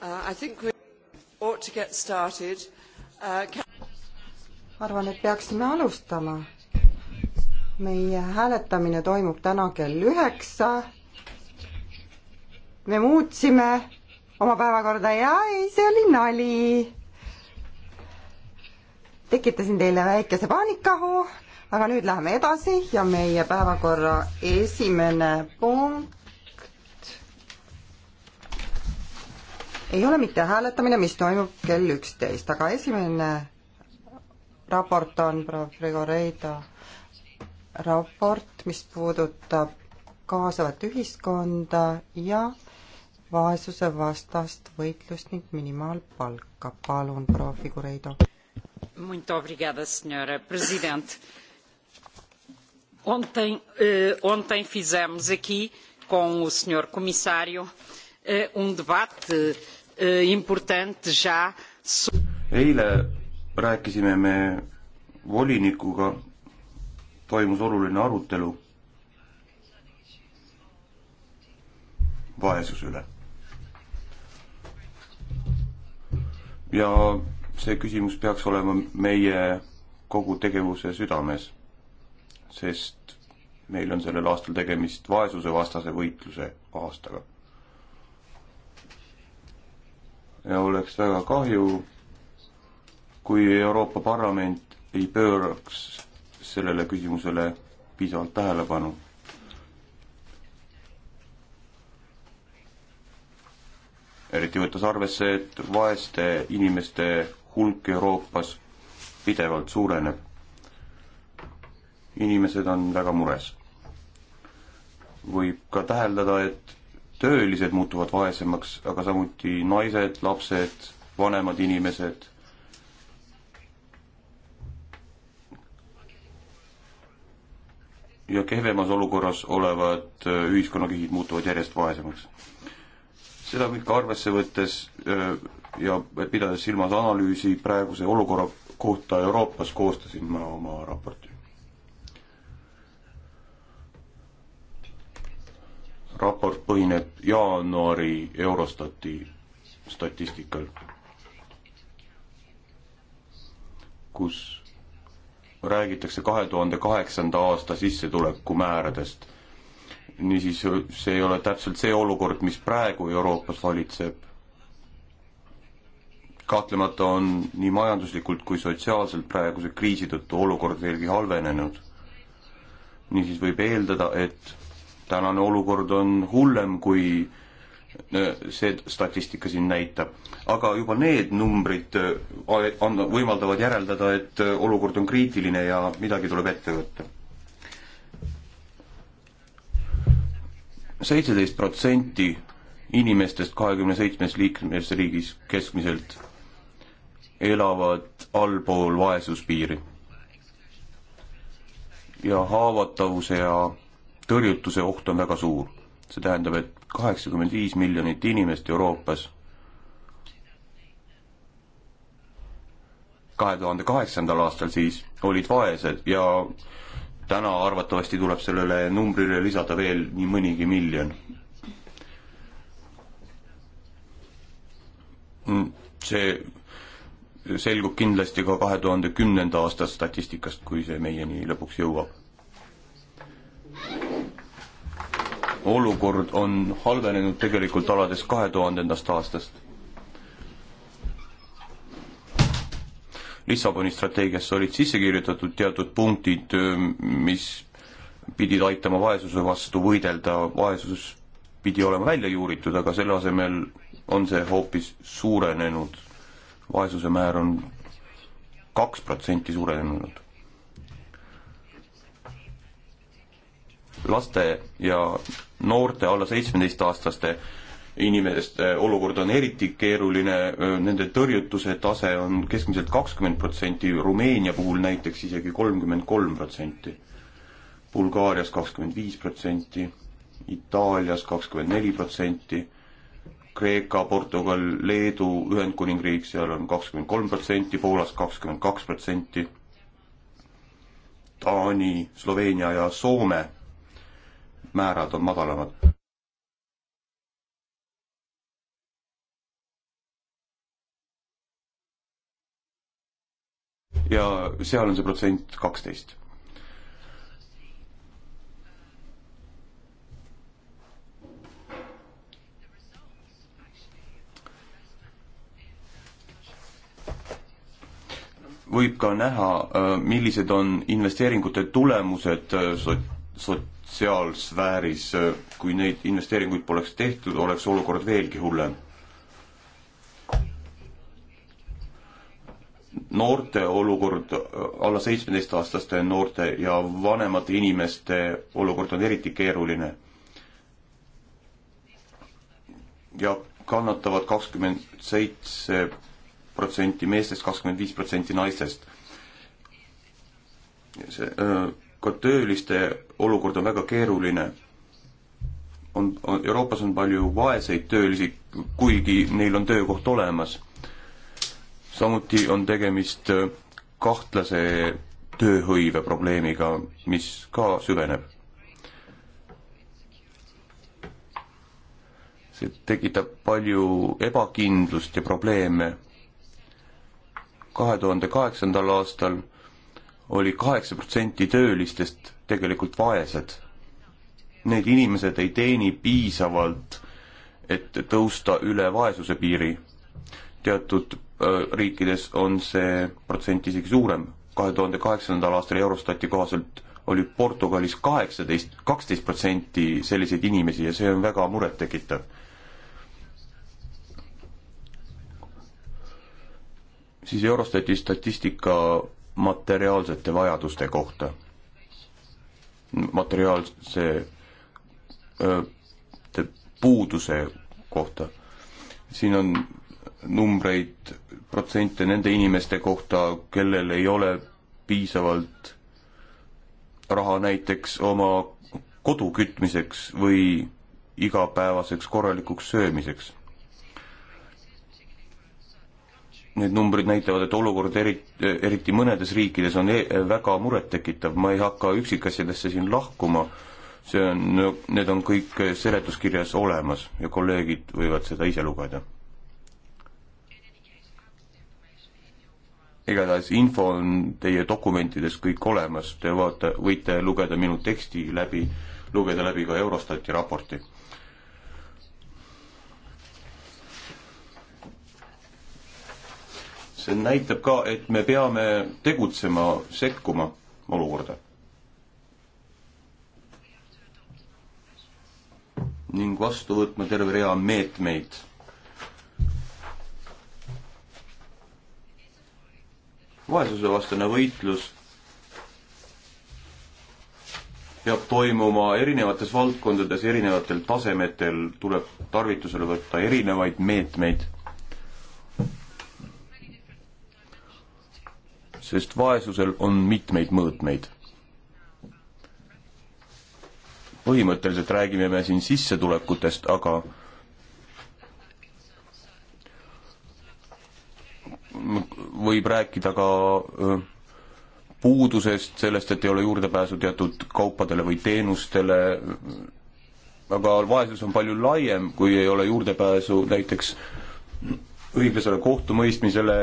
Uh, I think we ought to get started uh,. Can... arvan, et peaksime alustama. meie hääletamine toimub täna kell üheksa. me muutsime oma päevakorda ja ei, see oli nali. tekitasin teile väikese paanikahu, aga nüüd läheme edasi ja meie päevakorra esimene punkt ei ole mitte hääletamine, mis toimub kell üksteist, aga esimene raport on proua Frigoreida raport, mis puudutab kaasavat ühiskonda ja vaesuse vastast võitlust ning minimaalpalka. palun, proua Figureido. Muito obrigada, senhora president. Ontem eh,, ontem fizemos aqui com o senhor comissário eh, um debate eh, Eh, important já eile rääkisime me volinikuga, toimus oluline arutelu vaesuse üle. ja see küsimus peaks olema meie kogu tegevuse südames, sest meil on sellel aastal tegemist vaesusevastase võitluse aastaga ja oleks väga kahju, kui Euroopa Parlament ei pööraks sellele küsimusele piisavalt tähelepanu. eriti võttes arvesse, et vaeste inimeste hulk Euroopas pidevalt suureneb. inimesed on väga mures. võib ka täheldada, et töölised muutuvad vaesemaks, aga samuti naised, lapsed, vanemad inimesed. ja kehvemas olukorras olevad äh, ühiskonnakihid muutuvad järjest vaesemaks. seda kõike arvesse võttes äh, ja pidades silmas analüüsi praeguse olukorra kohta Euroopas, koostasin ma oma raporti. raport põhineb jaanuari Eurostati statistikal, kus räägitakse kahe tuhande kaheksanda aasta sissetulekumääradest. niisiis, see ei ole täpselt see olukord, mis praegu Euroopas valitseb. kahtlemata on nii majanduslikult kui sotsiaalselt praeguse kriisi tõttu olukord veelgi halvenenud. niisiis võib eeldada, et tänane olukord on hullem, kui äh, see statistika siin näitab. aga juba need numbrid äh, on, võimaldavad järeldada, et äh, olukord on kriitiline ja midagi tuleb ette võtta. seitseteist protsenti inimestest kahekümne seitsmes liikmesriigis keskmiselt elavad allpool vaesuspiiri. ja haavatavuse ja tõrjutuse oht on väga suur. see tähendab, et kaheksakümmend viis miljonit inimest Euroopas kahe tuhande kaheksandal aastal siis olid vaesed ja täna arvatavasti tuleb sellele numbrile lisada veel nii mõnigi miljon. see selgub kindlasti ka kahe tuhande kümnenda aasta statistikast, kui see meieni lõpuks jõuab olukord on halvenenud tegelikult alates kahe tuhandendast aastast. Lissaboni strateegiasse olid sisse kirjutatud teatud punktid, mis pidid aitama vaesuse vastu võidelda, vaesus pidi olema välja juuritud, aga selle asemel on see hoopis suurenenud. vaesuse määr on kaks protsenti suurenenud laste ja noorte alla seitsmeteistaastaste inimeste olukord on eriti keeruline, nende tõrjutuse tase on keskmiselt kakskümmend protsenti, Rumeenia puhul näiteks isegi kolmkümmend kolm protsenti, Bulgaarias kakskümmend viis protsenti, Itaalias kakskümmend neli protsenti, Kreeka, Portugal, Leedu, Ühendkuningriik, seal on kakskümmend kolm protsenti, Poolas kakskümmend kaks protsenti, Taani, Sloveenia ja Soome määrad on madalamad. ja seal on see protsent kaksteist. võib ka näha, äh, millised on investeeringute tulemused so-, äh, so-, seal sfääris, kui neid investeeringuid poleks tehtud, oleks olukord veelgi hullem. noorte olukord, alla seitsmeteistaastaste noorte ja vanemate inimeste olukord on eriti keeruline. ja kannatavad kakskümmend seitse protsenti meestest, kakskümmend viis protsenti naistest. see öö, ka tööliste olukord on väga keeruline. on, on, Euroopas on palju vaeseid töölisi, kuigi neil on töökoht olemas. samuti on tegemist äh, kahtlase tööhõive probleemiga, mis ka süveneb. see tekitab palju ebakindlust ja probleeme. kahe tuhande kaheksandal aastal oli kaheksa protsenti töölistest tegelikult vaesed. Need inimesed ei teeni piisavalt, et tõusta üle vaesuse piiri. teatud riikides on see protsent isegi suurem. kahe tuhande kaheksandal aastal Eurostati kohaselt oli Portugalis kaheksateist, kaksteist protsenti selliseid inimesi ja see on väga murettekitav. siis Eurostati statistika materiaalsete vajaduste kohta, materiaalse öö, puuduse kohta. siin on numbreid, protsente nende inimeste kohta, kellel ei ole piisavalt raha näiteks oma kodu kütmiseks või igapäevaseks korralikuks söömiseks. Need numbrid näitavad, et olukord eri, eriti mõnedes riikides on e väga murettekitav, ma ei hakka üksikasjadesse siin lahkuma, see on, need on kõik seletuskirjas olemas ja kolleegid võivad seda ise lugeda. igatahes info on teie dokumentides kõik olemas, te vaata, võite lugeda minu teksti läbi, lugeda läbi ka Eurostati raporti see näitab ka, et me peame tegutsema, sekkuma olukorda. ning vastu võtma terve rea meetmeid. vaesusevastane võitlus peab toimuma erinevates valdkondades, erinevatel tasemetel, tuleb tarvitusele võtta erinevaid meetmeid sest vaesusel on mitmeid mõõtmeid. põhimõtteliselt räägime me siin sissetulekutest, aga võib rääkida ka puudusest, sellest, et ei ole juurdepääsu teatud kaupadele või teenustele, aga vaesus on palju laiem, kui ei ole juurdepääsu näiteks õiglasele kohtumõistmisele,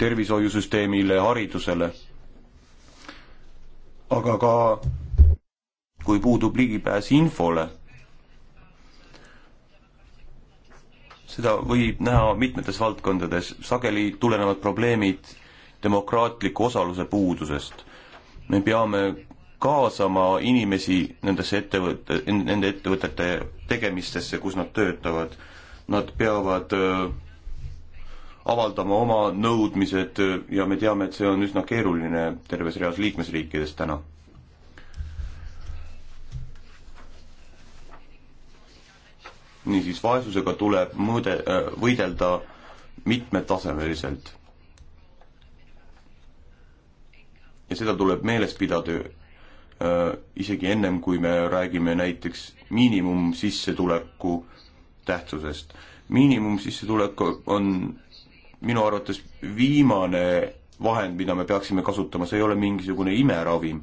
tervishoiusüsteemile, haridusele. aga ka kui puudub ligipääs infole, seda võib näha mitmetes valdkondades, sageli tulenevad probleemid demokraatliku osaluse puudusest. me peame kaasama inimesi nendesse ettevõtte, nende ettevõtete tegemistesse, kus nad töötavad. Nad peavad öö, äh, avaldama oma nõudmised äh, ja me teame, et see on üsna keeruline terves reas liikmesriikides täna. niisiis, vaesusega tuleb mõõde, äh, võidelda mitmetasemeliselt. ja seda tuleb meeles pidada äh, isegi ennem, kui me räägime näiteks miinimumsissetuleku tähtsusest. miinimumsissetulek on minu arvates viimane vahend, mida me peaksime kasutama, see ei ole mingisugune imeravim.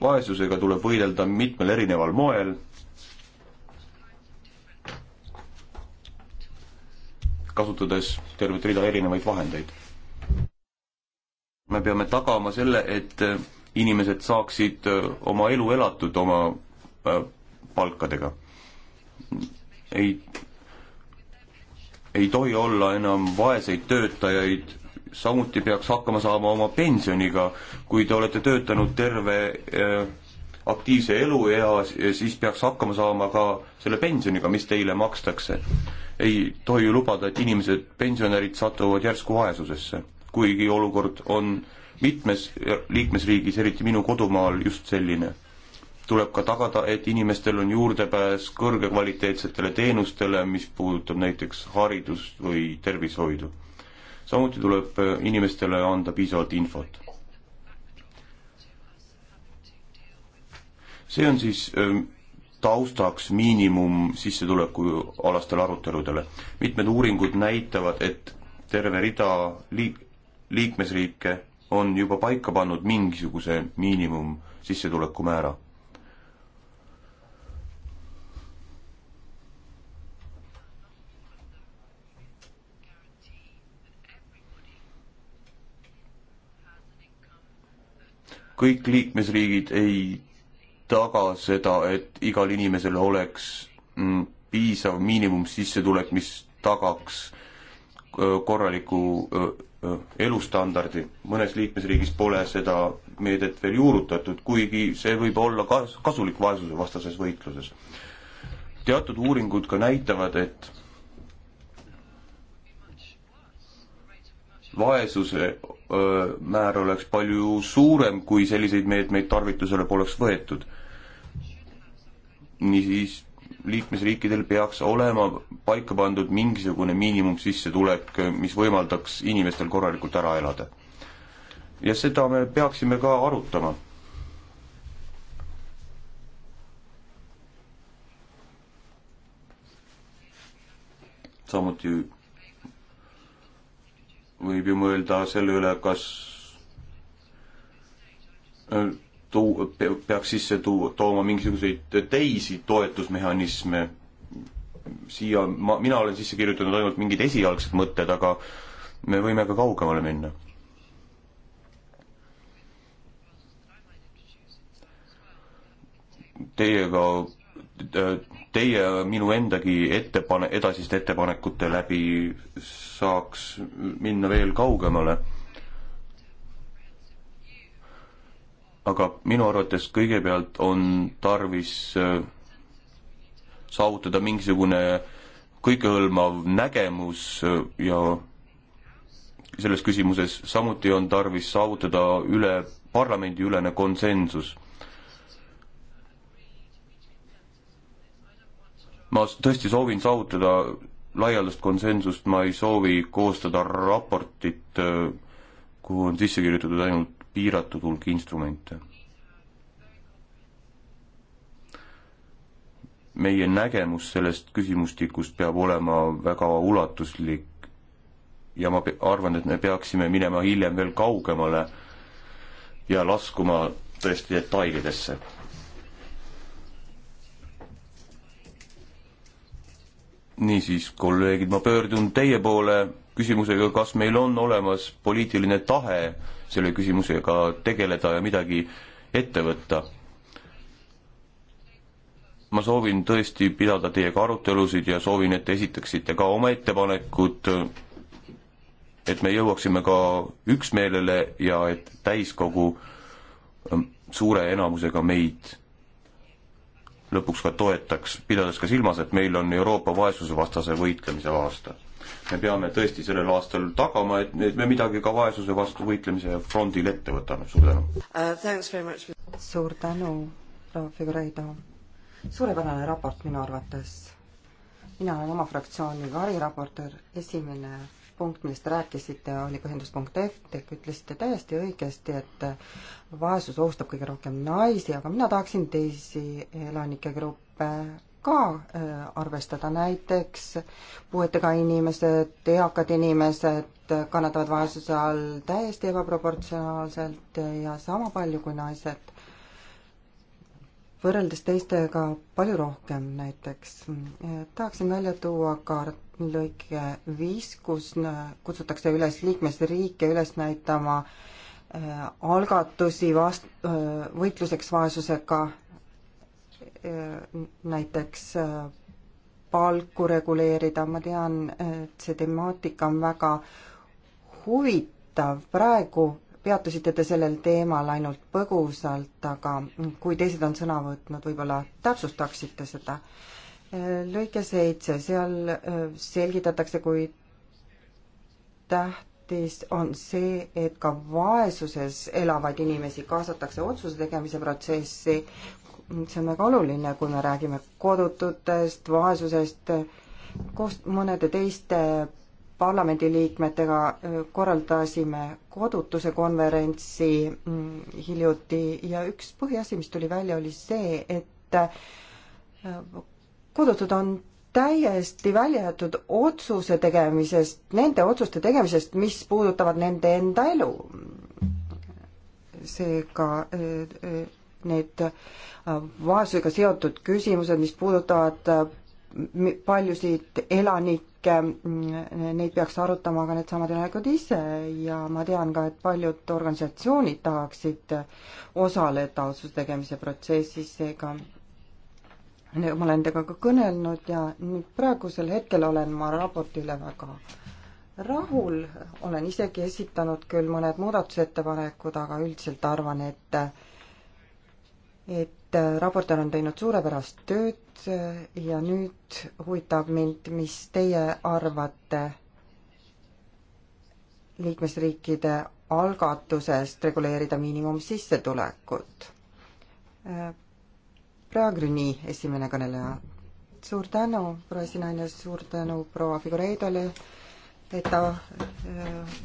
vaesusega tuleb võidelda mitmel erineval moel. kasutades tervet rida erinevaid vahendeid. me peame tagama selle, et inimesed saaksid äh, oma elu elatud oma äh, palkadega. ei ei tohi olla enam vaeseid töötajaid, samuti peaks hakkama saama oma pensioniga, kui te olete töötanud terve äh, aktiivse eluea, siis peaks hakkama saama ka selle pensioniga, mis teile makstakse. ei tohi ju lubada, et inimesed, pensionärid satuvad järsku vaesusesse, kuigi olukord on mitmes liikmesriigis, eriti minu kodumaal, just selline tuleb ka tagada, et inimestel on juurdepääs kõrgekvaliteetsetele teenustele, mis puudutab näiteks haridust või tervishoidu. samuti tuleb äh, inimestele anda piisavalt infot. see on siis ähm, taustaks miinimum sissetuleku alastele aruteludele. mitmed uuringud näitavad, et terve rida liik-, liikmesriike on juba paika pannud mingisuguse miinimum sissetuleku määra kõik liikmesriigid ei taga seda, et igal inimesel oleks mm, piisav miinimumsissetulek, mis tagaks korraliku elustandardi. mõnes liikmesriigis pole seda meedet veel juurutatud, kuigi see võib olla kas-, kasulik vaesusevastases võitluses. teatud uuringud ka näitavad, et vaesuse määr oleks palju suurem, kui selliseid meetmeid tarvitusele poleks võetud. niisiis, liikmesriikidel peaks olema paika pandud mingisugune miinimumsissetulek, mis võimaldaks inimestel korralikult ära elada. ja seda me peaksime ka arutama samuti võib ju mõelda selle üle, kas äh, tuu-, peaks sisse tuu-, tooma mingisuguseid teisi toetusmehhanisme, siia ma, mina olen sisse kirjutanud ainult mingid esialgsed mõtted, aga me võime ka kaugemale minna. Teiega teie minu endagi ettepane-, edasiste ettepanekute läbi saaks minna veel kaugemale. aga minu arvates kõigepealt on tarvis äh, saavutada mingisugune kõikehõlmav nägemus äh, ja selles küsimuses samuti on tarvis saavutada üle, parlamendiülene konsensus ma tõesti soovin saavutada laialdast konsensust, ma ei soovi koostada raportit, kuhu on sisse kirjutatud ainult piiratud hulk instrumente. meie nägemus sellest küsimustikust peab olema väga ulatuslik ja ma arvan, et me peaksime minema hiljem veel kaugemale ja laskuma tõesti detailidesse niisiis, kolleegid, ma pöördun teie poole küsimusega, kas meil on olemas poliitiline tahe selle küsimusega tegeleda ja midagi ette võtta. ma soovin tõesti pidada teiega arutelusid ja soovin, et te esitaksite ka oma ettepanekud, et me jõuaksime ka üksmeelele ja et täiskogu ähm, suure enamusega meid lõpuks ka toetaks, pidades ka silmas, et meil on Euroopa vaesusevastase võitlemise aasta. me peame tõesti sellel aastal tagama, et me midagi ka vaesuse vastu võitlemise frondil ette võtame, suur tänu uh,! suur tänu, proua Figureido! suurepärane raport minu arvates. mina olen oma fraktsiooni variraportöör, esimene punkt, millest te rääkisite, oli põhjenduspunkt F, te ütlesite täiesti õigesti, et vaesus ohustab kõige rohkem naisi, aga mina tahaksin teisi elanikegruppe ka äh, arvestada, näiteks puuetega inimesed, eakad inimesed kannatavad vaesuse all täiesti ebaproportsionaalselt ja sama palju kui naised. võrreldes teistega palju rohkem näiteks. Äh, tahaksin välja tuua ka lõike viis, kus kutsutakse üles liikmesriike üles näitama äh, algatusi vast-, äh, võitluseks vaesusega, äh, näiteks palku reguleerida, ma tean, et see temaatika on väga huvitav, praegu peatusite te sellel teemal ainult põgusalt, aga kui teised on sõna võtnud, võib-olla täpsustaksite seda lõike seitse, seal äh, selgitatakse, kui tähtis on see, et ka vaesuses elavaid inimesi kaasatakse otsuse tegemise protsessi. see on väga oluline, kui me räägime kodututest, vaesusest, koos mõnede teiste parlamendiliikmetega äh, korraldasime kodutuse konverentsi mm, hiljuti ja üks põhiasi, mis tuli välja, oli see, et äh, puudutud on täiesti välja jäetud otsuse tegemisest, nende otsuste tegemisest, mis puudutavad nende enda elu. seega eh, eh, need äh, vaesusega seotud küsimused, mis puudutavad äh, paljusid elanikke, mm, neid peaks arutama ka needsamad elanikud ise ja ma tean ka, et paljud organisatsioonid tahaksid äh, osaleda otsuse tegemise protsessis, seega ma olen temaga ka kõnelnud ja nüüd praegusel hetkel olen ma raporti üle väga rahul, olen isegi esitanud küll mõned muudatusettepanekud, aga üldiselt arvan, et et raportöör on teinud suurepärast tööd ja nüüd huvitab mind, mis teie arvate liikmesriikide algatusest reguleerida miinimumsissetulekut proua Grüni, esimene kõneleja. suur tänu, proua esinaine, suur tänu proua Figureidole, et ta äh,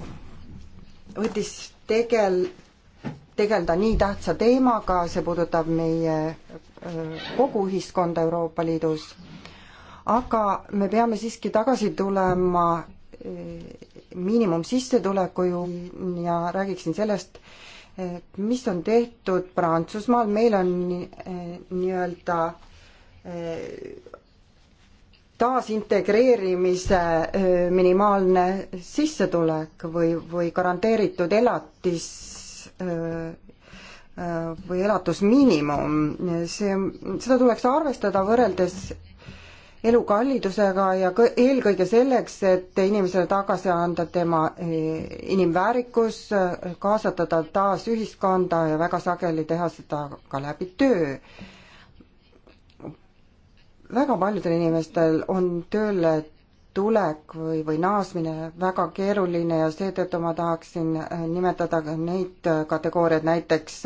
võttis tegel, tegeleda nii tähtsa teemaga, see puudutab meie äh, kogu ühiskonda Euroopa Liidus, aga me peame siiski tagasi tulema äh, miinimumsissetuleku ju ja räägiksin sellest, mis on tehtud Prantsusmaal, meil on eh, nii-öelda eh, taasintegreerimise eh, minimaalne sissetulek või, või garanteeritud elatis või elatusmiinimum, see, seda tuleks arvestada võrreldes elukallidusega ja eelkõige selleks, et inimesele tagasi anda tema eh, inimväärikus, kaasata ta taas ühiskonda ja väga sageli teha seda ka läbi töö. väga paljudel inimestel on tööle tulek või, või naasmine väga keeruline ja seetõttu ma tahaksin eh, nimetada ka neid eh, kategooriaid, näiteks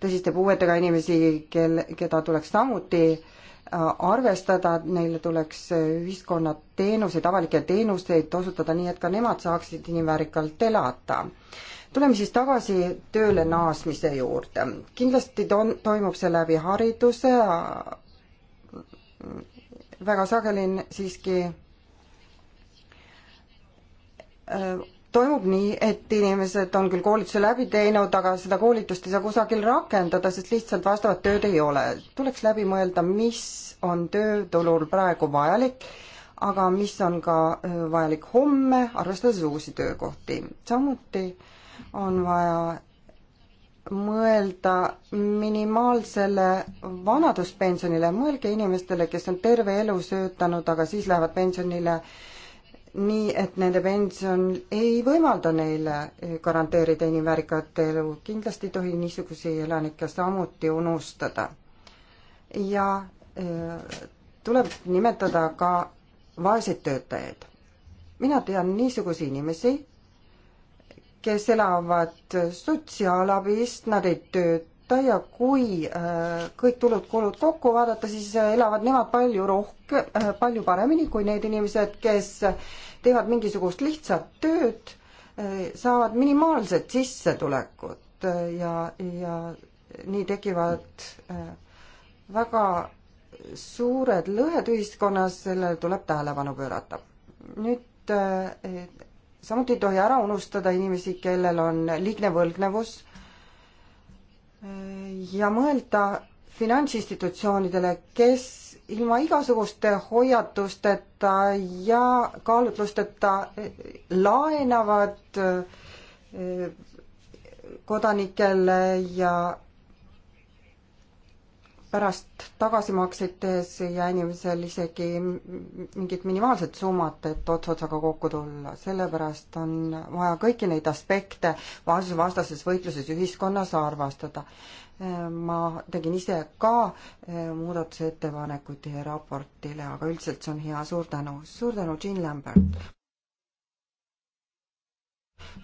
tõsiste puuetega inimesi, kel, keda tuleks samuti äh, arvestada, et neile tuleks ühiskonna teenuseid, avalikke teenuseid osutada nii, et ka nemad saaksid inimväärikalt elada. tuleme siis tagasi tööle naasmise juurde. kindlasti ton-, toimub see läbi hariduse, väga sageli siiski äh, toimub nii, et inimesed on küll koolituse läbi teinud, aga seda koolitust ei saa kusagil rakendada, sest lihtsalt vastavat tööd ei ole. tuleks läbi mõelda, mis on tööturul praegu vajalik, aga mis on ka äh, vajalik homme, arvestades uusi töökohti. samuti on vaja mõelda minimaalsele vanaduspensionile, mõelge inimestele, kes on terve elu söötanud, aga siis lähevad pensionile äh, nii et nende pension ei võimalda neile garanteerida inimväärikat elu. kindlasti ei tohi niisuguseid elanikke samuti unustada. ja äh, tuleb nimetada ka vaeseid töötajaid. mina tean niisuguseid inimesi, kes elavad sotsiaalabist, nad ei tööta, kohta ja kui äh, kõik tulud-kulud kokku vaadata, siis äh, elavad nemad palju rohkem, äh, palju paremini kui need inimesed, kes teevad mingisugust lihtsat tööd, saavad minimaalset sissetulekut ja, ja nii tekivad väga suured lõhed ühiskonnas, sellele tuleb tähelepanu pöörata. nüüd samuti ei tohi ära unustada inimesi, kellel on liigne võlgnevus ja mõelda finantsinstitutsioonidele, kes ilma igasuguste hoiatusteta ja kaalutlusteta laenavad eh, kodanikele ja pärast tagasimakseid tehes ei jää inimesel isegi mingit minimaalset summat, et ots otsaga kokku tulla, sellepärast on vaja kõiki neid aspekte vaesusevastases võitluses ühiskonnas arvestada. ma tegin ise ka eh, muudatusettepanekuid teie raportile, aga üldiselt see on hea, suur tänu, suur tänu, Jean Lambert!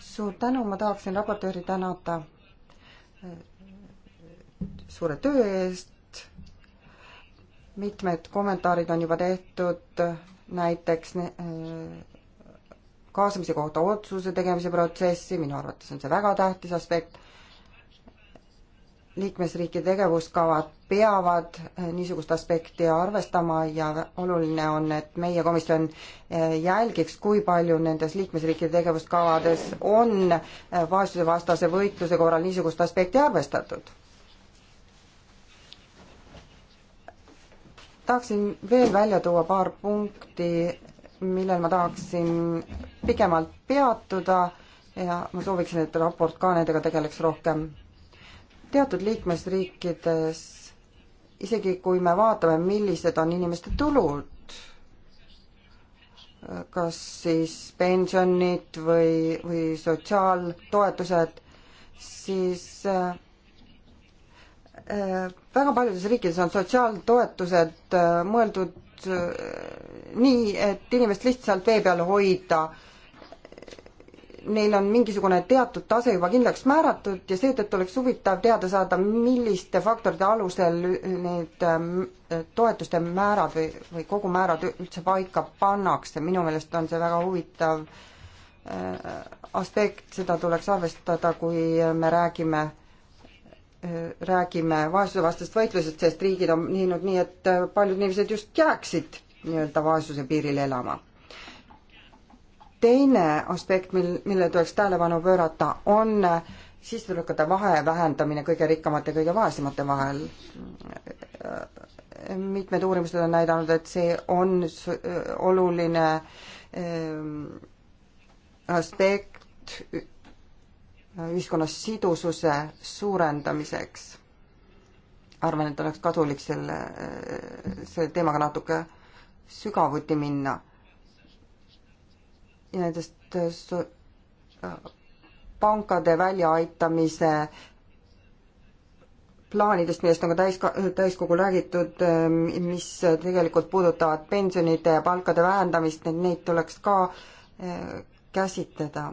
suur tänu, ma tahaksin raportööri tänada eh, suure töö eest, mitmed kommentaarid on juba tehtud, näiteks kaasamise kohta otsuse tegemise protsessi, minu arvates on see väga tähtis aspekt. liikmesriikide tegevuskavad peavad eh, niisugust aspekti arvestama ja oluline on, et meie komisjon eh, jälgiks, kui palju nendes liikmesriikide tegevuskavades on eh, vaesusevastase võitluse korral niisugust aspekti arvestatud tahaksin veel välja tuua paar punkti, millel ma tahaksin pikemalt peatuda ja ma sooviksin, et raport ka nendega tegeleks rohkem. teatud liikmesriikides, isegi kui me vaatame, millised on inimeste tulud, kas siis pensionid või, või sotsiaaltoetused, siis äh, Äh, väga paljudes riikides on sotsiaaltoetused äh, mõeldud äh, nii, et inimest lihtsalt vee peal hoida. Neil on mingisugune teatud tase juba kindlaks määratud ja seetõttu oleks huvitav teada saada, milliste faktorite alusel need toetuste määrad või, või kogumäärad üldse paika pannakse. minu meelest on see väga huvitav aspekt, seda tuleks arvestada, kui me räägime räägime vaesusevastasest võitlusest, sest riigid on viinud nii, et paljud inimesed just jääksid nii-öelda vaesuse piirile elama. teine aspekt, mil, millele tuleks tähelepanu pöörata, on sissetulekute vahe vähendamine kõige rikkamate, kõige vaesemate vahel. mitmed uurimused on näidanud, et see on oluline ehm, aspekt ühiskonnas sidususe suurendamiseks. arvan, et oleks kasulik selle, selle teemaga natuke sügavuti minna. ja nendest äh, so, äh, pankade väljaaitamise plaanidest, millest on ka täis, täiskogul räägitud, äh, mis tegelikult puudutavad pensionide ja palkade vähendamist, et neid tuleks ka käsitleda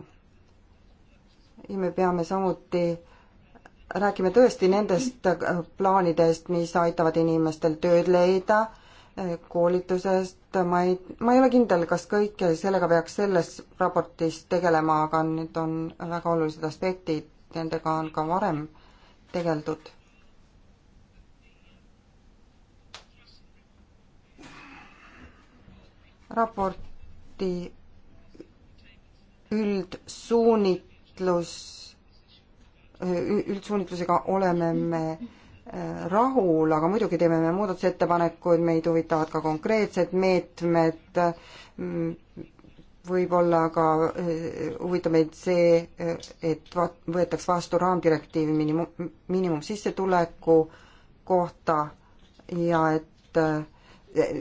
ja me peame samuti räägime tõesti nendest plaanidest, mis aitavad inimestel tööd leida, koolitusest, ma ei, ma ei ole kindel, kas kõike sellega peaks selles raportis tegelema, aga need on väga olulised aspektid, nendega on ka varem tegeldud. raporti üldsuunit suunitlus, üldsuunitlusega oleme me äh, rahul, aga muidugi teeme me muudatusettepanekuid, meid huvitavad ka konkreetsed meetmed, mm, võib-olla ka äh, huvitab meid see, äh, et võetaks vastu raamdirektiiv miinimum, miinimumsissetuleku kohta ja et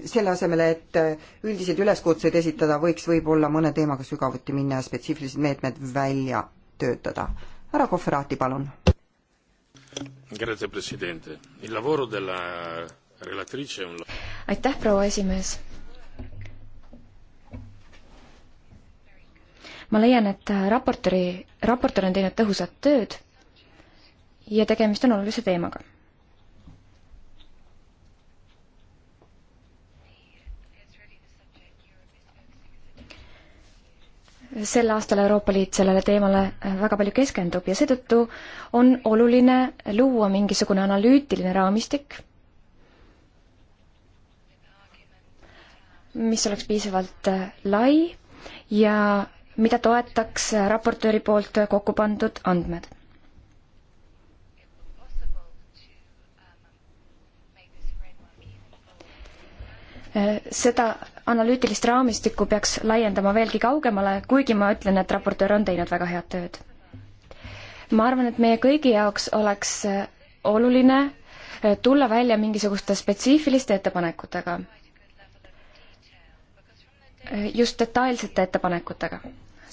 selle asemel, et üldiseid üleskutseid esitada, võiks võib-olla mõne teemaga sügavuti minna ja spetsiifilised meetmed välja töötada. härra Kohverati, palun. aitäh, proua esimees. ma leian, et raportööri, raportöör on teinud tõhusat tööd ja tegemist on olulise teemaga sel aastal Euroopa Liit sellele teemale äh, väga palju keskendub ja seetõttu on oluline luua mingisugune analüütiline raamistik, mis oleks piisavalt äh, lai ja mida toetaks äh, raportööri poolt kokku pandud andmed seda analüütilist raamistikku peaks laiendama veelgi kaugemale, kuigi ma ütlen, et raportöör on teinud väga head tööd. ma arvan, et meie kõigi jaoks oleks oluline äh, tulla välja mingisuguste spetsiifiliste ettepanekutega. Äh, just detailsete ettepanekutega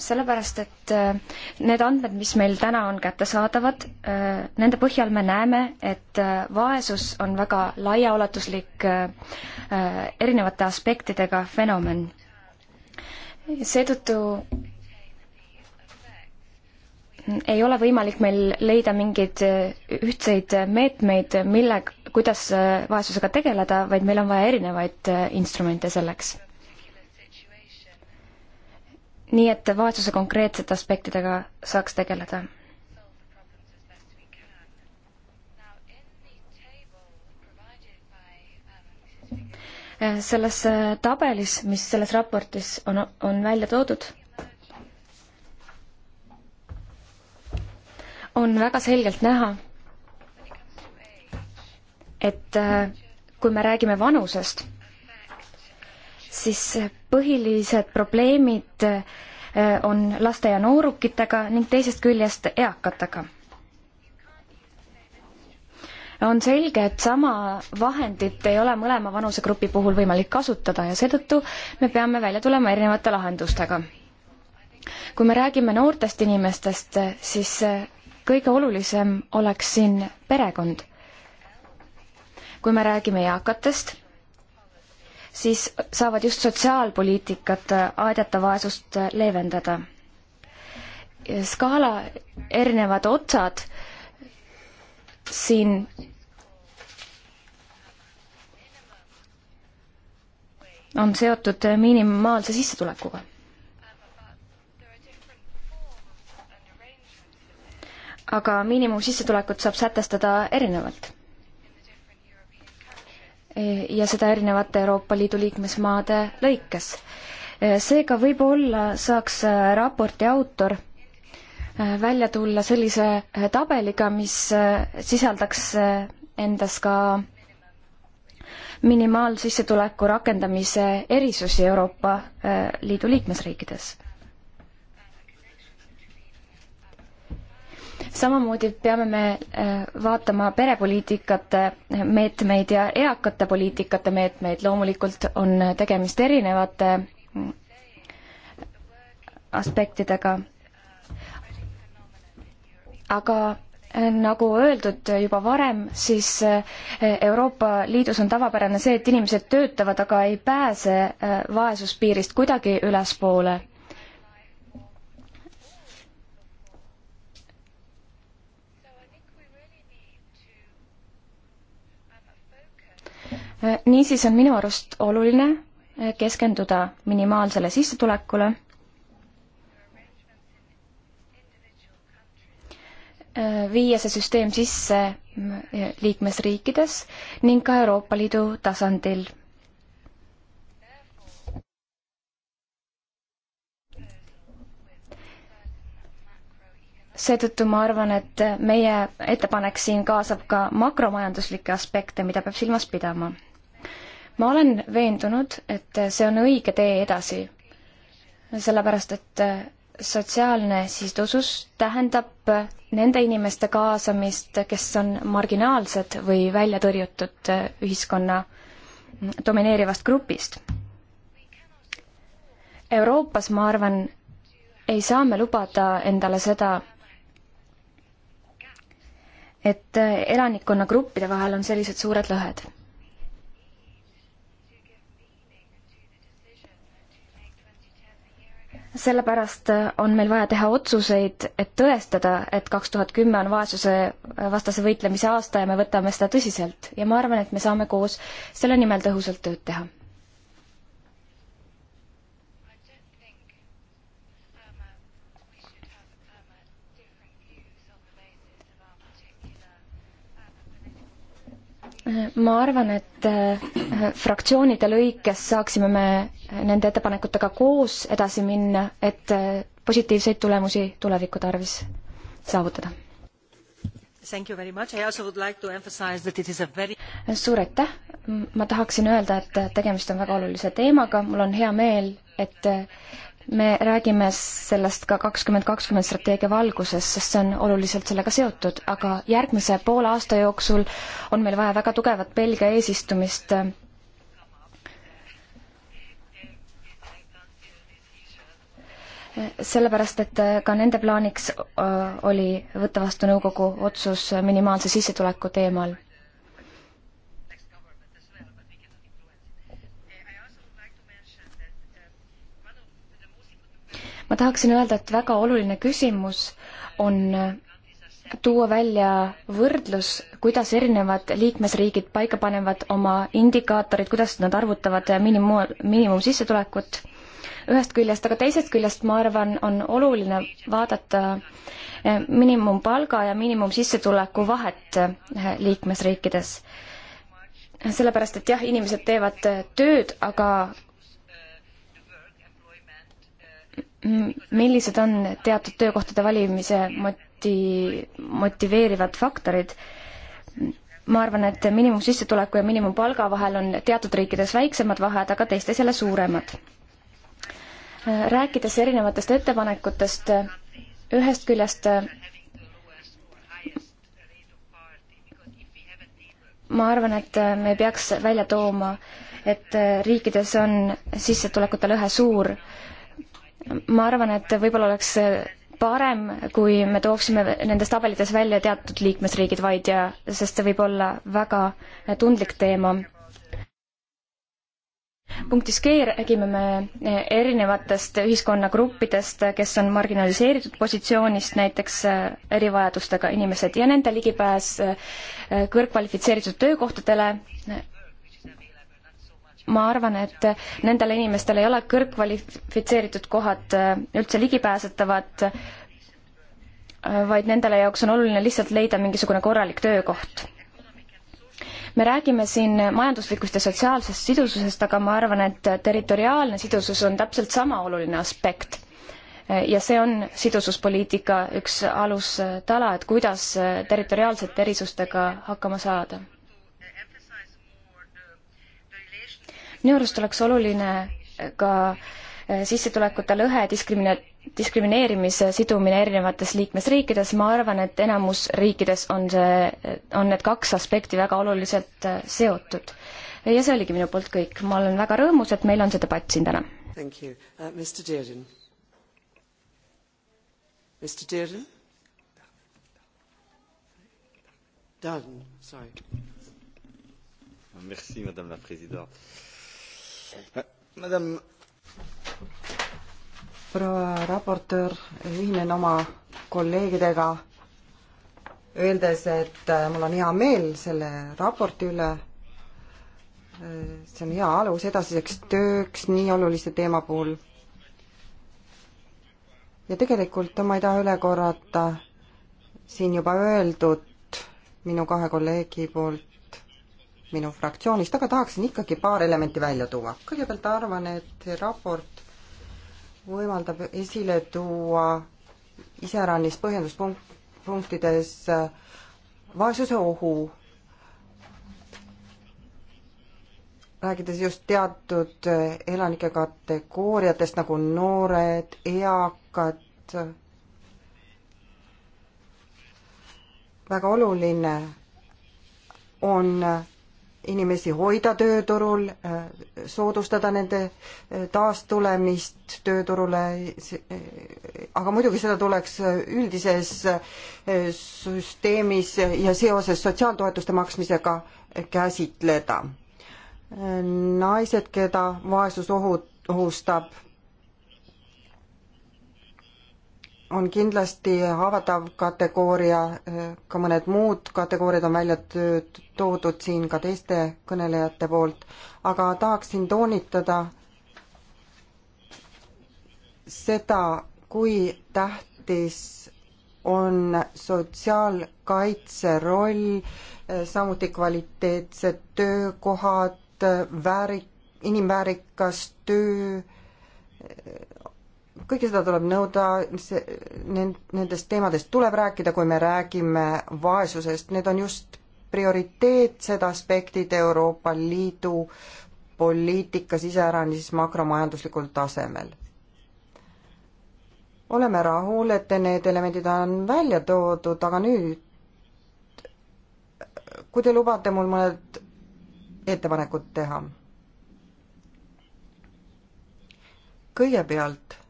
sellepärast et äh, need andmed, mis meil täna on kättesaadavad, äh, nende põhjal me näeme, et äh, vaesus on väga laiaulatuslik erinevate aspektidega fenomen. seetõttu ei ole võimalik meil leida mingeid ühtseid meetmeid, millega, kuidas vaesusega tegeleda, vaid meil on vaja erinevaid instrumente selleks nii et vaesuse konkreetsete aspektidega saaks tegeleda. selles tabelis, mis selles raportis on, on välja toodud, on väga selgelt näha, et äh, kui me räägime vanusest siis põhilised probleemid eh, on laste ja noorukitega ning teisest küljest eakatega on selge, et sama vahendit ei ole mõlema vanusegrupi puhul võimalik kasutada ja seetõttu me peame välja tulema erinevate lahendustega. kui me räägime noortest inimestest, siis kõige olulisem oleks siin perekond. kui me räägime eakatest, siis saavad just sotsiaalpoliitikat äh, aidata vaesust äh, leevendada. skaala erinevad otsad siin on seotud äh, minimaalse sissetulekuga. aga miinimumsissetulekut saab sätestada erinevalt Eh, ja seda erinevate Euroopa Liidu liikmesmaade lõikes. Eh, seega võib-olla saaks eh, raporti autor välja tulla sellise tabeliga, mis sisaldaks endas ka minimaalsissetuleku rakendamise erisusi Euroopa Liidu liikmesriikides. samamoodi peame me äh, vaatama perepoliitikate meetmeid ja eakate poliitikate meetmeid, loomulikult on tegemist erinevate mm, aspektidega. aga äh, nagu öeldud juba varem, siis äh, Euroopa Liidus on tavapärane see, et inimesed töötavad, aga ei pääse vaesuspiirist kuidagi ülespoole niisiis on minu arust oluline eh, keskenduda minimaalsele sissetulekule, eh, viia see süsteem sisse mm, eh, liikmesriikides ning ka Euroopa Liidu tasandil. seetõttu ma arvan, et meie ettepanek siin kaasab ka makromajanduslikke aspekte, mida peab silmas pidama ma olen veendunud, et see on õige tee edasi. sellepärast, et sotsiaalne sidusus tähendab nende inimeste kaasamist, kes on marginaalsed või välja tõrjutud ühiskonna domineerivast grupist. Euroopas, ma arvan, ei saa me lubada endale seda, et elanikkonnagruppide vahel on sellised suured lõhed sellepärast äh, on meil vaja teha otsuseid, et tõestada, et kaks tuhat kümme on vaesuse äh, vastase võitlemise aasta ja me võtame seda tõsiselt ja ma arvan, et me saame koos selle nimel tõhusalt tööd teha. ma arvan, et äh, fraktsioonide lõikes saaksime me nende ettepanekutega koos edasi minna, et äh, positiivseid tulemusi tuleviku tarvis saavutada. Very... suur aitäh, ma tahaksin öelda, et äh, tegemist on väga olulise teemaga, mul on hea meel, et me räägime sellest ka kakskümmend kakskümmend strateegia valguses, sest see on oluliselt sellega seotud, aga järgmise poole aasta jooksul on meil vaja väga tugevat Belgia eesistumist. sellepärast, et ka nende plaaniks oli võtta vastu nõukogu otsus minimaalse sissetuleku teemal ma tahaksin öelda, et väga oluline küsimus on tuua välja võrdlus, kuidas erinevad liikmesriigid paika panevad oma indikaatorid, kuidas nad arvutavad miinimum, miinimumsissetulekut ühest küljest, aga teisest küljest ma arvan, on oluline vaadata miinimumpalga ja miinimumsissetuleku vahet liikmesriikides. sellepärast, et jah, inimesed teevad tööd, aga millised on teatud töökohtade valimise moti-, motiveerivad faktorid? ma arvan, et miinimumsissetuleku ja miinimumpalga vahel on teatud riikides väiksemad vahed, aga teistes jälle suuremad. rääkides erinevatest ettepanekutest, ühest küljest ma arvan, et me peaks välja tooma, et riikides on sissetulekute lõhe suur äh, ma arvan, et võib-olla oleks parem, kui me tooksime nendes tabelites välja teatud liikmesriigid vaid ja, sest see võib olla väga tundlik teema. punktis G räägime me erinevatest ühiskonnagruppidest, kes on marginaliseeritud positsioonist, näiteks äh, erivajadustega inimesed ja nende ligipääs äh, kõrgkvalifitseeritud töökohtadele ma arvan, et nendel inimestel ei ole kõrgkvalifitseeritud kohad äh, üldse ligipääsetavad, äh, vaid nendele jaoks on oluline lihtsalt leida mingisugune korralik töökoht. me räägime siin majanduslikust ja sotsiaalsest sidususest, aga ma arvan, et territoriaalne sidusus on täpselt sama oluline aspekt. Äh, ja see on sidususpoliitika üks alustala, et kuidas territoriaalsete erisustega hakkama saada minu arust oleks oluline ka äh, sissetulekute lõhe diskrimine-, diskrimineerimise sidumine erinevates liikmesriikides, ma arvan, et enamus riikides on see, on need kaks aspekti väga oluliselt äh, seotud. ja see oligi minu poolt kõik, ma olen väga rõõmus, et meil on see debatt siin täna. Thank you uh,, Mr Dearden. Mr Dearden? Darden, sorry. Merci, madame la president proua raportöör, ühinen oma kolleegidega, öeldes, et äh, mul on hea meel selle raporti üle, äh, see on hea alus edasiseks tööks nii olulise teema puhul. ja tegelikult ma ei taha üle korrata siin juba öeldut minu kahe kolleegi poolt, minu fraktsioonist, aga tahaksin ikkagi paar elementi välja tuua. kõigepealt arvan, et see raport võimaldab esile tuua iseäranis põhjenduspunktides äh, vaesuse ohu, rääkides just teatud äh, elanike kategooriatest nagu noored, eakad, väga oluline on äh, inimesi hoida tööturul, äh, soodustada nende äh, taastulemist tööturule, äh, aga muidugi seda tuleks üldises süsteemis ja seoses sotsiaaltoetuste maksmisega käsitleda. naised, keda vaesus ohut-, ohustab, on kindlasti haavatav kategooria, ka mõned muud kategooriad on välja toodud siin ka teiste kõnelejate poolt, aga tahaksin toonitada seda, kui tähtis on sotsiaalkaitse roll, samuti kvaliteetsed töökohad, väärik-, inimväärikas töö, kõike seda tuleb nõuda, see, nendest teemadest tuleb rääkida, kui me räägime vaesusest, need on just prioriteetsed aspektid Euroopa Liidu poliitikas iseäranis makromajanduslikul tasemel. oleme rahul, et need elemendid on välja toodud, aga nüüd, kui te lubate mul mõned ettepanekud teha. kõigepealt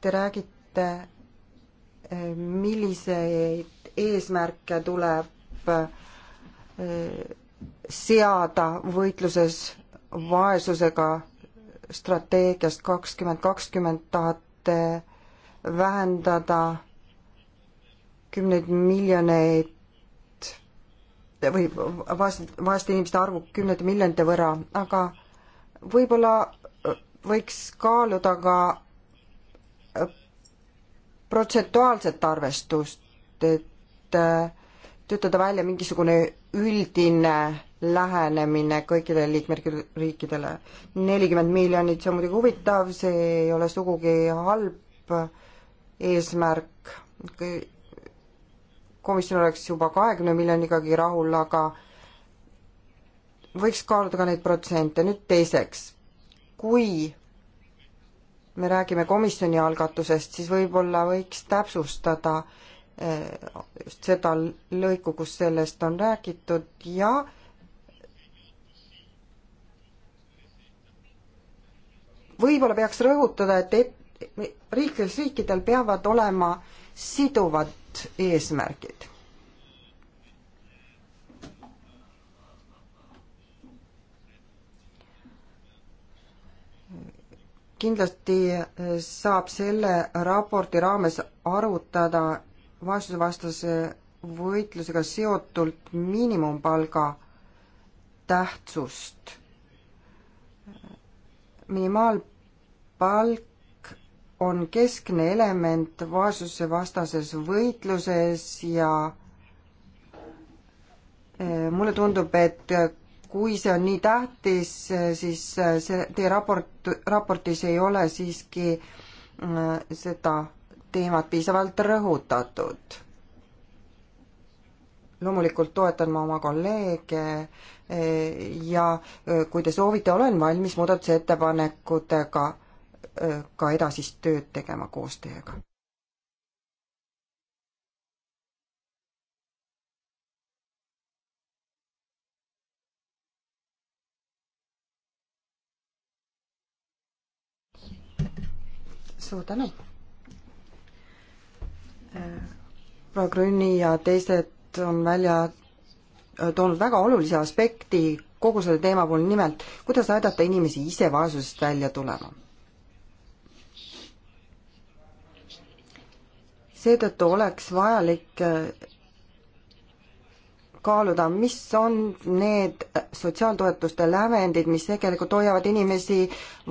te räägite, milliseid eesmärke tuleb eh, seada võitluses vaesusega strateegiast kakskümmend kakskümmend tahate vähendada kümneid miljoneid või vaeste, vaeste inimeste arvu kümnete miljonite võrra, aga võib-olla võiks kaaluda ka protsentuaalset arvestust, et äh, töötada välja mingisugune üldine lähenemine kõigile liikmesriikidele. nelikümmend miljonit, see on muidugi huvitav, see ei ole sugugi halb eesmärk, komisjon oleks juba kahekümne miljonigagi rahul, aga võiks kaaluda ka neid protsente, nüüd teiseks, kui me räägime komisjoni algatusest, siis võib-olla võiks täpsustada eh, just seda lõiku, kus sellest on räägitud ja võib-olla peaks rõhutada, et, et riikidel, riikidel peavad olema siduvad eesmärgid kindlasti eh, saab selle raporti raames arutada vaesusevastase võitlusega seotult miinimumpalga tähtsust. minimaalpalk on keskne element vaesusevastases võitluses ja eh, mulle tundub, et kui see on nii tähtis, siis äh, see, teie raport, raportis ei ole siiski äh, seda teemat piisavalt rõhutatud. loomulikult toetan ma oma kolleege äh, ja kui te soovite, olen valmis muudatusettepanekutega ka edasist tööd tegema koos teiega. suur tänu. proua Grünni ja teised on välja äh, toonud väga olulise aspekti kogu selle teema puhul, nimelt kuidas aidata inimesi ise vaesusest välja tulema seetõttu oleks vajalik äh, kaaluda, mis on need sotsiaaltoetuste lävendid, mis tegelikult hoiavad inimesi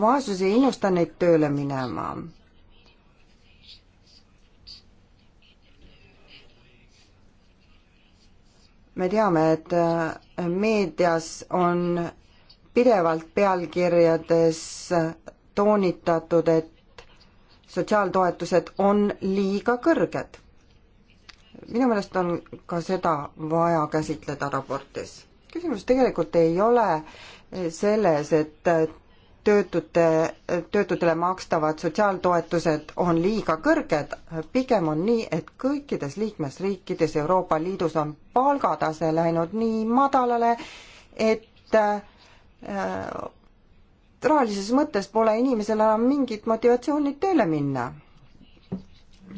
vaesuse ja ei innusta neid tööle minema. me teame, et äh, meedias on pidevalt pealkirjades toonitatud, et sotsiaaltoetused on liiga kõrged. minu meelest on ka seda vaja käsitleda raportis. küsimus tegelikult ei ole äh, selles, et äh, töötute, töötutele makstavad sotsiaaltoetused on liiga kõrged, pigem on nii, et kõikides liikmesriikides Euroopa Liidus on palgatase läinud nii madalale, et äh, rahalises mõttes pole inimesel enam mingit motivatsiooni tööle minna.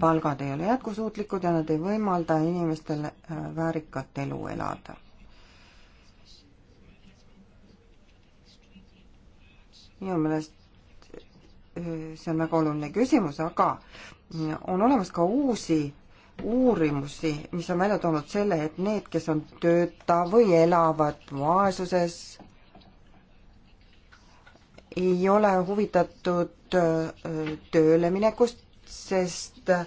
palgad ei ole jätkusuutlikud ja nad ei võimalda inimestel äh, väärikat elu elada minu meelest eh, see on väga oluline küsimus, aga mm, on olemas ka uusi uurimusi, mis on välja toonud selle, et need, kes on tööta või elavad vaesuses, ei ole huvitatud eh, tööle minekust, sest äh,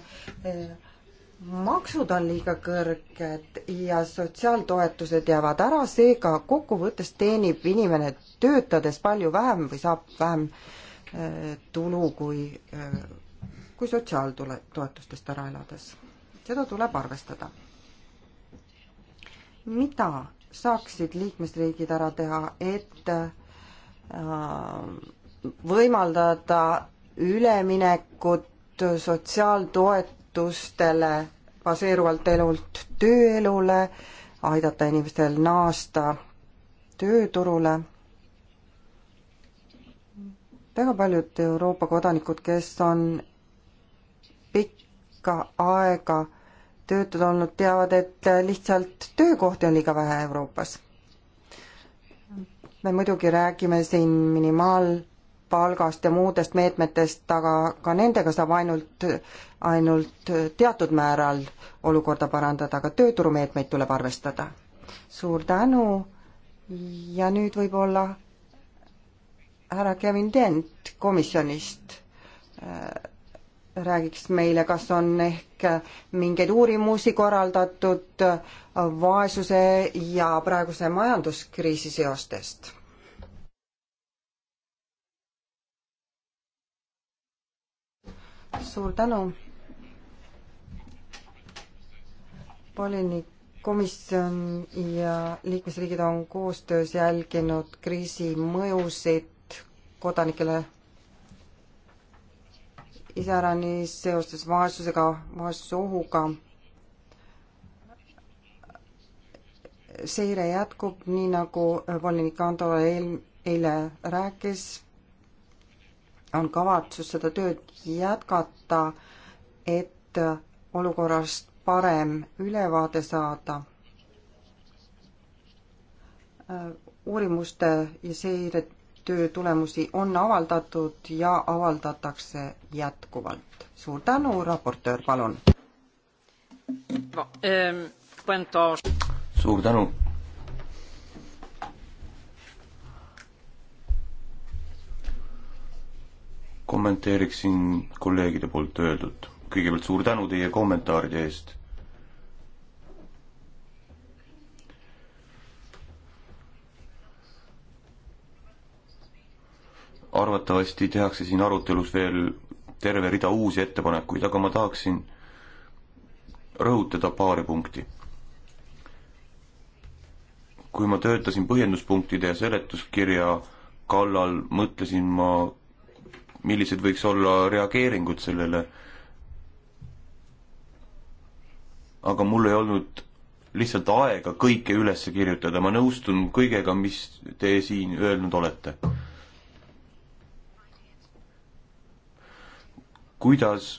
maksud on liiga kõrged ja sotsiaaltoetused jäävad ära, seega kokkuvõttes teenib inimene töötades palju vähem või saab vähem äh, tulu kui, äh, kui sotsiaaltoetustest ära elades. seda tuleb arvestada. mida saaksid liikmesriigid ära teha, et äh, võimaldada üleminekut sotsiaaltoet-, väärtustele, baseeruvalt elult tööelule, aidata inimestel naasta tööturule. väga paljud Euroopa kodanikud, kes on pikka aega töötud olnud, teavad, et lihtsalt töökohti on liiga vähe Euroopas. me muidugi räägime siin minimaal- palgast ja muudest meetmetest, aga ka nendega saab ainult, ainult teatud määral olukorda parandada, aga tööturumeetmeid tuleb arvestada. suur tänu ja nüüd võib-olla härra Kevin Dent komisjonist äh, räägiks meile, kas on ehk mingeid uurimusi korraldatud vaesuse ja praeguse majanduskriisi seostest suur tänu. volinik komisjon ja liikmesriigid on koostöös jälginud kriisi mõjusid kodanikele iseäranis seoses vaesusega, vaesusohuga. seire jätkub, nii nagu volinik Ando eil, eile rääkis on kavatsus seda tööd jätkata, et olukorrast parem ülevaade saada. uurimuste ja seiretöö tulemusi on avaldatud ja avaldatakse jätkuvalt. suur tänu, raportöör, palun no,. Ähm, suur tänu kommenteeriksin kolleegide poolt öeldut. kõigepealt suur tänu teie kommentaaride eest. arvatavasti tehakse siin arutelus veel terve rida uusi ettepanekuid, aga ma tahaksin rõhutada paari punkti. kui ma töötasin põhjenduspunktide ja seletuskirja kallal, mõtlesin ma millised võiks olla reageeringud sellele. aga mul ei olnud lihtsalt aega kõike üles kirjutada, ma nõustun kõigega, mis te siin öelnud olete. kuidas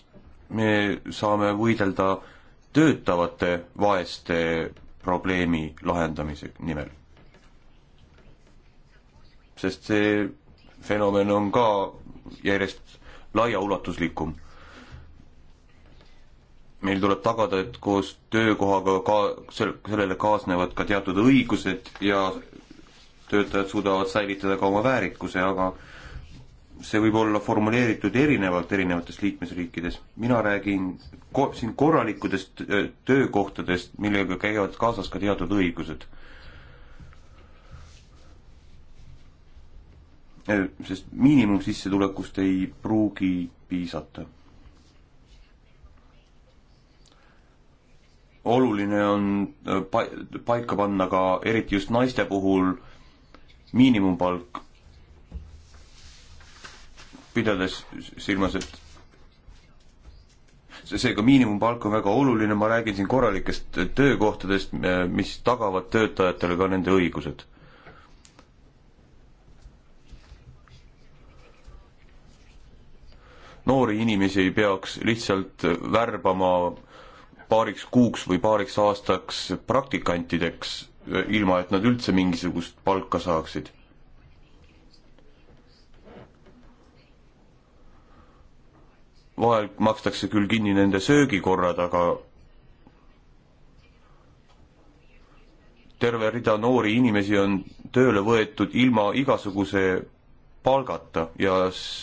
me saame võidelda töötavate vaeste probleemi lahendamise nimel? sest see fenomen on ka järjest laiaulatuslikum. meil tuleb tagada, et koos töökohaga ka sellele kaasnevad ka teatud õigused ja töötajad suudavad säilitada ka oma väärikuse, aga see võib olla formuleeritud erinevalt erinevates liikmesriikides. mina räägin ko siin korralikudest töökohtadest, millega käivad kaasas ka teatud õigused. Eh, sest miinimumsissetulekust ei pruugi piisata. oluline on eh, pa-, paika panna ka eriti just naiste puhul miinimumpalk, pidades silmas, et seega miinimumpalk on väga oluline, ma räägin siin korralikest töökohtadest, eh, mis tagavad töötajatele ka nende õigused noori inimesi ei peaks lihtsalt värbama paariks kuuks või paariks aastaks praktikantideks, ilma et nad üldse mingisugust palka saaksid. vahel makstakse küll kinni nende söögikorrad, aga terve rida noori inimesi on tööle võetud ilma igasuguse palgata ja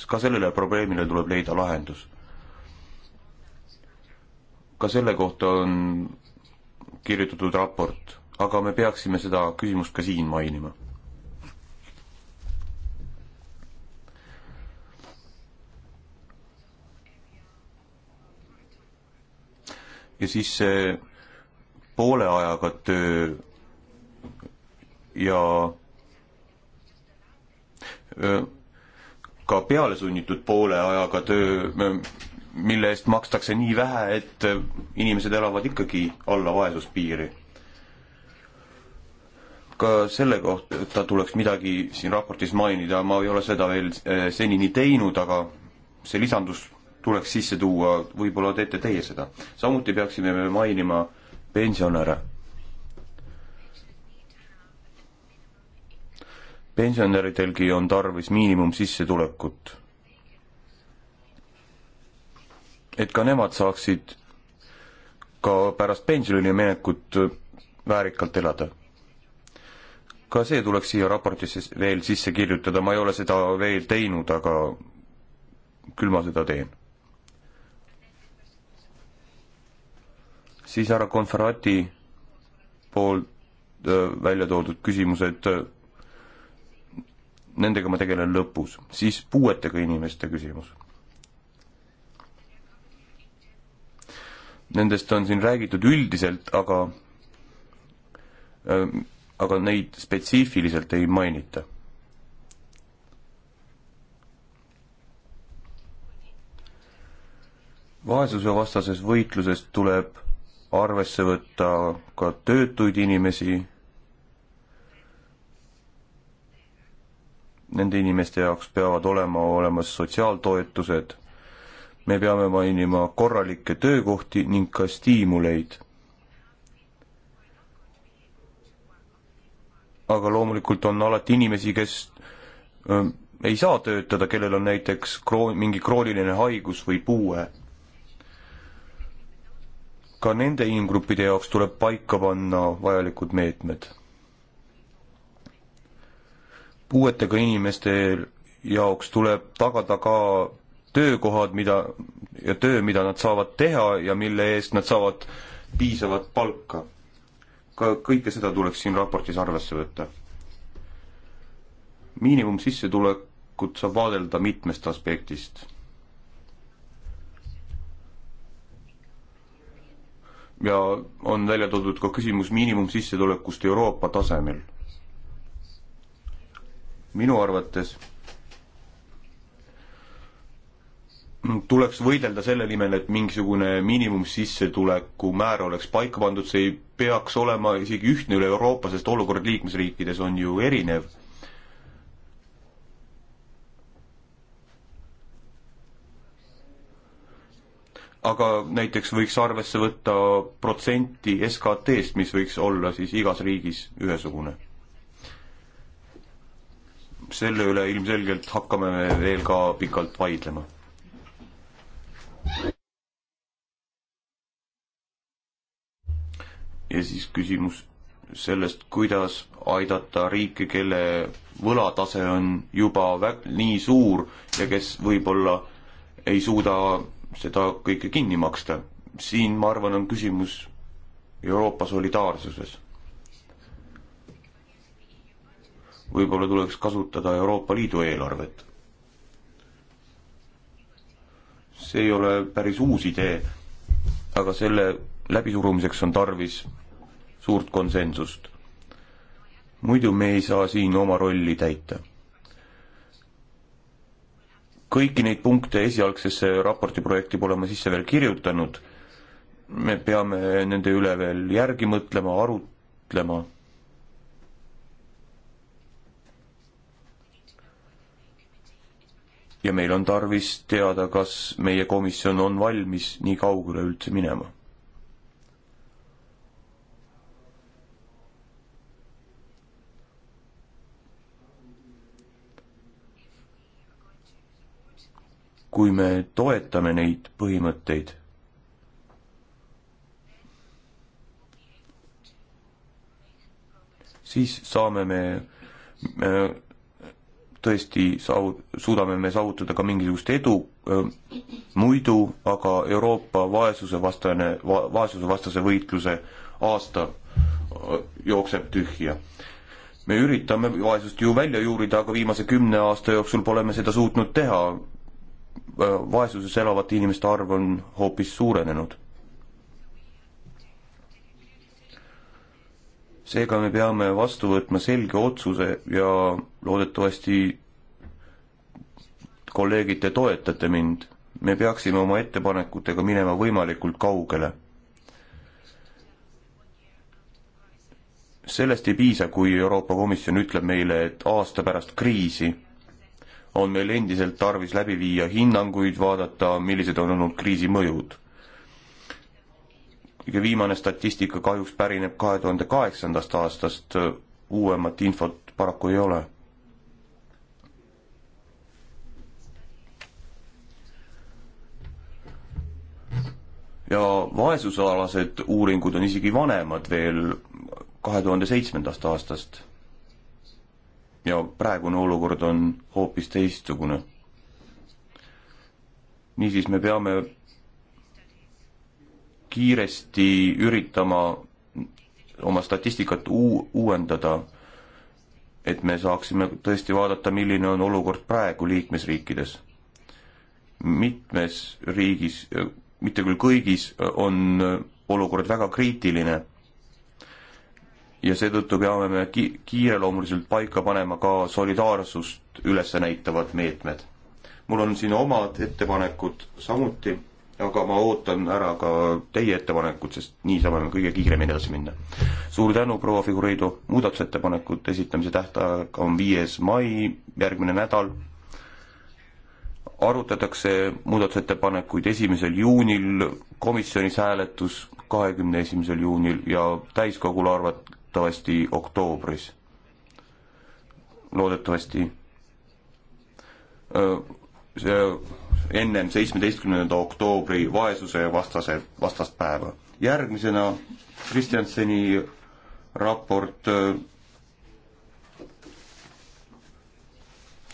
ka sellele probleemile tuleb leida lahendus. ka selle kohta on kirjutatud raport, aga me peaksime seda küsimust ka siin mainima. ja siis see poole ajaga töö ja ka pealesunnitud poole ajaga töö, mille eest makstakse nii vähe, et inimesed elavad ikkagi alla vaesuspiiri. ka selle kohta tuleks midagi siin raportis mainida, ma ei ole seda veel senini teinud, aga see lisandus tuleks sisse tuua, võib-olla teete teie seda. samuti peaksime me mainima pensionäre pensionäridelgi on tarvis miinimumsissetulekut. et ka nemad saaksid ka pärast pensionile minekut väärikalt elada. ka see tuleks siia raportisse veel sisse kirjutada, ma ei ole seda veel teinud, aga küll ma seda teen. siis härra Konferati poolt äh, välja toodud küsimused äh, nendega ma tegelen lõpus, siis puuetega inimeste küsimus. Nendest on siin räägitud üldiselt, aga ähm, aga neid spetsiifiliselt ei mainita. vaesusevastases võitluses tuleb arvesse võtta ka töötuid inimesi nende inimeste jaoks peavad olema olemas sotsiaaltoetused, me peame mainima korralikke töökohti ning ka stiimuleid. aga loomulikult on alati inimesi, kes öö, ähm, ei saa töötada, kellel on näiteks kroo-, mingi krooniline haigus või puue. ka nende inimgruppide jaoks tuleb paika panna vajalikud meetmed puuetega inimeste jaoks tuleb tagada ka töökohad, mida ja töö, mida nad saavad teha ja mille eest nad saavad piisavat palka. ka kõike seda tuleks siin raportis arvesse võtta. miinimumsissetulekut saab vaadelda mitmest aspektist. ja on välja toodud ka küsimus miinimumsissetulekust Euroopa tasemel minu arvates tuleks võidelda selle nimel, et mingisugune miinimumsissetuleku määr oleks paika pandud, see ei peaks olema isegi ühtne üle Euroopa, sest olukord liikmesriikides on ju erinev. aga näiteks võiks arvesse võtta protsenti SKT-st, mis võiks olla siis igas riigis ühesugune selle üle ilmselgelt hakkame me veel ka pikalt vaidlema. ja siis küsimus sellest, kuidas aidata riike, kelle võlatase on juba vä-, nii suur ja kes võib-olla ei suuda seda kõike kinni maksta. siin, ma arvan, on küsimus Euroopa solidaarsuses. võib-olla tuleks kasutada Euroopa Liidu eelarvet. see ei ole päris uus idee, aga selle läbisurumiseks on tarvis suurt konsensust. muidu me ei saa siin oma rolli täita. kõiki neid punkte esialgsesse raporti projekti pole ma sisse veel kirjutanud, me peame nende üle veel järgi mõtlema, arutlema ja meil on tarvis teada, kas meie komisjon on valmis nii kaugele üldse minema. kui me toetame neid põhimõtteid, siis saame me tõesti saav-, suudame me saavutada ka mingisugust edu muidu, aga Euroopa vaesusevastane va,, vaesusevastase võitluse aasta jookseb tühja. me üritame vaesust ju välja juurida, aga viimase kümne aasta jooksul pole me seda suutnud teha. vaesuses elavate inimeste arv on hoopis suurenenud seega me peame vastu võtma selge otsuse ja loodetavasti kolleegid, te toetate mind. me peaksime oma ettepanekutega minema võimalikult kaugele. sellest ei piisa, kui Euroopa Komisjon ütleb meile, et aasta pärast kriisi on meil endiselt tarvis läbi viia hinnanguid, vaadata, millised on olnud kriisi mõjud viimane statistika kahjuks pärineb kahe tuhande kaheksandast aastast, uuemat infot paraku ei ole. ja vaesusalased uuringud on isegi vanemad veel kahe tuhande seitsmendast aastast. ja praegune olukord on hoopis teistsugune. niisiis, me peame kiiresti üritama oma statistikat uu-, uuendada, et me saaksime tõesti vaadata, milline on olukord praegu liikmesriikides. mitmes riigis, mitte küll kõigis, on olukord väga kriitiline ja seetõttu peame me ki-, kiireloomuliselt paika panema ka solidaarsust üles näitavad meetmed. mul on siin omad ettepanekud samuti aga ma ootan ära ka teie ettepanekud, sest nii saame me kõige kiiremini edasi minna. suur tänu, proua Figureido, muudatusettepanekute esitamise tähtaeg on viies mai, järgmine nädal arutatakse muudatusettepanekuid esimesel juunil, komisjonis hääletus kahekümne esimesel juunil ja täiskogul arvatavasti oktoobris. loodetavasti. see ennem seitsmeteistkümnenda oktoobri vaesuse vastase, vastast päeva. järgmisena Kristjanseni raport,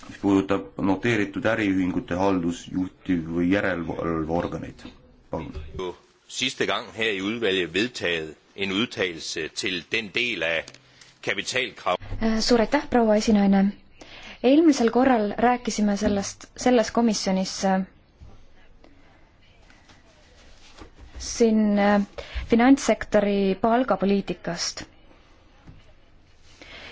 mis puudutab noteeritud äriühingute haldusjuhtiv või järelevalveorganeid. palun. Sidste gang her i udvalget vedtaget en udtalelse til den del af kapitalkrav. suur aitäh, proua esinaine eelmisel korral rääkisime sellest, selles komisjonis äh, siin äh, finantssektori palgapoliitikast.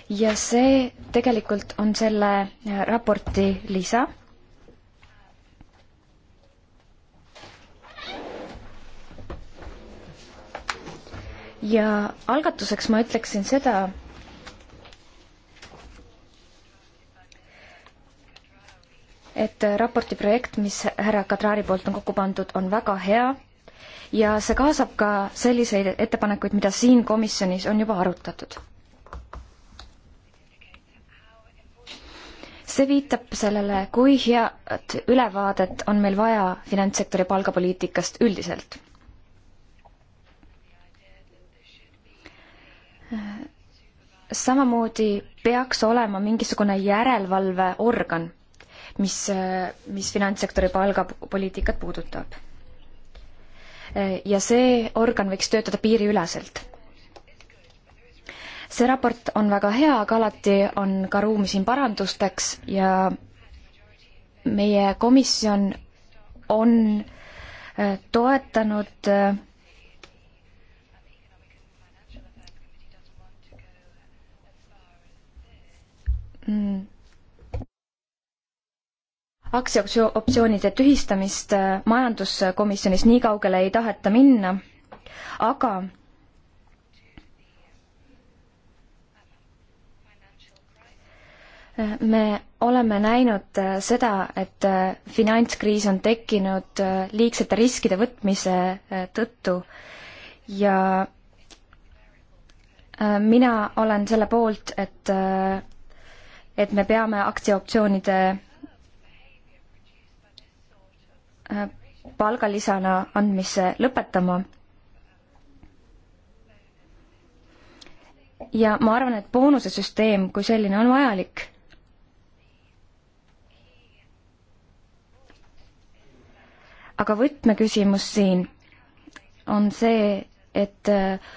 ja see tegelikult on selle äh, raporti lisa. ja algatuseks ma ütleksin seda, et raporti projekt, mis härra Kadrari poolt on kokku pandud, on väga hea ja see kaasab ka selliseid ettepanekuid, mida siin komisjonis on juba arutatud. see viitab sellele, kui head ülevaadet on meil vaja finantssektori palgapoliitikast üldiselt samamoodi peaks olema mingisugune järelevalveorgan mis, mis finantssektori palgapoliitikat puudutab. ja see organ võiks töötada piiriüleselt see raport on väga hea, aga alati on ka ruumi siin parandusteks ja meie komisjon on äh, toetanud äh, mm aktsiaoptsioonide tühistamist äh, majanduskomisjonis nii kaugele ei taheta minna, aga äh, me oleme näinud äh, seda, et finantskriis on tekkinud liigsete riskide võtmise tõttu ja mina olen selle poolt, et, et me peame aktsiaoptsioonide Äh, palgalisana andmise lõpetama. ja ma arvan, et boonusesüsteem kui selline on vajalik. aga võtmeküsimus siin on see, et äh,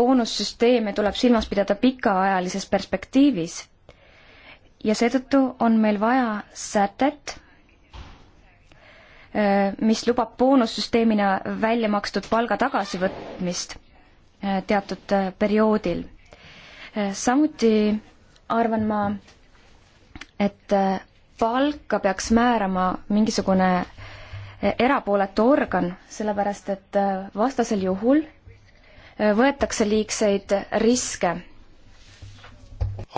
boonussüsteeme tuleb silmas pidada pikaajalises perspektiivis. ja seetõttu on meil vaja sätet Äh, mis lubab boonussüsteemina välja makstud palga tagasivõtmist äh, teatud äh, perioodil. samuti arvan ma, et palka peaks määrama mingisugune erapooletu organ, sellepärast et vastasel juhul võetakse liigseid riske.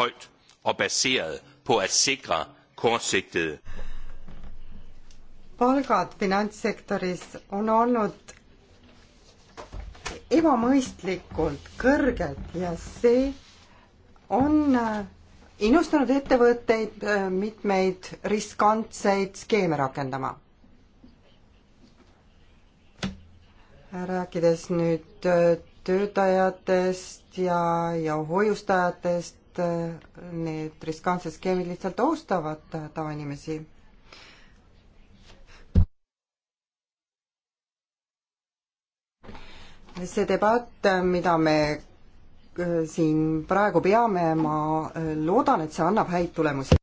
højt og baseret på at sikre kortsigtede palgad finantssektoris on olnud ebamõistlikult kõrged ja see on äh, innustanud ettevõtteid äh, mitmeid riskantseid skeeme rakendama. rääkides nüüd äh, töötajatest ja, ja hoiustajatest, need riskantsed skeemid lihtsalt ohustavad tavainimesi see debatt, mida me äh, siin praegu peame, ma äh, loodan, et see annab häid tulemusi.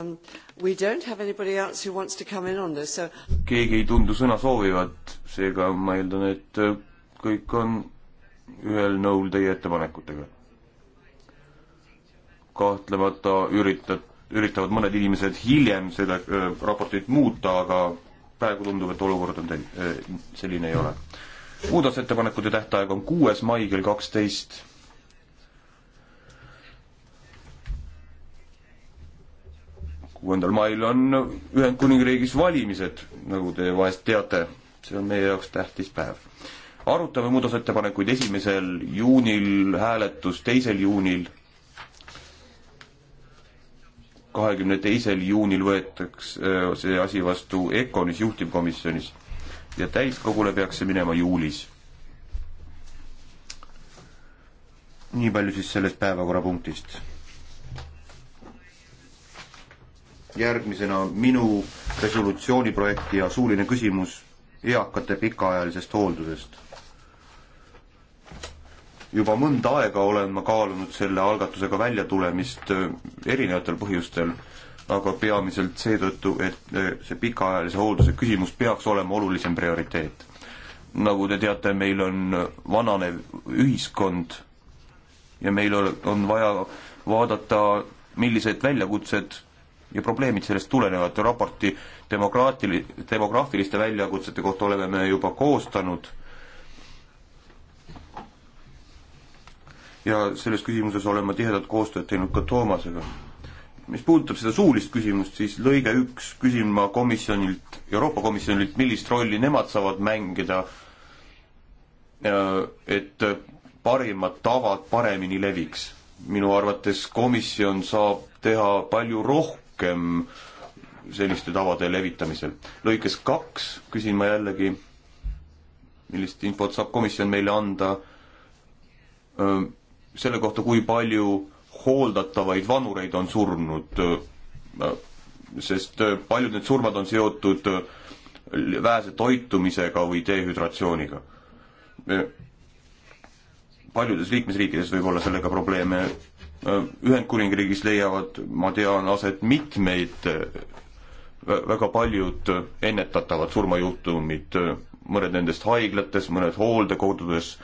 Um, we don't have anybody else who wants to come in on this, so keegi ei tundu sõna soovivat, seega ma eeldan, et äh, kõik on ühel nõul teie ettepanekutega. kahtlemata üritat üritavad mõned inimesed hiljem seda äh, raportit muuta, aga praegu tundub, et olukord on tel-, äh, selline ei ole. muudatusettepanekute tähtaeg on kuues mai kell kaksteist. kuuendal mail on Ühendkuningriigis valimised, nagu te vahest teate, see on meie jaoks tähtis päev. arutame muudatusettepanekuid esimesel juunil, hääletus teisel juunil kahekümne teisel juunil võetakse äh, see asi vastu ECONis juhtivkomisjonis ja täiskogule peaks see minema juulis. nii palju siis sellest päevakorrapunktist. järgmisena minu resolutsiooni projekt ja suuline küsimus eakate pikaajalisest hooldusest juba mõnda aega olen ma kaalunud selle algatusega väljatulemist äh, erinevatel põhjustel, aga peamiselt seetõttu, et äh, see pikaajalise hoolduse küsimus peaks olema olulisem prioriteet. nagu te teate, meil on vananev ühiskond ja meil on vaja vaadata, millised väljakutsed ja probleemid sellest tulenevad. raporti demokraatili-, demograafiliste väljakutsete kohta oleme me juba koostanud ja selles küsimuses olen ma tihedat koostööd teinud ka Toomasega. mis puudutab seda suulist küsimust, siis lõige üks, küsin ma komisjonilt, Euroopa Komisjonilt, millist rolli nemad saavad mängida, äh, et parimad tavad paremini leviks. minu arvates komisjon saab teha palju rohkem selliste tavade levitamisel. lõikes kaks küsin ma jällegi, millist infot saab komisjon meile anda öö, äh, selle kohta, kui palju hooldatavaid vanureid on surnud, äh, sest äh, paljud need surmad on seotud äh, vähese toitumisega või dehüdratsiooniga. paljudes liikmesriikides võib olla sellega probleeme. Ühendkuningriigis leiavad, ma tean, aset mitmeid väga paljud ennetatavad surmajuhtumid, mõned nendest haiglates, mõned hooldekodudes,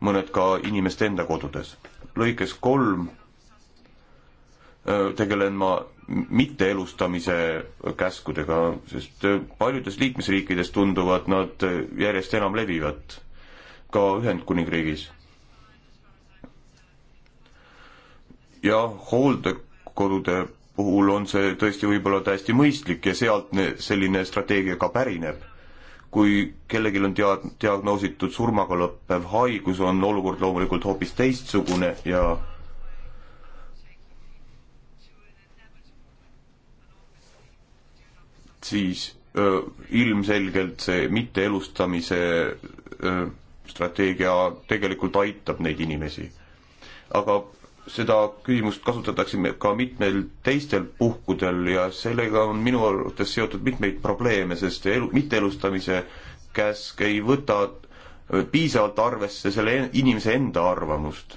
mõned ka inimeste enda kodudes lõikes kolm tegelen ma mitteelustamise käskudega, sest paljudes liikmesriikides tunduvad nad järjest enam levivat, ka Ühendkuningriigis. ja hooldekodude puhul on see tõesti võib-olla täiesti mõistlik ja sealt selline strateegia ka pärineb kui kellelgi on tead-, diagnoositud surmaga lõppev haigus, on olukord loomulikult hoopis teistsugune ja siis öö, ilmselgelt see mitteelustamise strateegia tegelikult aitab neid inimesi. aga seda küsimust kasutatakse ka mitmel teistel puhkudel ja sellega on minu arvates seotud mitmeid probleeme, sest elu, mitteelustamise käsk ei võta äh, piisavalt arvesse selle inimese enda arvamust.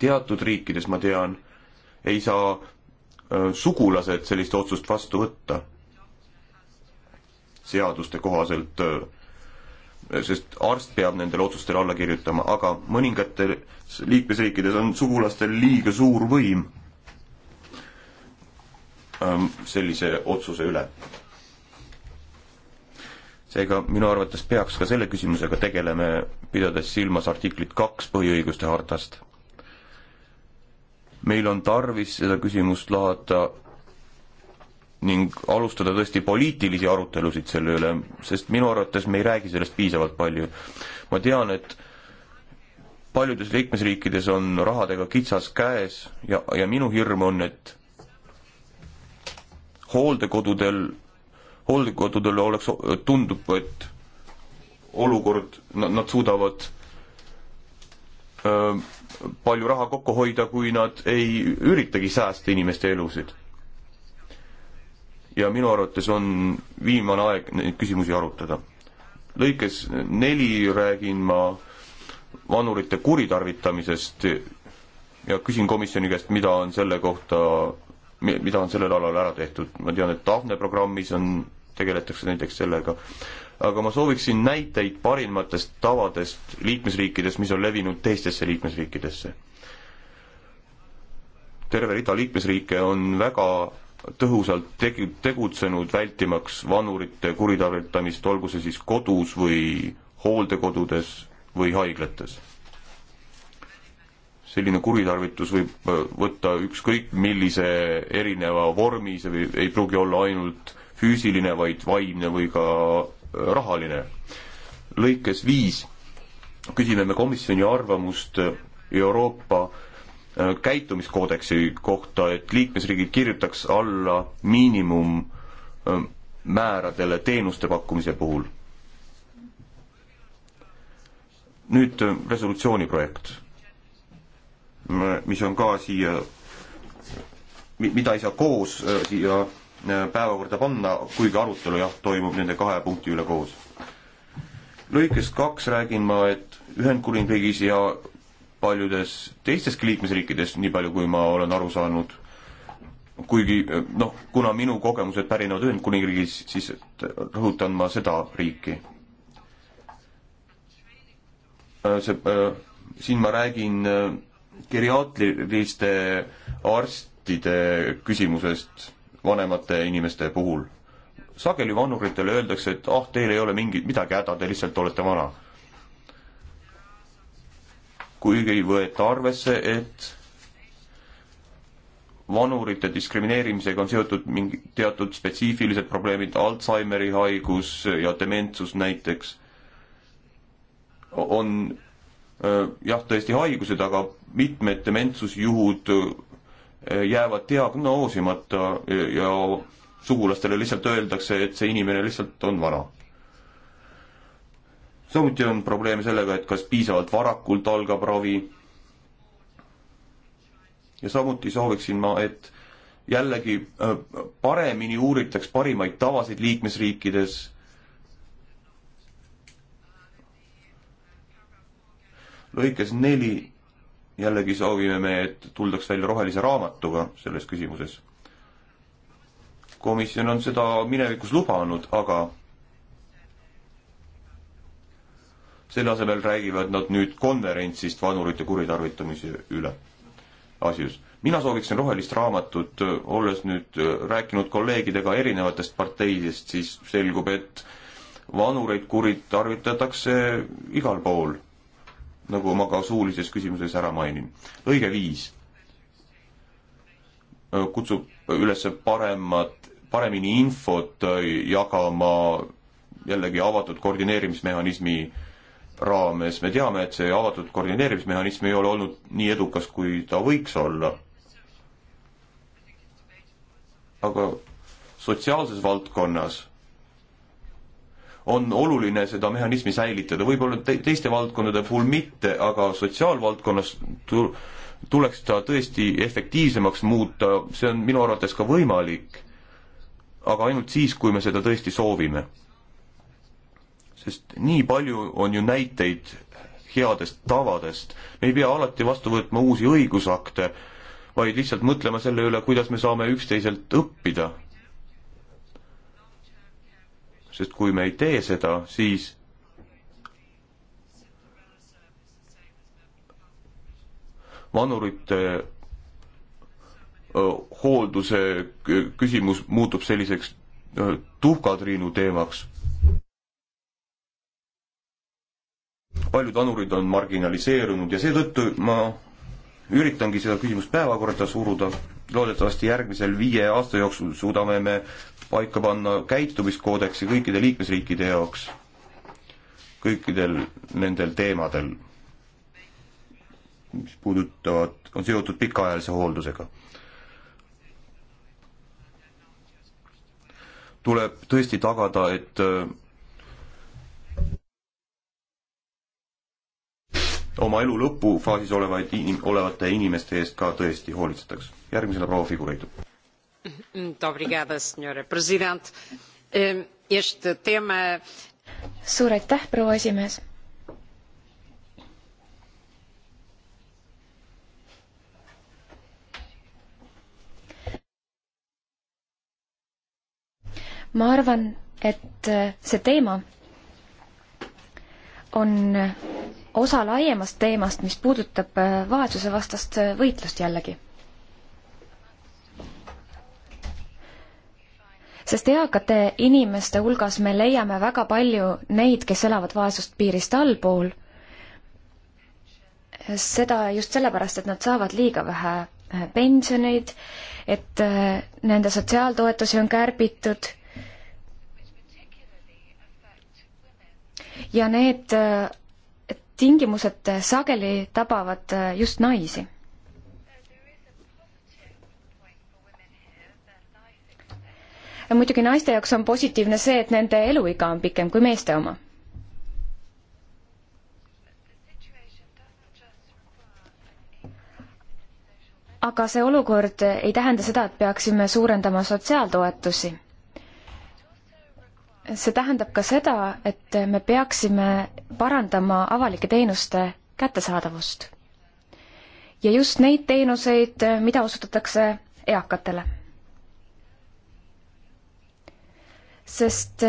teatud riikides, ma tean, ei saa äh, sugulased sellist otsust vastu võtta seaduste kohaselt äh, sest arst peab nendele otsustele alla kirjutama, aga mõningatel liikmesriikides on sugulastel liiga suur võim ähm, sellise otsuse üle. seega minu arvates peaks ka selle küsimusega tegeleme, pidades silmas artiklit kaks põhiõiguste hartast. meil on tarvis seda küsimust lahata ning alustada tõesti poliitilisi arutelusid selle üle, sest minu arvates me ei räägi sellest piisavalt palju. ma tean, et paljudes liikmesriikides on rahadega kitsas käes ja, ja minu hirm on, et hooldekodudel, hooldekodudel oleks, tundub, et olukord, nad, nad suudavad öö, palju raha kokku hoida, kui nad ei üritagi säästa inimeste elusid ja minu arvates on viimane aeg neid küsimusi arutada. lõikes neli räägin ma vanurite kuritarvitamisest ja küsin komisjoni käest, mida on selle kohta, mida on sellel alal ära tehtud, ma tean, et Tahne programmis on, tegeletakse näiteks sellega, aga ma sooviksin näiteid parimatest tavadest liikmesriikides, mis on levinud teistesse liikmesriikidesse. terve rida liikmesriike on väga tõhusalt tegi, tegutsenud, vältimaks vanurite kuritarvitamist, olgu see siis kodus või hooldekodudes või haiglates. selline kuritarvitus võib äh, võtta ükskõik millise erineva vormi, see või, ei pruugi olla ainult füüsiline, vaid vaimne või ka äh, rahaline. lõikes viis küsime me komisjoni arvamust Euroopa Äh, käitumiskoodeksi kohta, et liikmesriigid kirjutaks alla miinimummääradele äh, teenuste pakkumise puhul. nüüd äh, resolutsiooni projekt, mis on ka siia, mida ei saa koos siia päevakorda panna, kuigi arutelu jah, toimub nende kahe punkti üle koos. lõikes kaks räägin ma, et Ühendkuningriigis ja paljudes teisteski liikmesriikides, nii palju kui ma olen aru saanud, kuigi noh, kuna minu kogemused pärinevad Ühendkuningriigis, siis rõhutan ma seda riiki. see, äh, siin ma räägin äh, geriaatriliste arstide küsimusest vanemate inimeste puhul. sageli vanuritele öeldakse, et ah, teil ei ole mingit midagi häda, te lihtsalt olete vana kuigi ei võeta arvesse, et vanurite diskrimineerimisega on seotud mingi, teatud spetsiifilised probleemid, Alžeimeri haigus ja dementsus näiteks, on jah, tõesti haigused, aga mitmed dementsusjuhud jäävad diagnoosimata ja sugulastele lihtsalt öeldakse, et see inimene lihtsalt on vana samuti on probleeme sellega, et kas piisavalt varakult algab ravi. ja samuti sooviksin ma, et jällegi äh, paremini uuritaks parimaid tavasid liikmesriikides. lõikes neli jällegi soovime me, et tuldaks välja rohelise raamatuga selles küsimuses. komisjon on seda minevikus lubanud, aga selle asemel räägivad nad nüüd konverentsist vanurite kuritarvitamise üle asjus. mina sooviksin rohelist raamatut, olles nüüd äh, rääkinud kolleegidega erinevatest parteidest, siis selgub, et vanureid kuritarvitatakse igal pool, nagu ma ka suulises küsimuses ära mainin. lõige viis äh, kutsub üles paremat, paremini infot äh, jagama jällegi avatud koordineerimismehhanismi raames, me teame, et see avatud koordineerimismehhanism ei ole olnud nii edukas, kui ta võiks olla. aga sotsiaalses valdkonnas on oluline seda mehhanismi säilitada, võib-olla te teiste valdkondade puhul mitte, aga sotsiaalvaldkonnas tu-, tuleks ta tõesti efektiivsemaks muuta, see on minu arvates ka võimalik, aga ainult siis, kui me seda tõesti soovime sest nii palju on ju näiteid headest tavadest, me ei pea alati vastu võtma uusi õigusakte, vaid lihtsalt mõtlema selle üle, kuidas me saame üksteiselt õppida. sest kui me ei tee seda, siis vanurite hoolduse küsimus muutub selliseks tuhkatriinu teemaks. paljud anurid on marginaliseerunud ja seetõttu ma üritangi seda küsimust päevakorda suruda, loodetavasti järgmisel viie aasta jooksul suudame me paika panna käitumiskoodeksi kõikide liikmesriikide jaoks, kõikidel nendel teemadel, mis puudutavad, on seotud pikaajalise hooldusega. tuleb tõesti tagada, et oma elu lõpufaasis olevaid inim-, olevate inimeste eest ka tõesti hoolitsetaks. järgmisena proua Figureidu. Ehm, suur aitäh, proua esimees ma arvan, et see teema on osa laiemast teemast, mis puudutab äh, vaesusevastast äh, võitlust jällegi. sest eakate inimeste hulgas me leiame väga palju neid, kes elavad vaesust piirist allpool. seda just sellepärast, et nad saavad liiga vähe äh, pensioneid, et nende sotsiaaltoetusi on kärbitud ja need tingimused sageli tabavad äh, just naisi. muidugi naiste jaoks on positiivne see, et nende eluiga on pikem kui meeste oma aga see olukord ei tähenda seda, et peaksime suurendama sotsiaaltoetusi see tähendab ka seda, et me peaksime parandama avalike teenuste kättesaadavust. ja just neid teenuseid, mida osutatakse eakatele. sest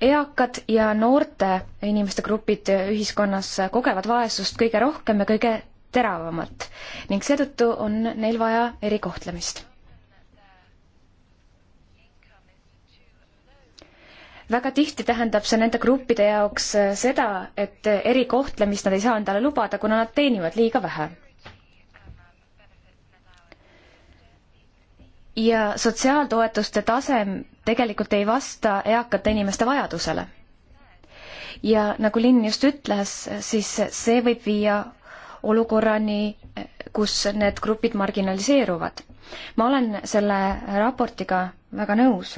eakad ja noorte inimeste grupid ühiskonnas kogevad vaesust kõige rohkem ja kõige teravamalt ning seetõttu on neil vaja erikohtlemist väga tihti tähendab see nende gruppide jaoks äh, seda, et äh, erikohtlemist nad ei saa endale lubada, kuna nad teenivad liiga vähe. ja sotsiaaltoetuste tasem tegelikult ei vasta eakate inimeste vajadusele. ja nagu Linn just ütles, siis see võib viia olukorrani, äh, kus need grupid marginaliseeruvad. ma olen selle raportiga väga nõus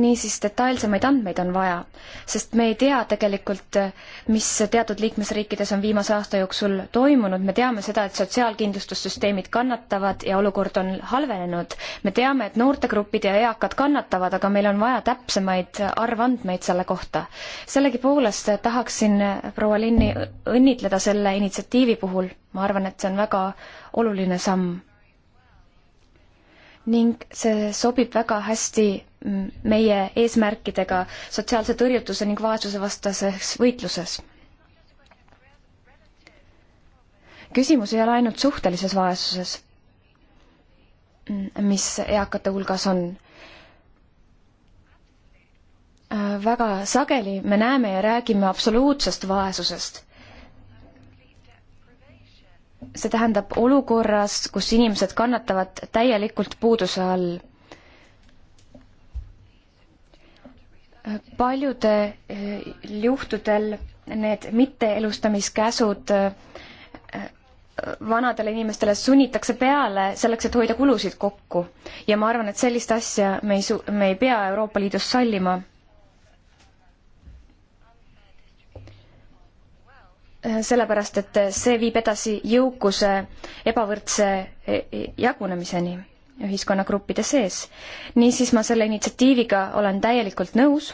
niisiis detailsemaid andmeid on vaja, sest me ei tea tegelikult, mis teatud liikmesriikides on viimase aasta jooksul toimunud, me teame seda, et sotsiaalkindlustussüsteemid kannatavad ja olukord on halvenenud. me teame, et noortegrupid ja eakad kannatavad, aga meil on vaja täpsemaid arvandmeid selle kohta. sellegipoolest tahaksin proua Linni õnnitleda selle initsiatiivi puhul, ma arvan, et see on väga oluline samm. ning see sobib väga hästi meie eesmärkidega sotsiaalse tõrjutuse ning vaesuse vastases võitluses. küsimus ei ole ainult suhtelises vaesuses, mis eakate hulgas on. väga sageli me näeme ja räägime absoluutsest vaesusest see tähendab olukorras, kus inimesed kannatavad täielikult puuduse all. paljude eh, juhtudel need mitteelustamiskäsud eh, vanadele inimestele sunnitakse peale selleks, et hoida kulusid kokku. ja ma arvan, et sellist asja me ei su-, me ei pea Euroopa Liidus sallima. Eh, sellepärast, et see viib edasi jõukuse ebavõrdse jagunemiseni ühiskonnagruppide sees. niisiis ma selle initsiatiiviga olen täielikult nõus.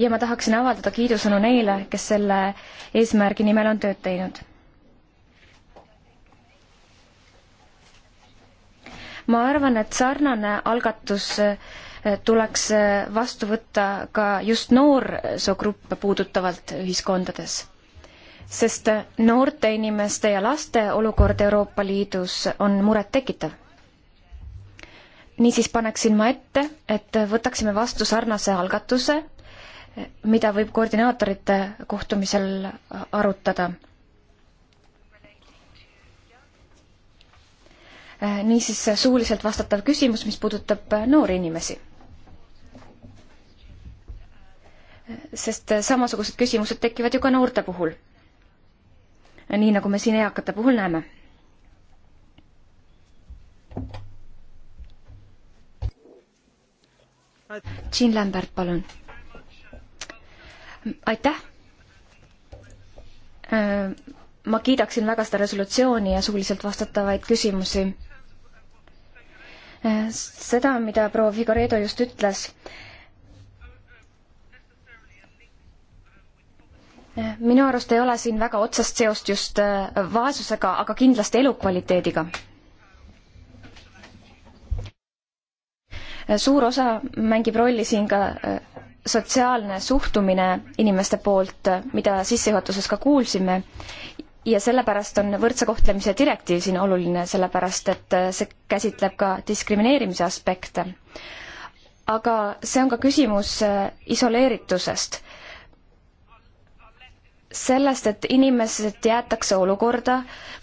ja ma tahaksin avaldada kiidusõnu neile, kes selle eesmärgi nimel on tööd teinud. ma arvan, et sarnane algatus eh, tuleks eh, vastu võtta ka just noorsugruppe puudutavalt ühiskondades sest noorte inimeste ja laste olukord Euroopa Liidus on murettekitav. niisiis paneksin ma ette, et võtaksime vastu sarnase algatuse, mida võib koordinaatorite kohtumisel arutada. niisiis suuliselt vastatav küsimus, mis puudutab noori inimesi sest samasugused küsimused tekivad ju ka noorte puhul nii nagu me siin eakate puhul näeme. Jean Lambert, palun. aitäh. Äh, ma kiidaksin väga seda resolutsiooni ja suuliselt vastatavaid küsimusi. Äh, seda, mida proua Figueredo just ütles minu arust ei ole siin väga otsest seost just äh, vaesusega, aga kindlasti elukvaliteediga. suur osa mängib rolli siin ka äh, sotsiaalne suhtumine inimeste poolt, äh, mida sissejuhatuses ka kuulsime, ja sellepärast on võrdse kohtlemise direktiiv siin oluline, sellepärast et see käsitleb ka diskrimineerimise aspekte. aga see on ka küsimus isoleeritusest sellest, et inimesed jäetakse olukorda,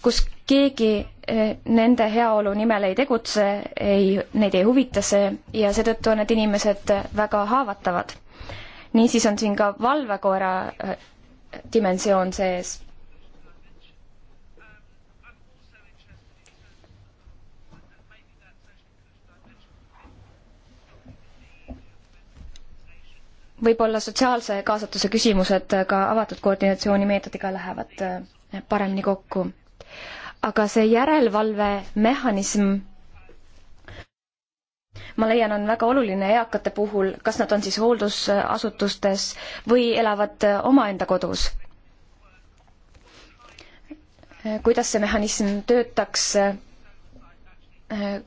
kus keegi eh, nende heaolu nimel ei tegutse, ei, neid ei huvita see ja seetõttu on need inimesed väga haavatavad. niisiis on siin ka valvekoera eh, dimensioon sees võib-olla sotsiaalse kaasatuse küsimused ka avatud koordinatsioonimeetodiga lähevad äh, paremini kokku. aga see järelevalvemehhanism, ma leian, on väga oluline eakate puhul, kas nad on siis hooldusasutustes või elavad äh, omaenda kodus. Äh, kuidas see mehhanism töötaks,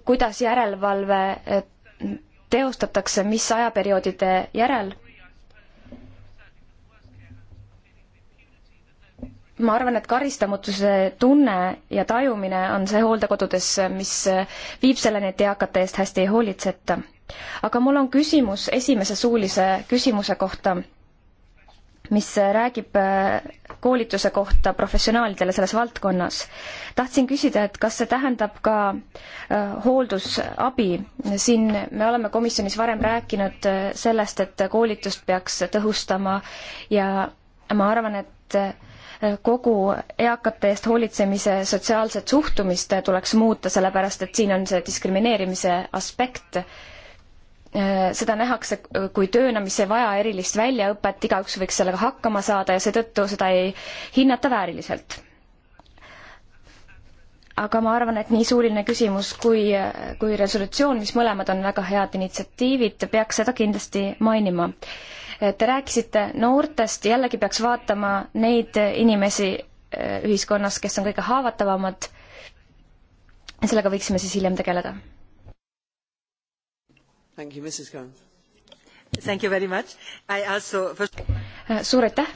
kuidas järelevalve teostatakse, mis ajaperioodide järel ma arvan, et karistamatuse tunne ja tajumine on see hooldekodudes, mis viib selleni, et eakate eest hästi ei hoolitseta. aga mul on küsimus esimese suulise küsimuse kohta, mis räägib äh, koolituse kohta professionaalidele selles valdkonnas. tahtsin küsida, et kas see tähendab ka äh, hooldusabi, siin me oleme komisjonis varem rääkinud äh, sellest, et koolitust peaks tõhustama ja ma arvan, et kogu eakate eest hoolitsemise sotsiaalset suhtumist tuleks muuta, sellepärast et siin on see diskrimineerimise aspekt. seda nähakse kui tööna, mis ei vaja erilist väljaõpet, igaüks võiks sellega hakkama saada ja seetõttu seda ei hinnata vääriliselt aga ma arvan, et nii suuline küsimus kui, kui resolutsioon, mis mõlemad on väga head initsiatiivid, peaks seda kindlasti mainima. Te rääkisite noortest, jällegi peaks vaatama neid inimesi eh, ühiskonnas, kes on kõige haavatavamad. sellega võiksime siis hiljem tegeleda. Also... Eh, suur aitäh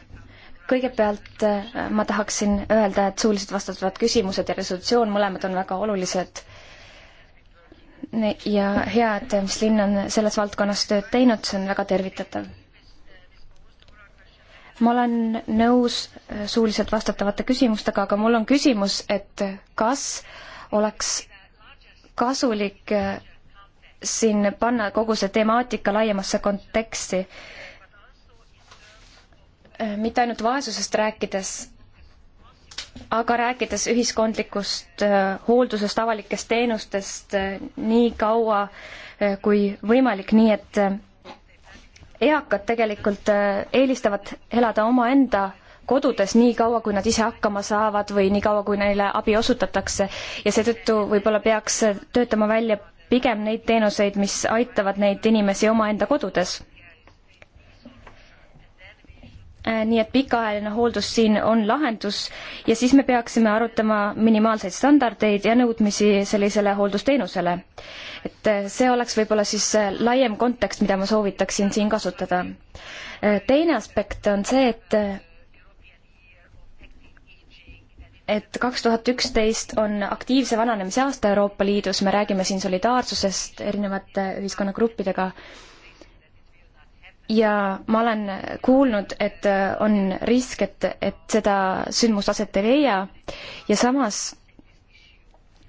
kõigepealt eh, ma tahaksin öelda, et suuliselt vastatavad küsimused ja resolutsioon, mõlemad on väga olulised. ja hea, et mis linn on selles valdkonnas tööd teinud, see on väga tervitatav ma olen nõus äh, suuliselt vastatavate küsimustega, aga mul on küsimus, et kas oleks kasulik äh, siin panna kogu see temaatika laiemasse konteksti, äh, mitte ainult vaesusest rääkides, aga rääkides ühiskondlikust hooldusest, avalikest teenustest nii kaua kui võimalik, nii et eakad tegelikult äh, eelistavad elada omaenda kodudes nii kaua, kui nad ise hakkama saavad või nii kaua, kui neile abi osutatakse ja seetõttu võib-olla peaks töötama välja pigem neid teenuseid, mis aitavad neid inimesi omaenda kodudes Äh, nii et pikaajaline hooldus siin on lahendus ja siis me peaksime arutama minimaalseid standardeid ja nõudmisi sellisele hooldusteenusele. et äh, see oleks võib-olla siis äh, laiem kontekst, mida ma soovitaksin siin kasutada. teine aspekt on see, et et kaks tuhat üksteist on aktiivse vananemise aasta Euroopa Liidus, me räägime siin solidaarsusest erinevate ühiskonnagruppidega ja ma olen kuulnud, et äh, on risk, et, et seda sündmust aset ei leia ja samas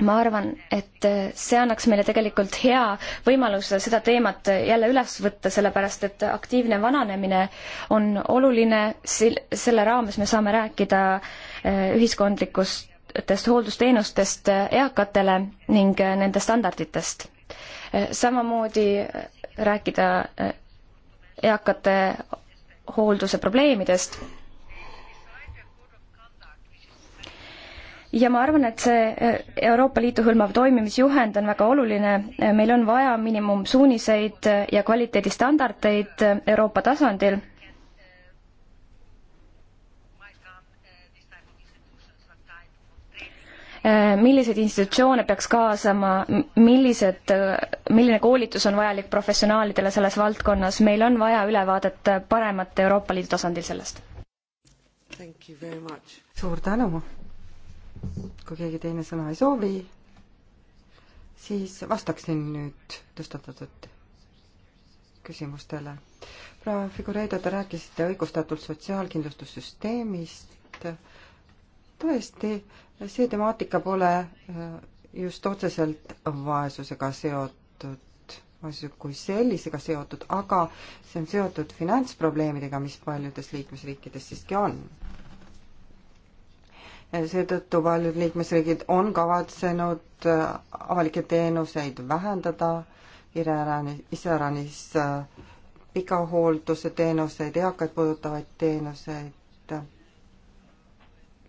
ma arvan, et äh, see annaks meile tegelikult hea võimaluse seda teemat jälle üles võtta, sellepärast et aktiivne vananemine on oluline, selle raames me saame rääkida äh, ühiskondlikustest hooldusteenustest eakatele ning nende standarditest. samamoodi rääkida eakate hoolduse probleemidest. ja ma arvan, et see eh, Euroopa Liitu hõlmav toimimisjuhend on väga oluline, meil on vaja miinimumsuuniseid ja kvaliteedistandardeid Euroopa tasandil Äh, milliseid institutsioone peaks kaasama, millised, äh, milline koolitus on vajalik professionaalidele selles valdkonnas, meil on vaja ülevaadet äh, paremat Euroopa Liidu tasandil sellest. suur tänu. kui keegi teine sõna ei soovi, siis vastaksin nüüd tõstatatud küsimustele. proua Figureido, te rääkisite õigustatult sotsiaalkindlustussüsteemist. tõesti, see temaatika pole äh, just otseselt vaesusega seotud, vaesusega kui sellisega seotud, aga see on seotud finantsprobleemidega, mis paljudes liikmesriikides siiski on. seetõttu paljud liikmesriigid on kavatsenud äh, avalikke teenuseid vähendada, iseäranis äh, pikahoolduse teenuseid, eakaid puudutavaid teenuseid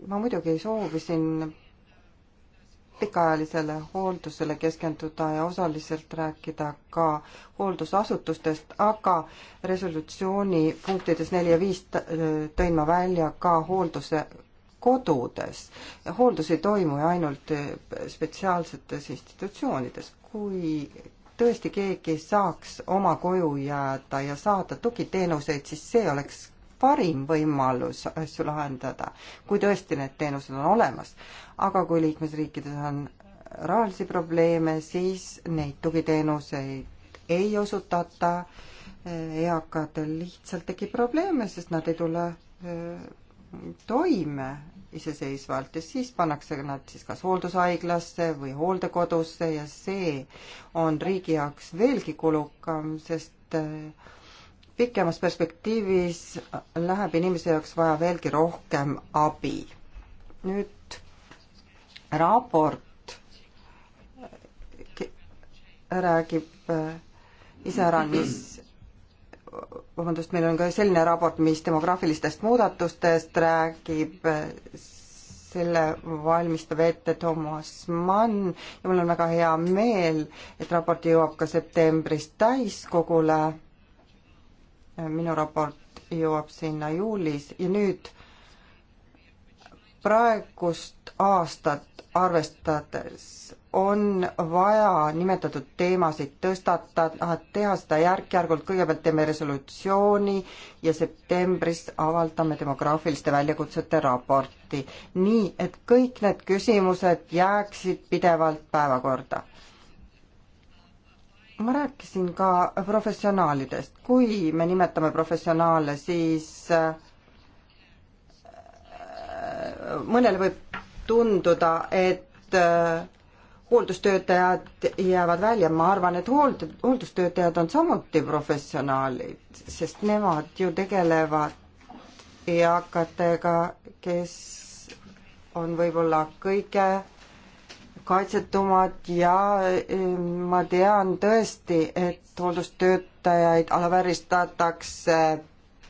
ma muidugi soovisin pikaajalisele hooldusele keskenduda ja osaliselt rääkida ka hooldusasutustest, aga resolutsiooni punktides neli ja viis tõin ma välja ka hoolduse kodudes. hooldus ei toimu ju ainult spetsiaalsetes institutsioonides, kui tõesti keegi saaks oma koju jääda ja saada tugiteenuseid, siis see oleks parim võimalus asju lahendada, kui tõesti need teenused on olemas. aga kui liikmesriikides on rahalisi probleeme, siis neid tugiteenuseid ei osutata, eakatel lihtsalt tekib probleeme, sest nad ei tule e, toime iseseisvalt ja siis pannakse nad siis kas hooldushaiglasse või hooldekodusse ja see on riigi jaoks veelgi kulukam, sest e, pikemas perspektiivis läheb inimese jaoks vaja veelgi rohkem abi. nüüd raport räägib äh, iseäranis, vabandust, meil on ka selline raport, mis demograafilistest muudatustest räägib, äh, selle valmistab ette Toomas Mann ja mul on väga hea meel, et raport jõuab ka septembris täiskogule minu raport jõuab sinna juulis ja nüüd praegust aastat arvestades on vaja nimetatud teemasid tõstatada, teha seda järk-järgult, kõigepealt teeme resolutsiooni ja septembris avaldame demograafiliste väljakutsete raporti. nii, et kõik need küsimused jääksid pidevalt päevakorda ma rääkisin ka professionaalidest, kui me nimetame professionaale, siis äh, mõnele võib tunduda, et äh, hooldustöötajad jäävad välja, ma arvan, et hoold-, hooldustöötajad on samuti professionaalid, sest nemad ju tegelevad eakatega, kes on võib-olla kõige kaitsetumad ja ähm, ma tean tõesti, et hooldustöötajaid alavääristatakse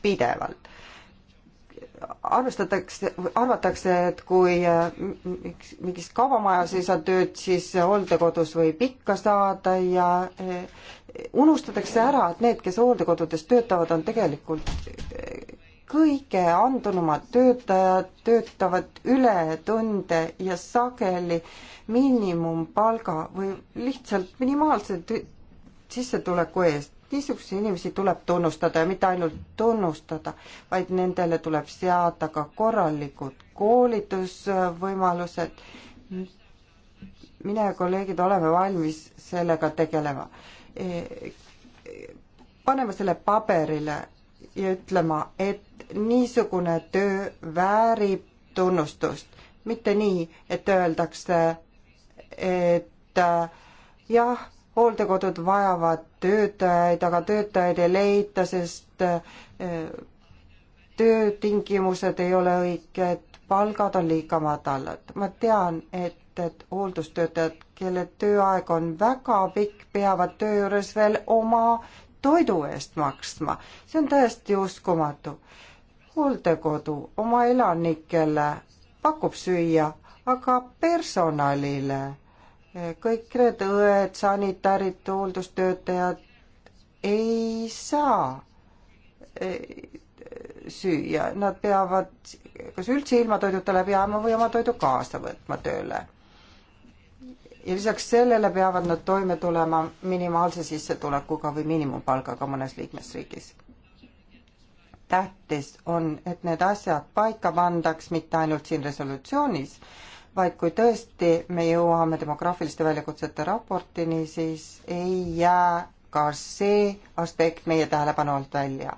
pidevalt. arvestatakse, arvatakse, et kui äh, mingis kaubamajas ei saa tööd, siis hooldekodus võib ikka saada ja äh, unustatakse ära, et need, kes hooldekodudes töötavad, on tegelikult äh, kõige andunumad töötajad töötavad ületunde ja sageli miinimumpalga või lihtsalt minimaalse sissetuleku eest. niisuguseid inimesi tuleb tunnustada ja mitte ainult tunnustada, vaid nendele tuleb seada ka korralikud koolitusvõimalused. mina ja kolleegid oleme valmis sellega tegelema. E, paneme selle paberile ja ütlema, et niisugune töö väärib tunnustust, mitte nii, et öeldakse, et äh, jah, hooldekodud vajavad töötajaid, aga töötajaid ei leita, sest äh, töötingimused ei ole õiged, palgad on liiga madalad. ma tean, et, et hooldustöötajad, kelle tööaeg on väga pikk, peavad töö juures veel oma toidu eest maksma. see on täiesti uskumatu. hooldekodu oma elanikele pakub süüa, aga personalile kõik need õed, sanitarid, hooldustöötajad ei saa e, süüa, nad peavad kas üldse ilma toiduta läbi ajama või oma toidu kaasa võtma tööle ja lisaks sellele peavad nad toime tulema minimaalse sissetulekuga või miinimumpalgaga mõnes liikmesriigis. tähtis on, et need asjad paika pandaks mitte ainult siin resolutsioonis, vaid kui tõesti me jõuame demograafiliste väljakutsete raportini, siis ei jää ka see aspekt meie tähelepanu alt välja.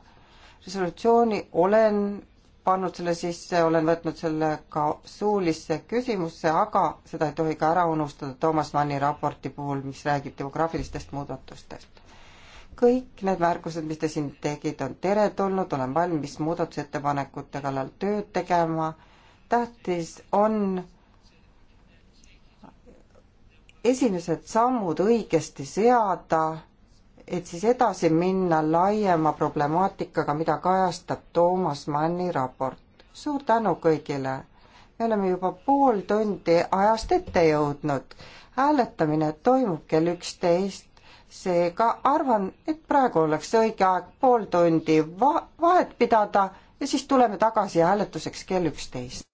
resolutsiooni olen pannud selle sisse, olen võtnud selle ka suulisse küsimusse, aga seda ei tohi ka ära unustada Toomas Manni raporti puhul, mis räägib demograafilistest muudatustest. kõik need märkused, mis te siin tegid, on teretulnud, olen valmis muudatusettepanekute kallal tööd tegema. tähtis on esimesed sammud õigesti seada et siis edasi minna laiema problemaatikaga, mida kajastab Toomas Manni raport. suur tänu kõigile! me oleme juba pool tundi ajast ette jõudnud. hääletamine toimub kell üksteist, seega arvan, et praegu oleks õige aeg pool tundi va-, vahet pidada ja siis tuleme tagasi hääletuseks kell üksteist.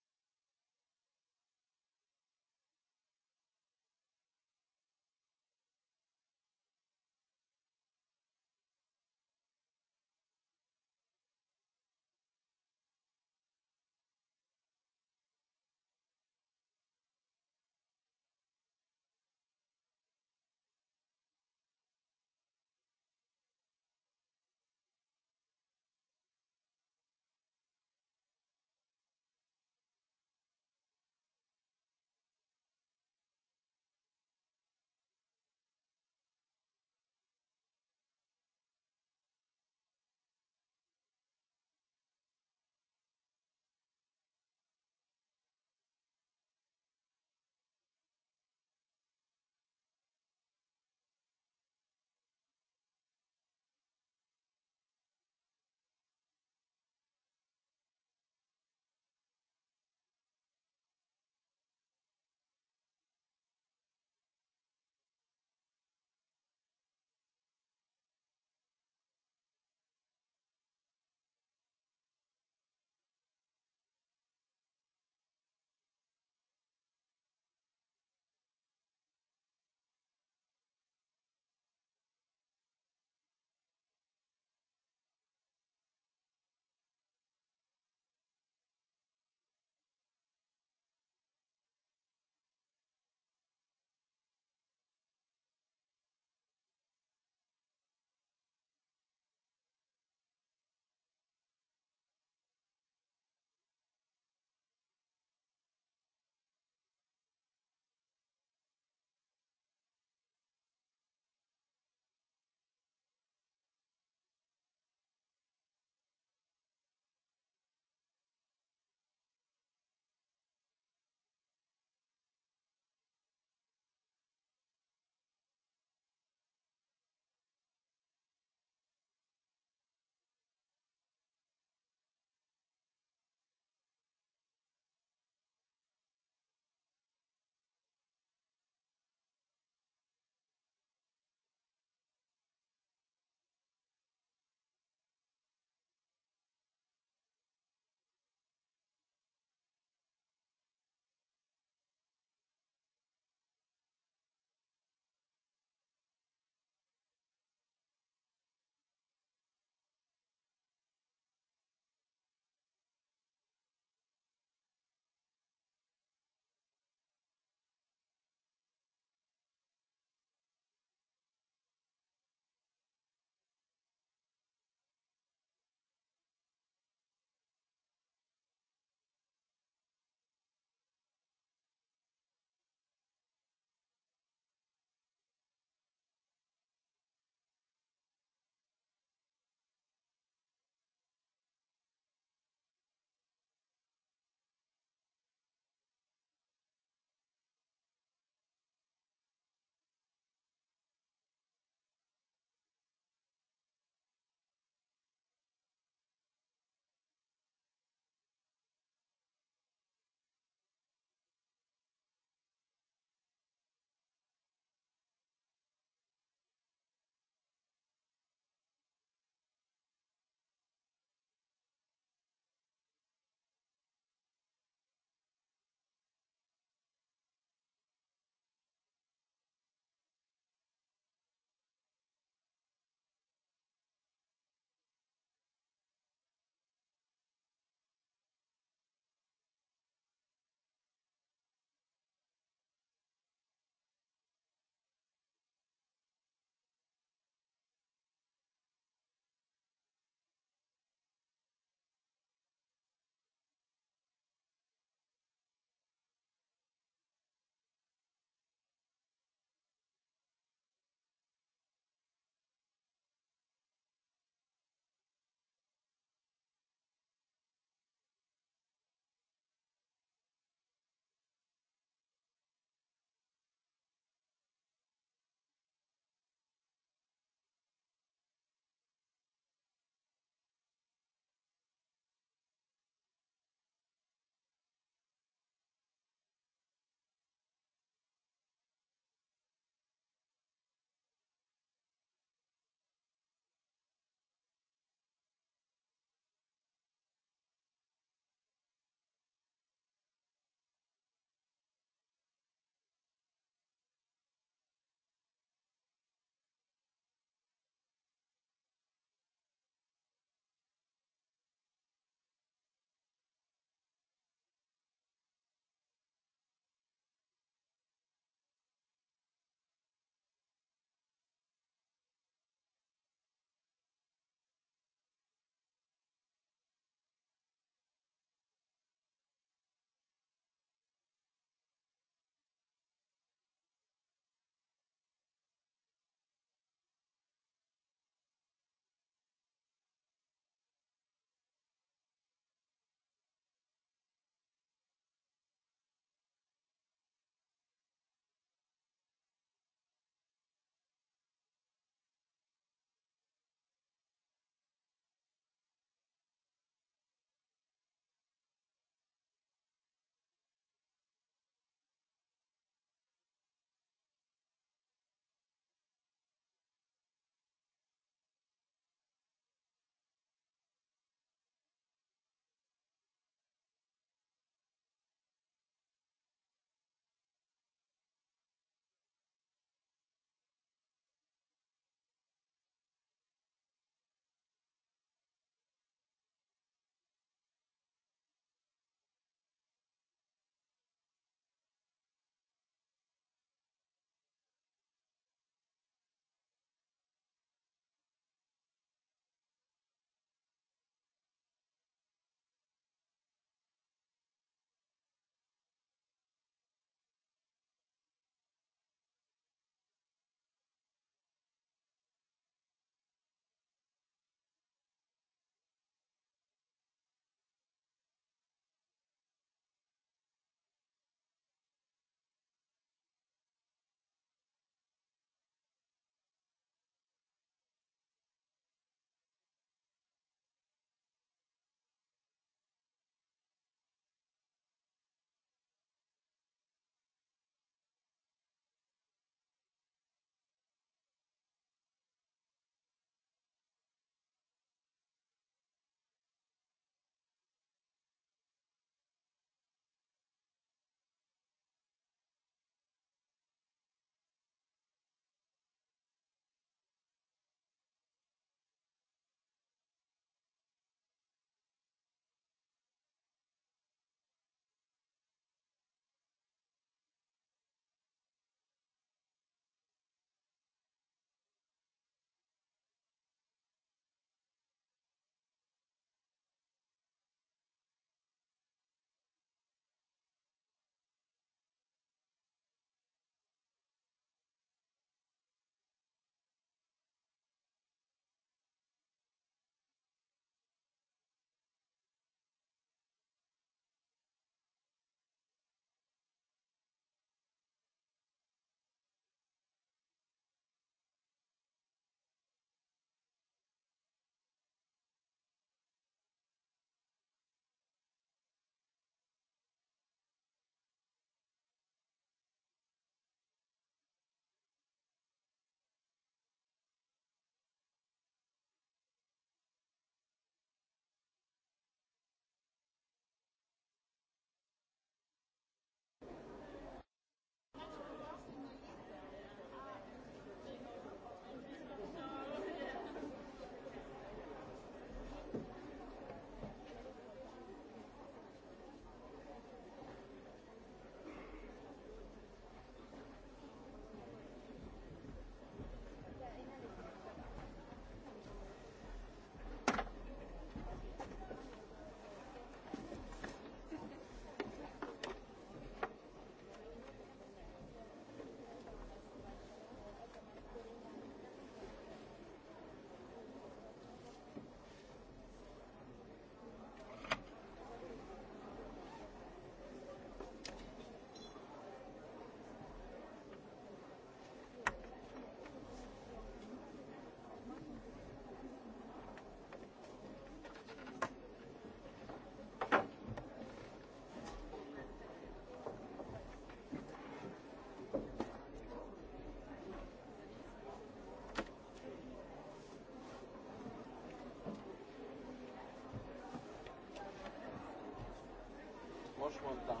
franchement dedans.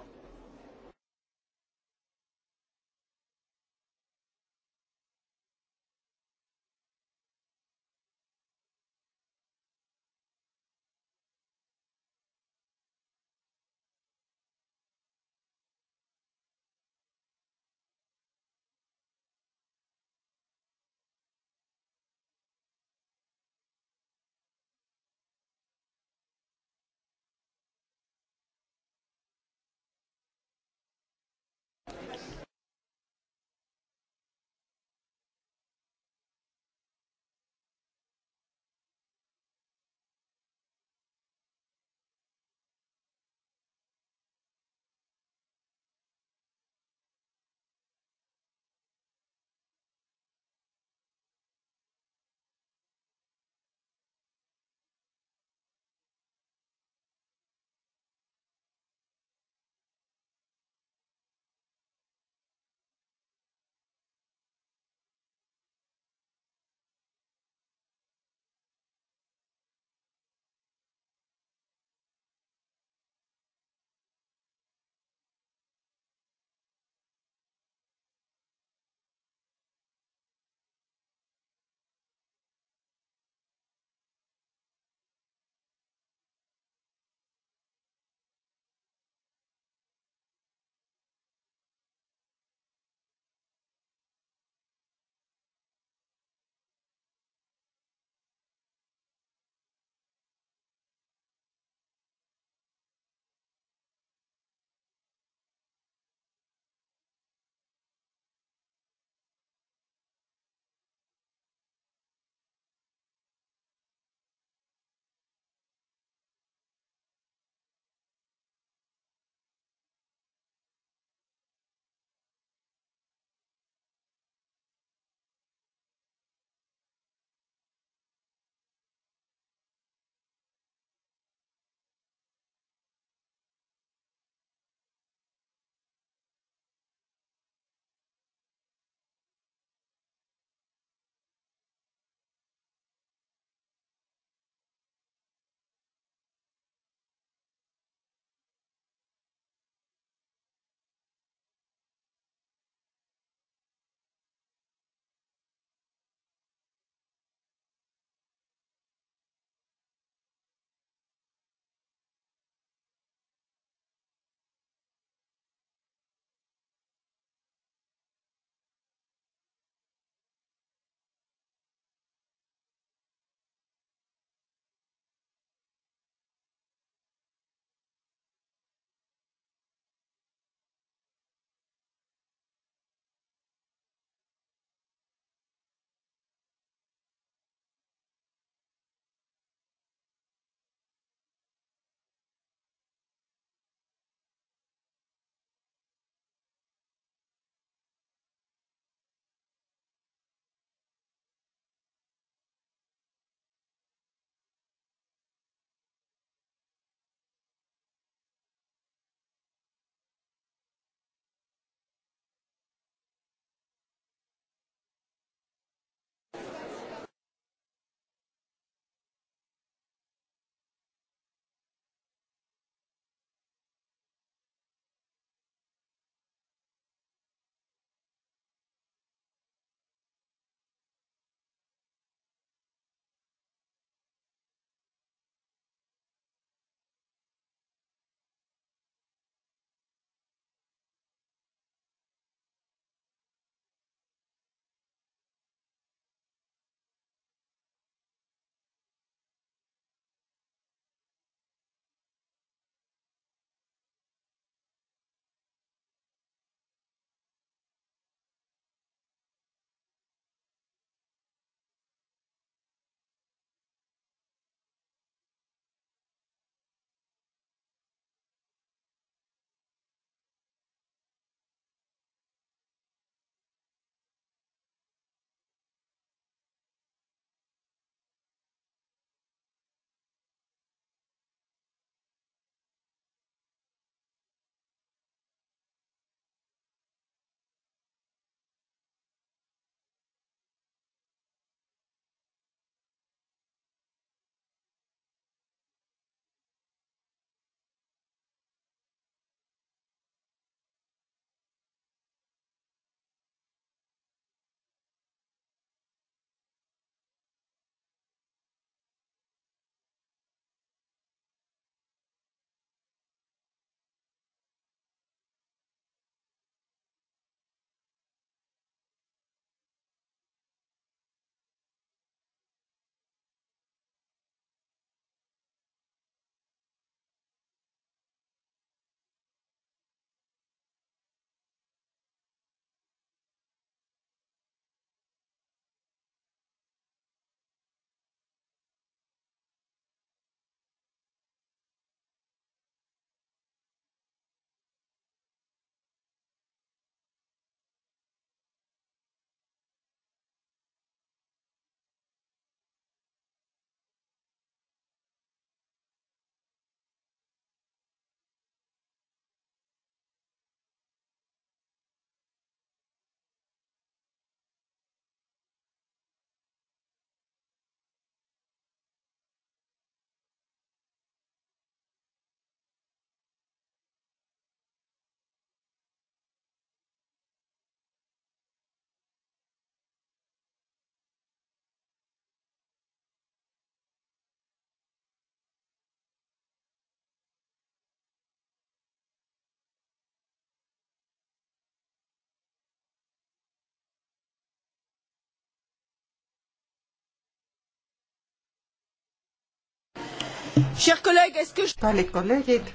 kallid kolleegid,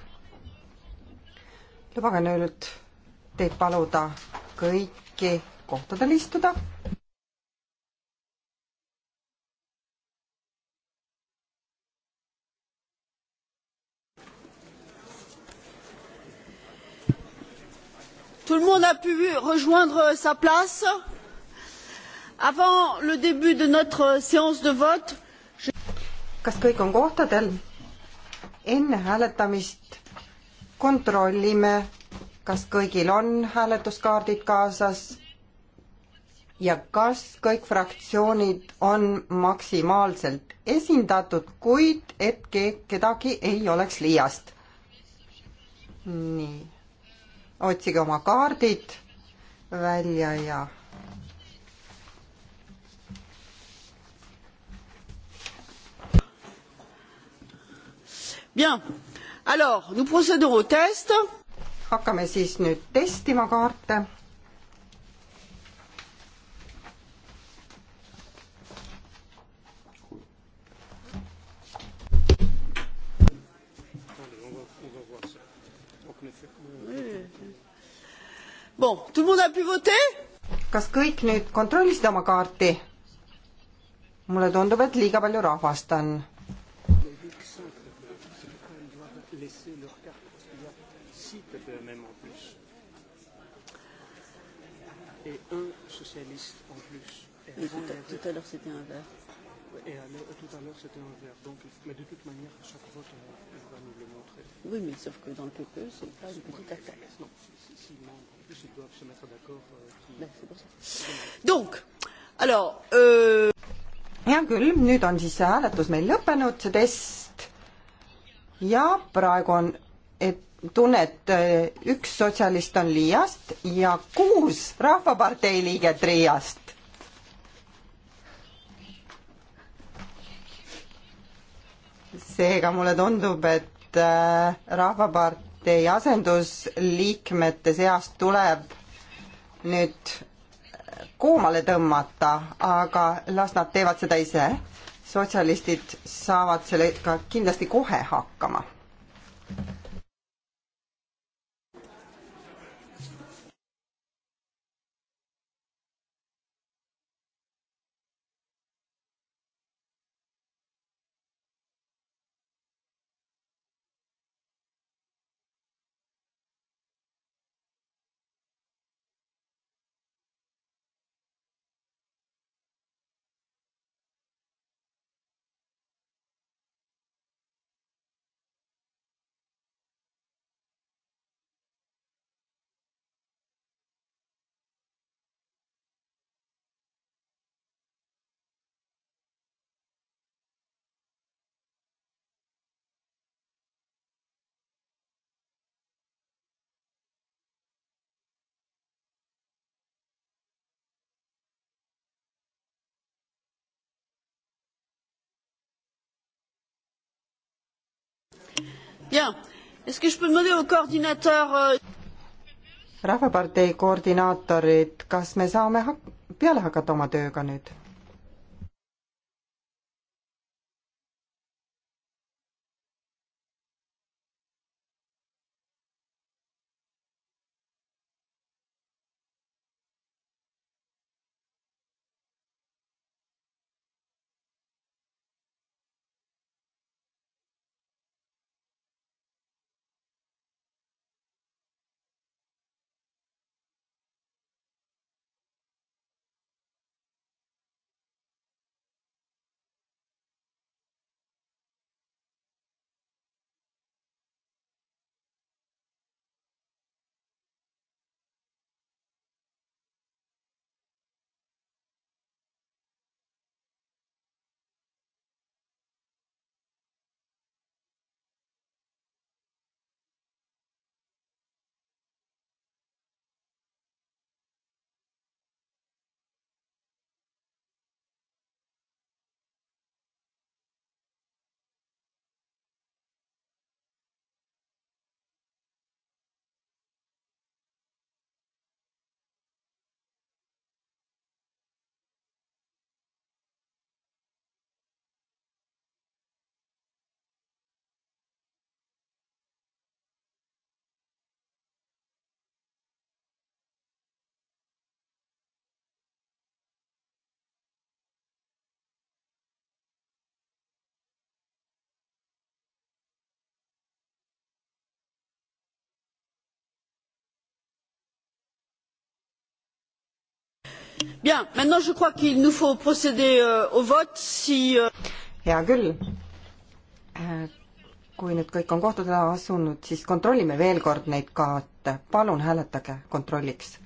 lubage nüüd teid paluda kõiki kohtadel istuda. Tout le monde a pu rejoindre sa place avant le début de notre séance de vote. Je... kas kõik on kohtadel? enne hääletamist kontrollime, kas kõigil on hääletuskaardid kaasas ja kas kõik fraktsioonid on maksimaalselt esindatud, kuid et kedagi ei oleks liiast. nii, otsige oma kaardid välja ja Bien. Alors, nous procédons au test. hakkame siis nüüd testima kaarte. Bon, tout le monde a pu voter? kas kõik nüüd kontrollisid oma kaarti? mulle tundub, et liiga palju rahvast on et un socialiste en plus. Et et tout, à, tout à l'heure, c'était un vert. Et à tout à l'heure, c'était un vert. Donc, mais de toute manière, chaque vote, il va nous le montrer. Oui, mais sauf que dans le PPE, ce n'est pas une petite ouais, attaque. Non, si, si, non, en plus, ils doivent se mettre d'accord. Euh, qui... ben, C'est pour ça. Donc, alors. Euh... hea küll, nüüd on siis see hääletus meil lõppenud, see test. ja praegu on, et tunnet, äh, üks sotsialist on Liiast ja kuus Rahvapartei liiget Riiast. seega mulle tundub, et äh, Rahvapartei asendusliikmete seast tuleb nüüd koomale tõmmata, aga las nad teevad seda ise. sotsialistid saavad sellega kindlasti kohe hakkama. Euh, rahvapartei koordinaatorid, kas me saame hak-, peale hakata oma tööga nüüd? Bien, maintenant je crois qu'il nous faut procéder euh, au vote si euh... hea küll. Äh, kui nüüd kõik on kohtadele asunud, siis kontrollime veel kord neid kaarte. palun hääletage kontrolliks.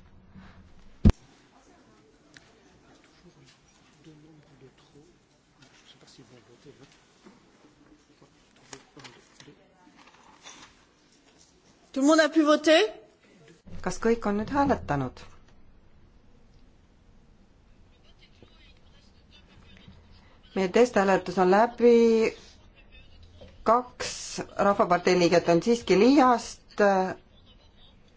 kas kõik on nüüd hääletanud? meie testhääletus on läbi, kaks Rahvapartei liiget on siiski Liiast,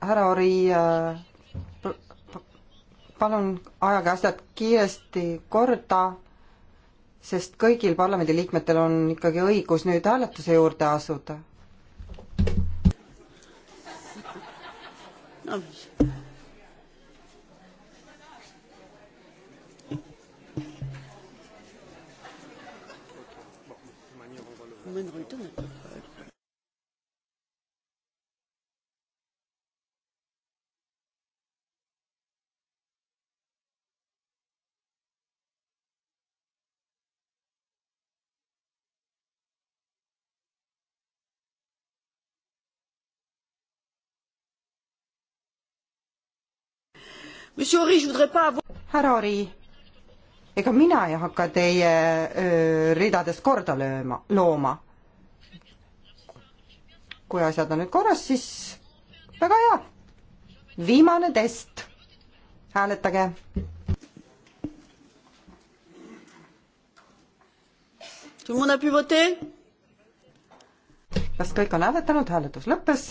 härra Ori, äh, palun ajage asjad kiiresti korda, sest kõigil parlamendiliikmetel on ikkagi õigus nüüd hääletuse juurde asuda no.. Ruin, Ruin, härra Ori, ega mina ei hakka teie öö, ridades korda lööma, looma kui asjad on nüüd korras, siis väga hea. viimane test. hääletage. kas kõik on hääletanud, hääletus lõppes?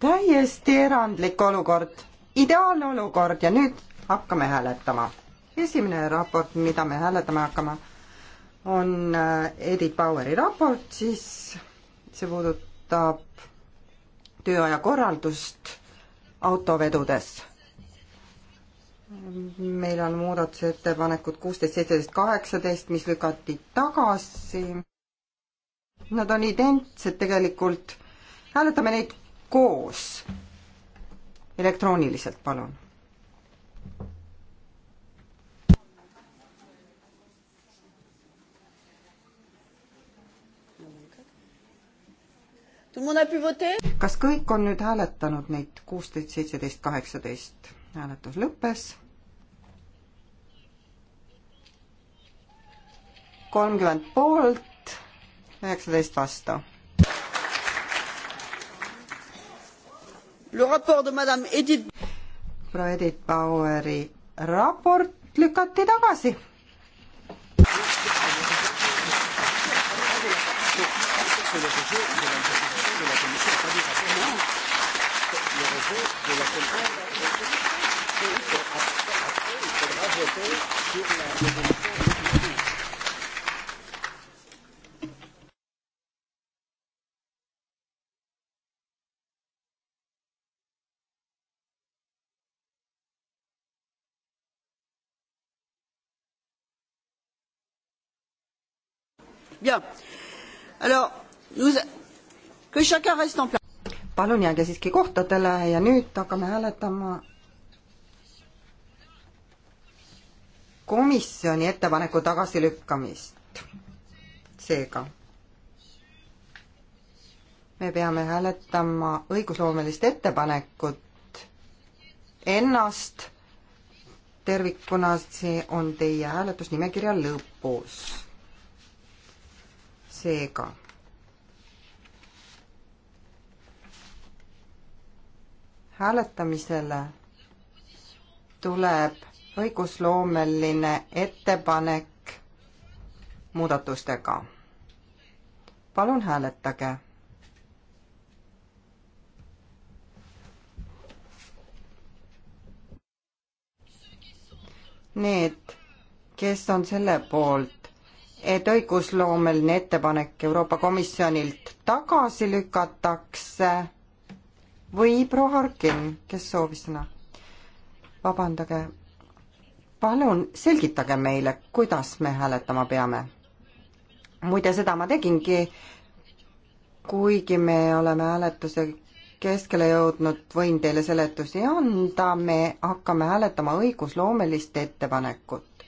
täiesti erandlik olukord, ideaalne olukord ja nüüd hakkame hääletama. esimene raport, mida me hääletama hakkame on äh, Edith Baueri raport, siis see puudutab tööaja korraldust autovedudes. meil on muudatusettepanekud kuusteist, seitseteist, kaheksateist, mis lükati tagasi. Nad on identsed tegelikult, hääletame neid koos. elektrooniliselt, palun kas kõik on nüüd hääletanud neid kuusteist, seitseteist, kaheksateist? hääletus lõppes. kolmkümmend poolt, üheksateist vastu. proua Edith Baueri raport lükati tagasi sur le rejet de l'intérêt. voter, de la comprendre et après, après, il faudra voter sur la résolution définitive. Bien. Alors, nous, que chacun reste en place palun jääge siiski kohtadele ja nüüd hakkame hääletama komisjoni ettepaneku tagasilükkamist. seega me peame hääletama õigusloomelist ettepanekut ennast tervikuna, see on teie hääletusnimekirja lõpus. seega hääletamisele tuleb õigusloomeline ettepanek muudatustega. palun hääletage. Need, kes on selle poolt, et õigusloomeline ettepanek Euroopa Komisjonilt tagasi lükatakse või proua Harkin, kes soovis sõna? vabandage, palun selgitage meile, kuidas me hääletama peame. muide, seda ma tegingi, kuigi me oleme hääletuse keskele jõudnud, võin teile seletusi anda, me hakkame hääletama õigusloomelist ettepanekut.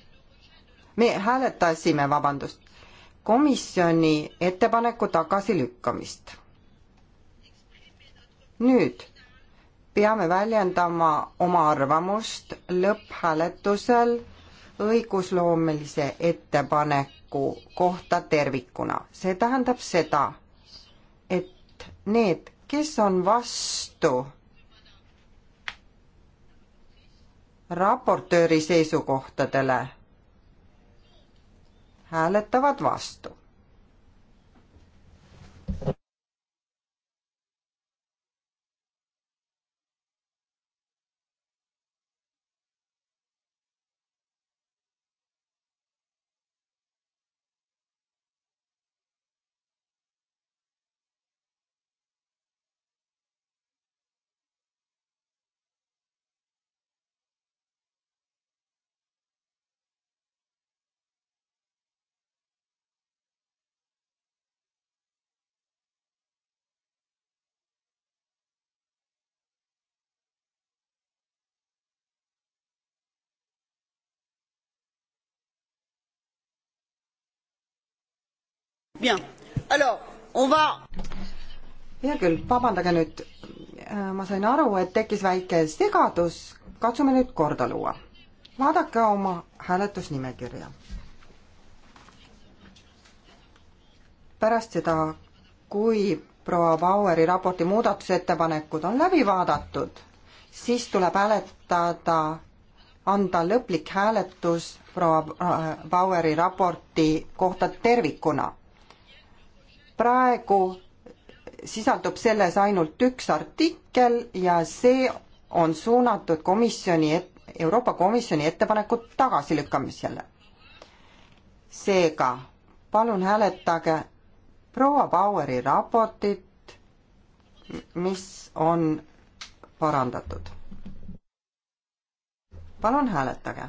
me hääletasime, vabandust, komisjoni ettepaneku tagasilükkamist nüüd peame väljendama oma arvamust lõpphääletusel õigusloomelise ettepaneku kohta tervikuna. see tähendab seda, et need, kes on vastu raportööri seisukohtadele, hääletavad vastu. hea küll, vabandage nüüd, äh, ma sain aru, et tekkis väike segadus, katsume nüüd korda luua. vaadake oma hääletusnimekirja. pärast seda, kui proua Baueri raporti muudatusettepanekud on läbi vaadatud, siis tuleb hääletada, anda lõplik hääletus proua äh, Baueri raporti kohta tervikuna praegu sisaldub selles ainult üks artikkel ja see on suunatud komisjoni, Euroopa Komisjoni ettepanekut tagasilükkamisele. seega palun hääletage proua Baueri raportit, mis on parandatud. palun hääletage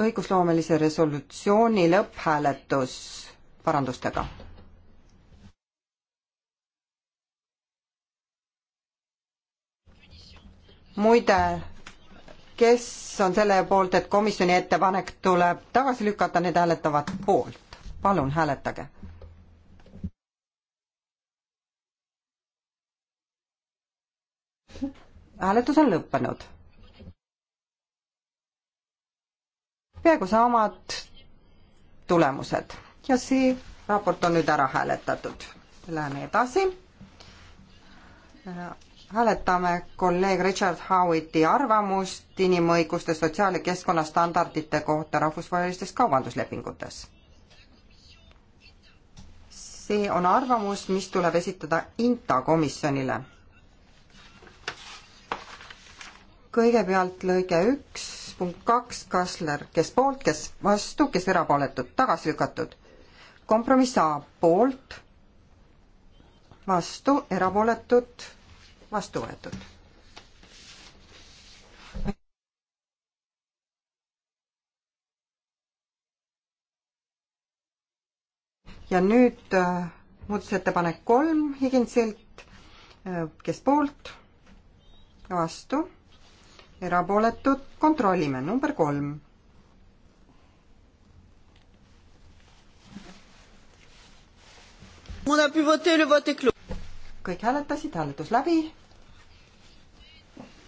õigusloomelise resolutsiooni lõpphääletus parandustega. muide, kes on selle poolt, et komisjoni ettepanek tuleb tagasi lükata, need hääletavad poolt. palun hääletage hääletus on lõppenud peaaegu samad tulemused ja see raport on nüüd ära hääletatud. Läheme edasi. hääletame kolleeg Richard Howitti arvamust inimõiguste sotsiaal- ja keskkonnastandardite kohta rahvusvahelistes kaubanduslepingutes. see on arvamus, mis tuleb esitada INTA komisjonile. kõigepealt lõige üks punkt kaks, Kassler, kes poolt, kes vastu, kes erapooletud, tagasi lükatud. kompromiss A poolt, vastu, erapooletud, vastu võetud. ja nüüd äh, muudatusettepanek kolm Higinsilt, äh, kes poolt, vastu erapooletud, kontrollime, number kolm. kõik hääletasid, hääletus läbi.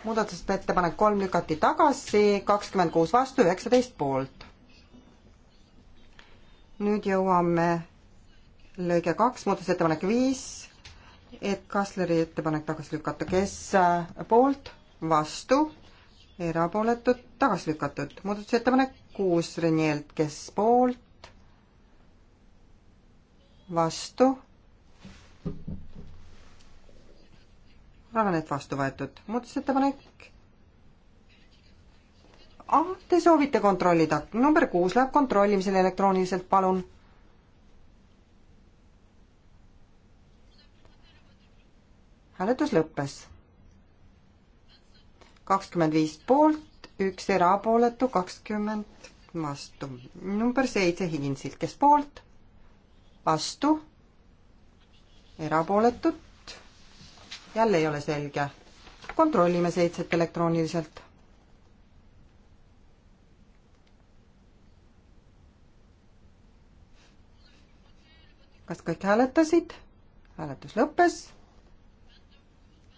muudatusettepanek kolm lükati tagasi, kakskümmend kuus vastu, üheksateist poolt. nüüd jõuame lõige kaks, muudatusettepanek viis, et Kassleri ettepanek tagasi lükata, kes äh, poolt, vastu erapooletud, tagasi lükatud. muudatusettepanek kuus Renielt, kes poolt, vastu. ma arvan, et vastu võetud. muudatusettepanek. Ah, te soovite kontrollida, number kuus läheb kontrollimisele elektrooniliselt, palun. hääletus lõppes kakskümmend viis poolt, üks erapooletu, kakskümmend vastu. number seitse Higinsilt, kes poolt, vastu, erapooletut, jälle ei ole selge. kontrollime seitset elektrooniliselt. kas kõik hääletasid? hääletus lõppes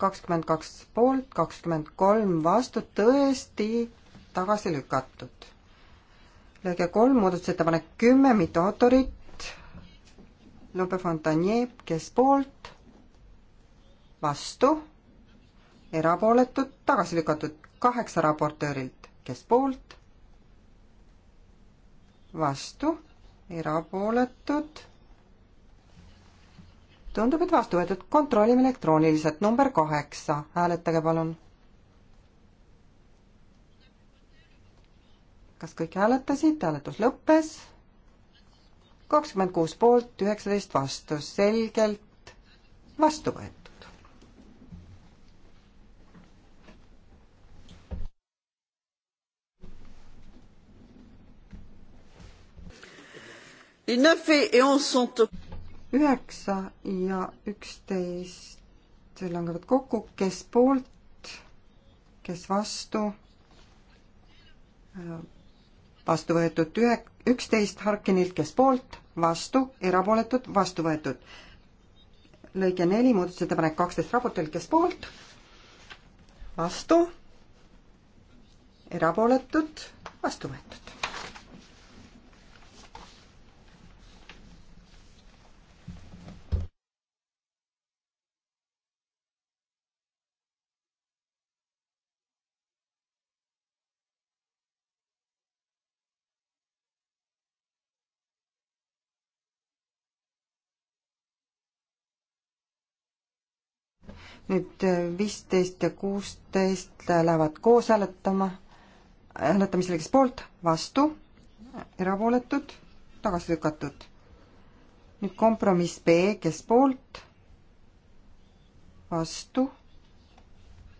kakskümmend kaks poolt, kakskümmend kolm vastu, tõesti tagasi lükatud. lõige kolm, muudatusettepanek kümme, mitu autorit, Lope Fontanier, kes poolt, vastu, erapooletud, tagasi lükatud, kaheksa raportöörilt, kes poolt, vastu, erapooletud tundub, et vastu võetud. kontrollime elektrooniliselt. number kaheksa, hääletage palun. kas kõik hääletasid, hääletus lõppes? kakskümmend kuus poolt, üheksateist vastu, selgelt vastu võetud. Les 9 et 11 sont üheksa ja üksteist langevad kokku, kes poolt, kes vastu, äh, vastu võetud ühe, üksteist Harkinilt, kes poolt, vastu, erapooletud, vastu võetud. lõige neli, muudatusettepanek kaksteist raportilt, kes poolt, vastu, erapooletud, vastu võetud nüüd äh, viisteist ja kuusteist lähevad koos hääletama, hääletamisele, kes poolt, vastu, erapooletud, tagasi lükatud. nüüd kompromiss B, kes poolt, vastu,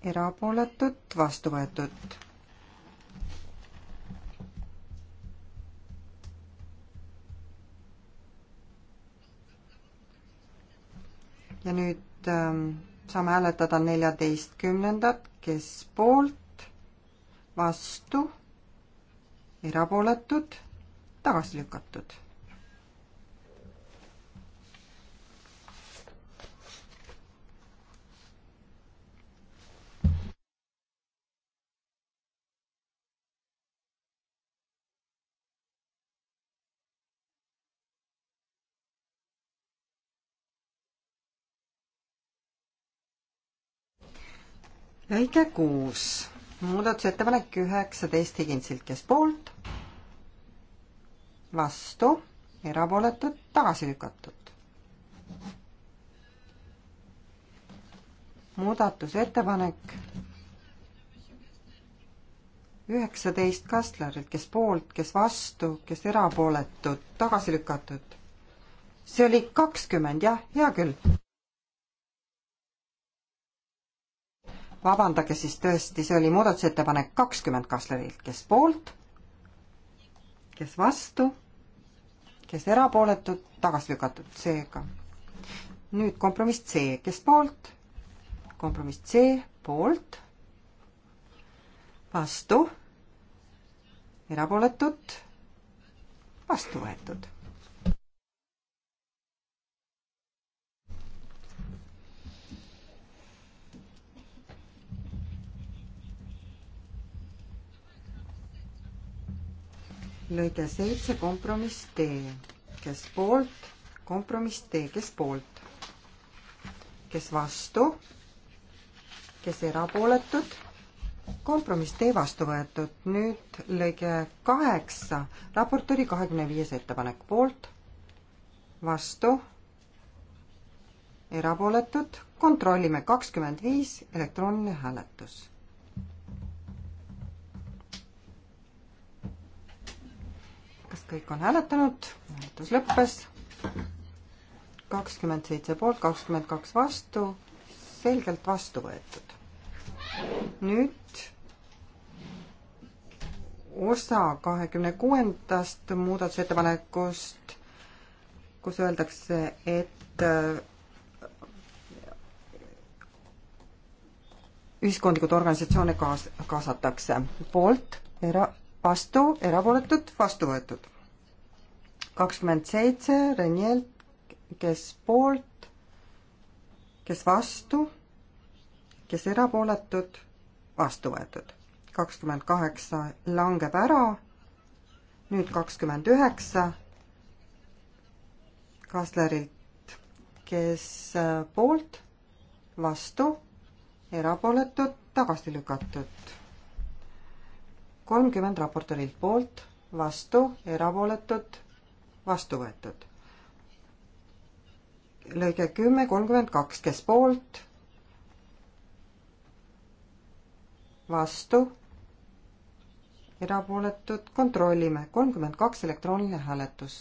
erapooletud, vastu võetud. ja nüüd ähm, saame hääletada neljateistkümnendat, kes poolt, vastu, erapooletud, tagasi lükatud lõige kuus, muudatusettepanek üheksateist Higinsilt, kes poolt, vastu, erapooletud, tagasi lükatud. muudatusettepanek üheksateist Kastlerilt, kes poolt, kes vastu, kes erapooletud, tagasi lükatud. see oli kakskümmend, jah, hea küll vabandage siis tõesti, see oli muudatusettepanek kakskümmend kantslerilt, kes poolt, kes vastu, kes erapooletud, tagasi lükatud, seega. nüüd kompromiss C, kes poolt, kompromiss C poolt, vastu, erapooletud, vastu võetud lõige seitse, kompromiss D. kes poolt, kompromiss D, kes poolt? kes vastu? kes erapooletud? kompromiss D vastu võetud. nüüd lõige kaheksa, raportööri kahekümne viies ettepanek poolt, vastu, erapooletud, kontrollime kakskümmend viis, elektrooniline hääletus kõik on hääletanud, hääletus lõppes. kakskümmend seitse poolt, kakskümmend kaks vastu, selgelt vastu võetud. nüüd osa kahekümne kuuendast muudatusettepanekust, kus öeldakse, et äh, ühiskondlikud organisatsioone kaas-, kaasatakse. poolt, era-, vastu, erapooletud, vastu võetud kakskümmend seitse Renielt, kes poolt, kes vastu, kes erapooletud, vastu võetud. kakskümmend kaheksa langeb ära, nüüd kakskümmend üheksa kanslerilt, kes äh, poolt, vastu, erapooletud, tagasi lükatud. kolmkümmend raportöörilt poolt, vastu, erapooletud vastu võetud. lõige kümme, kolmkümmend kaks, kes poolt? vastu? erapooletud, kontrollime, kolmkümmend kaks elektrooniline hääletus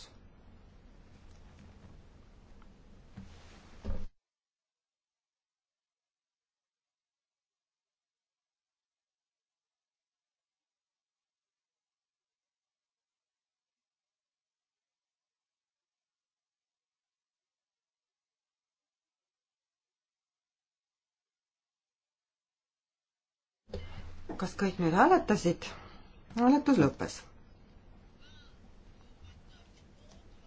kas kõik nüüd hääletasid? hääletus lõppes.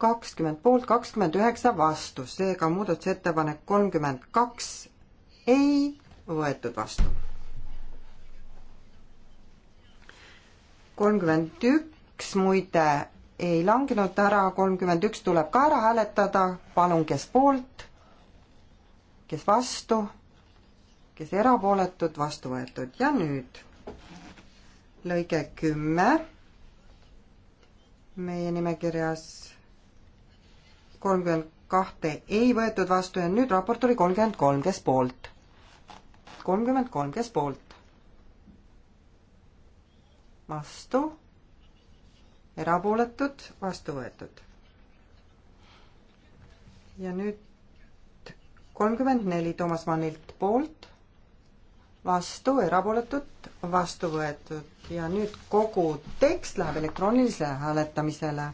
kakskümmend poolt, kakskümmend üheksa vastu, seega muudatusettepanek kolmkümmend kaks ei võetud vastu. kolmkümmend üks muide ei langenud ära, kolmkümmend üks tuleb ka ära hääletada, palun, kes poolt, kes vastu, kes erapooletud, vastu võetud ja nüüd lõige kümme meie nimekirjas kolmkümmend kahte ei võetud vastu ja nüüd raport oli kolmkümmend kolm, kes poolt? kolmkümmend kolm, kes poolt? vastu, erapooletud, vastu võetud. ja nüüd kolmkümmend neli Toomas Mannilt poolt vastu, erapooletud, vastu võetud ja nüüd kogu tekst läheb elektroonilisele hääletamisele.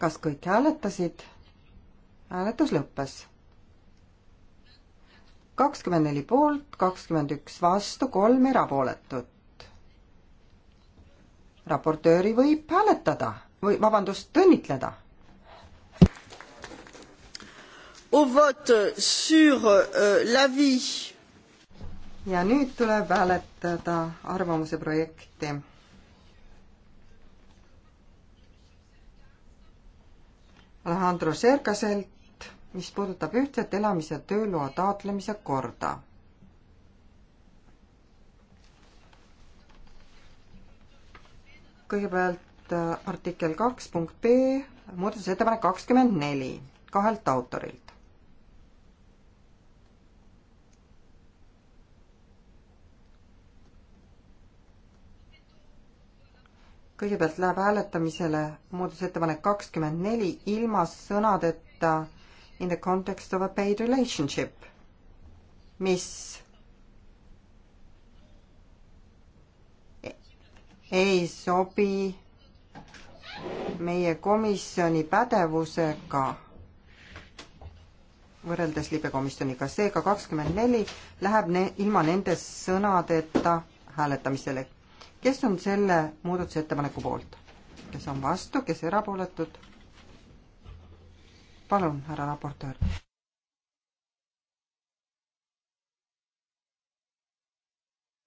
kas kõik hääletasid? hääletus lõppes. kakskümmend neli poolt, kakskümmend üks vastu, kolm erapooletut. raportööri võib hääletada või vabandust, õnnitleda au vote sur euh, l'avis. ja nüüd tuleb hääletada arvamuse projekti. Alejandro Sergaselt, mis puudutab ühtset elamise tööloa taotlemise korda. kõigepealt äh, artikkel kaks punkt B, muudatusettepanek kakskümmend neli kahelt autorilt. kõigepealt läheb hääletamisele muudusettepanek kakskümmend neli ilma sõnadeta in the context of a paid relationship, mis ei sobi meie komisjoni pädevusega võrreldes libekomisjoniga, seega kakskümmend neli läheb ne-, ilma nende sõnadeta hääletamisele kes on selle muudatusettepaneku poolt? kes on vastu, kes erapooletud? palun, härra raportöör.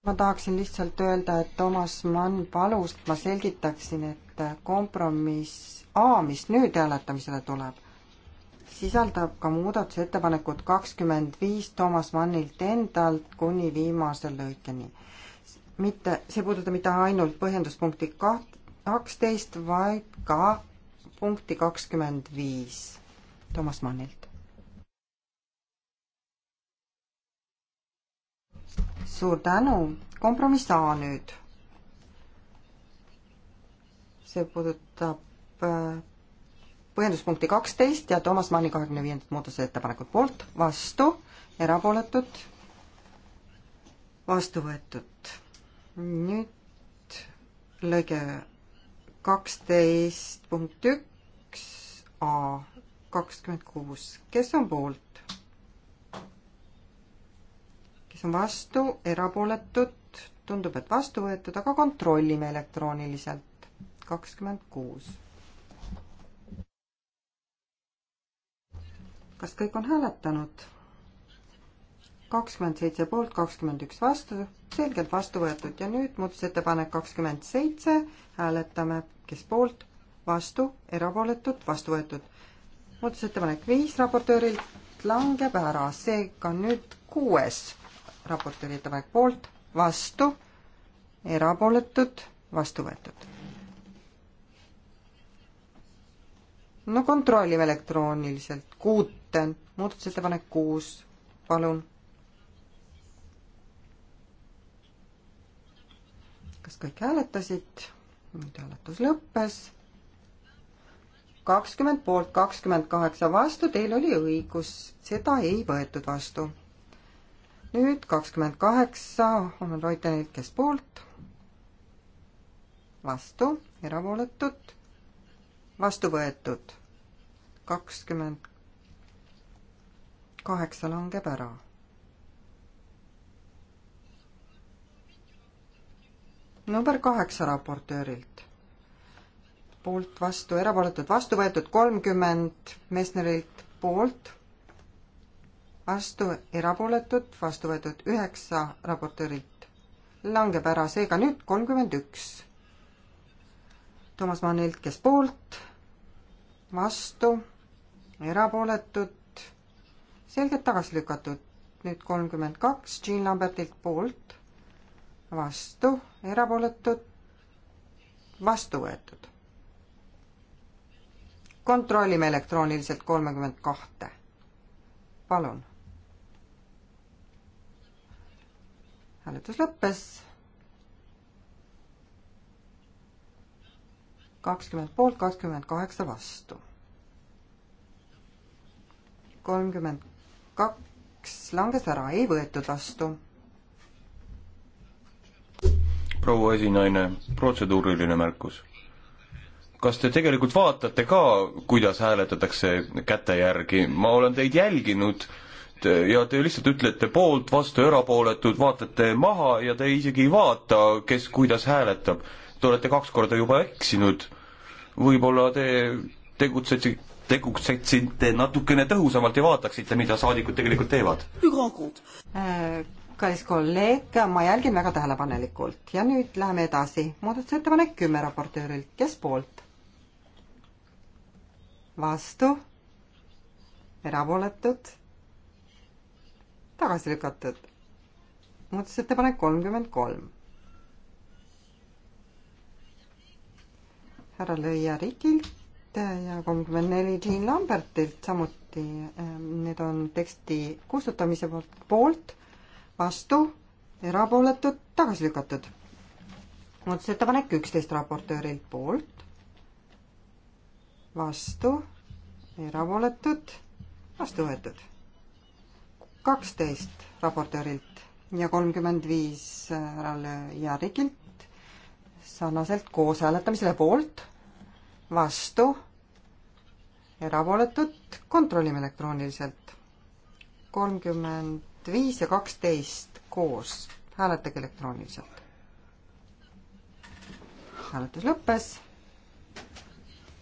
ma tahaksin lihtsalt öelda, et Toomas Mann palus, et ma selgitaksin, et kompromiss A, mis nüüd hääletamisele tuleb, sisaldab ka muudatusettepanekut kakskümmend viis Toomas Mannilt endalt kuni viimase lõikeni mitte, see ei puuduta mitte ainult põhjenduspunkti kaht-, kaksteist, vaid ka punkti kakskümmend viis Toomas Mannilt. suur tänu, kompromiss A nüüd. see puudutab äh, põhjenduspunkti kaksteist ja Toomas Manni kahekümne viiendat muudatusettepanekut poolt, vastu, erapooletud, vastu võetud nüüd lõige kaksteist punkt üks A kakskümmend kuus, kes on poolt? kes on vastu, erapooletud, tundub, et vastu võetud, aga kontrollime elektrooniliselt. kakskümmend kuus. kas kõik on hääletanud? kakskümmend seitse poolt, kakskümmend üks vastu, selgelt vastu võetud ja nüüd muudatusettepanek kakskümmend seitse, hääletame, kes poolt, vastu, erapooletud, vastu võetud. muudatusettepanek viis raportöörilt langeb ära, seega nüüd kuues raportööri ettepanek poolt, vastu, erapooletud, vastu võetud. no kontrollime elektrooniliselt, kuute, muudatusettepanek kuus, palun kas kõik hääletasid? nüüd hääletus lõppes. kakskümmend poolt, kakskümmend kaheksa vastu, teil oli õigus, seda ei võetud vastu. nüüd kakskümmend kaheksa, on Reutenilt, kes poolt? vastu, erapooletud, vastu võetud. kakskümmend kaheksa langeb ära number kaheksa raportöörilt. poolt, vastu, erapooletud, vastu võetud kolmkümmend Messnerilt poolt, vastu, erapooletud, vastu võetud üheksa raportöörilt. langeb ära, seega nüüd kolmkümmend üks. Toomas Mannilt, kes poolt, vastu, erapooletud, selgelt tagasi lükatud. nüüd kolmkümmend kaks Jean Lambertilt poolt vastu, erapooletud, vastu võetud. kontrollime elektrooniliselt kolmekümmend kahte. palun. hääletus lõppes. kakskümmend poolt, kakskümmend kaheksa vastu. kolmkümmend kaks langes ära, ei võetud vastu proua esinaine, protseduuriline märkus. kas te tegelikult vaatate ka, kuidas hääletatakse käte järgi, ma olen teid jälginud ja te lihtsalt ütlete poolt, vastu, erapooletud, vaatate maha ja te isegi ei vaata, kes kuidas hääletab. Te olete kaks korda juba eksinud. võib-olla te tegutsete, tegutsetsite natukene tõhusamalt ja vaataksite, mida saadikud tegelikult teevad kallis kolleeg, ma jälgin väga tähelepanelikult ja nüüd läheme edasi. muudatusettepanek kümme raportöörilt, kes poolt? vastu? erapooletud? tagasi lükatud? muudatusettepanek kolmkümmend kolm. härra Lõia Rikilt ja kolmkümmend neli Jean Lambertilt samuti. Need on teksti kustutamise poolt, poolt vastu, erapooletud, tagasi lükatud. muudatusettepanek üksteist raportöörilt poolt, vastu, erapooletud, vastu võetud. kaksteist raportöörilt ja kolmkümmend viis härrale Jarigilt sarnaselt koos hääletamisele poolt, vastu, erapooletud, kontrollime elektrooniliselt. kolmkümmend viis ja kaksteist koos. hääletage elektrooniliselt. hääletus lõppes.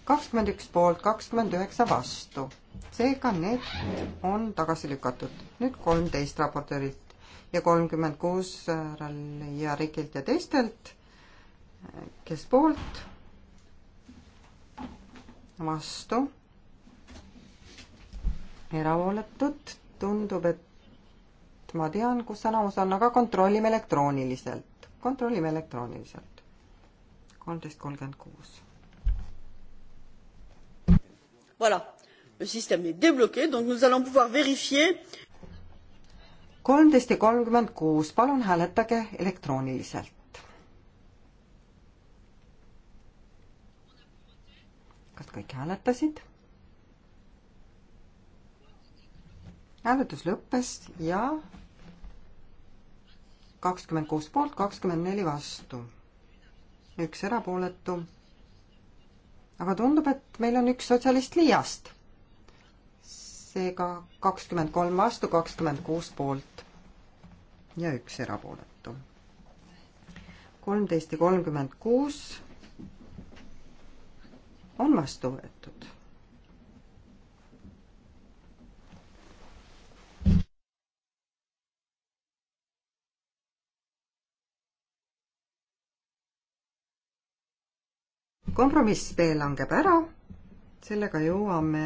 kakskümmend üks poolt, kakskümmend üheksa vastu. seega need on tagasi lükatud. nüüd kolmteist raportöörilt ja kolmkümmend kuus ja Rikilt ja teistelt, kes poolt, vastu, erapooletud, tundub, et ma tean, kus enamus on, aga kontrollime elektrooniliselt. kontrollime elektrooniliselt. kolmteist kolmkümmend kuus. Voilà, le système est débloqué, donc nous allons pouvoir vérifier. kolmteist ja kolmkümmend kuus, palun hääletage elektrooniliselt. kas kõik hääletasid? hääletus lõppes ja kakskümmend kuus poolt, kakskümmend neli vastu. üks erapooletu. aga tundub, et meil on üks sotsialist liiast. seega kakskümmend kolm vastu, kakskümmend kuus poolt ja üks erapooletu. kolmteist ja kolmkümmend kuus on vastu võetud kompromiss B langeb ära, sellega jõuame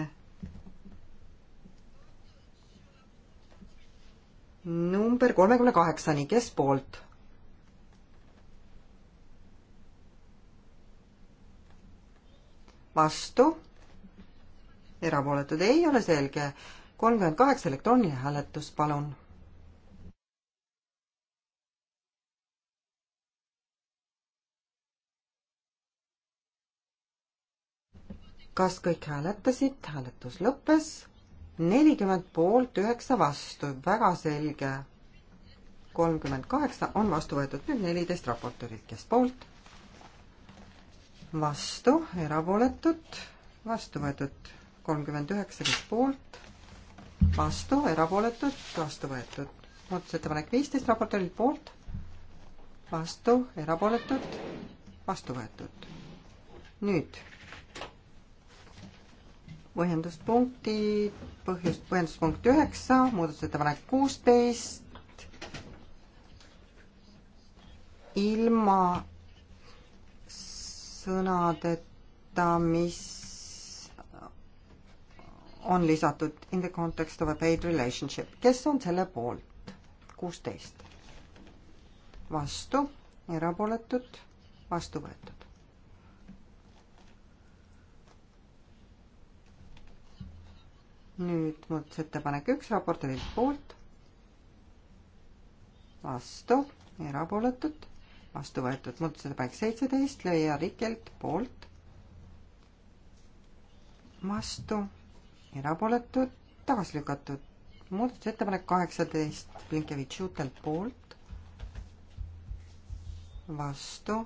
number kolmekümne kaheksani, kes poolt? vastu? erapooletud ei ole selge. kolmkümmend kaheksa elektrooniline hääletus, palun kas kõik hääletasid, hääletus lõppes, nelikümmend poolt, üheksa vastu, väga selge. kolmkümmend kaheksa on vastu võetud, nüüd neliteist raportöörit, kes poolt? vastu, erapooletud, vastu võetud kolmkümmend üheksa, kes poolt? vastu, erapooletud, vastu võetud. muudatusettepanek viisteist, raportöörilt poolt, vastu, erapooletud, vastu võetud. nüüd põhjenduspunkti, põhjus, põhjenduspunkt üheksa, muudatusettepanek kuusteist, ilma sõnadeta, mis on lisatud in the context of a paid relationship. kes on selle poolt? kuusteist. vastu, erapooletud, vastu võetud. nüüd muudatusettepanek üks, raportöörilt poolt, vastu, erapooletud, vastu võetud muudatusettepanek seitseteist, Leia Rikelt poolt, vastu, erapooletud, tagasi lükatud, muudatusettepanek kaheksateist, Blinkevitš-Jutelt poolt, vastu,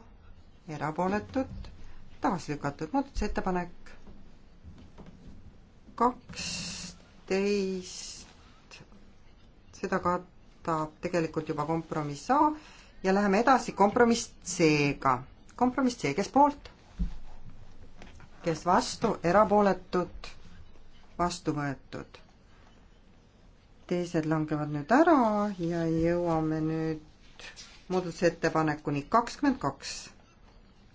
erapooletud, tagasi lükatud muudatusettepanek kaks üksteist, seda katab tegelikult juba kompromiss A ja läheme edasi kompromiss C-ga. kompromiss C, kes poolt? kes vastu, erapooletud, vastu võetud. teised langevad nüüd ära ja jõuame nüüd muudatusettepanekuni kakskümmend kaks,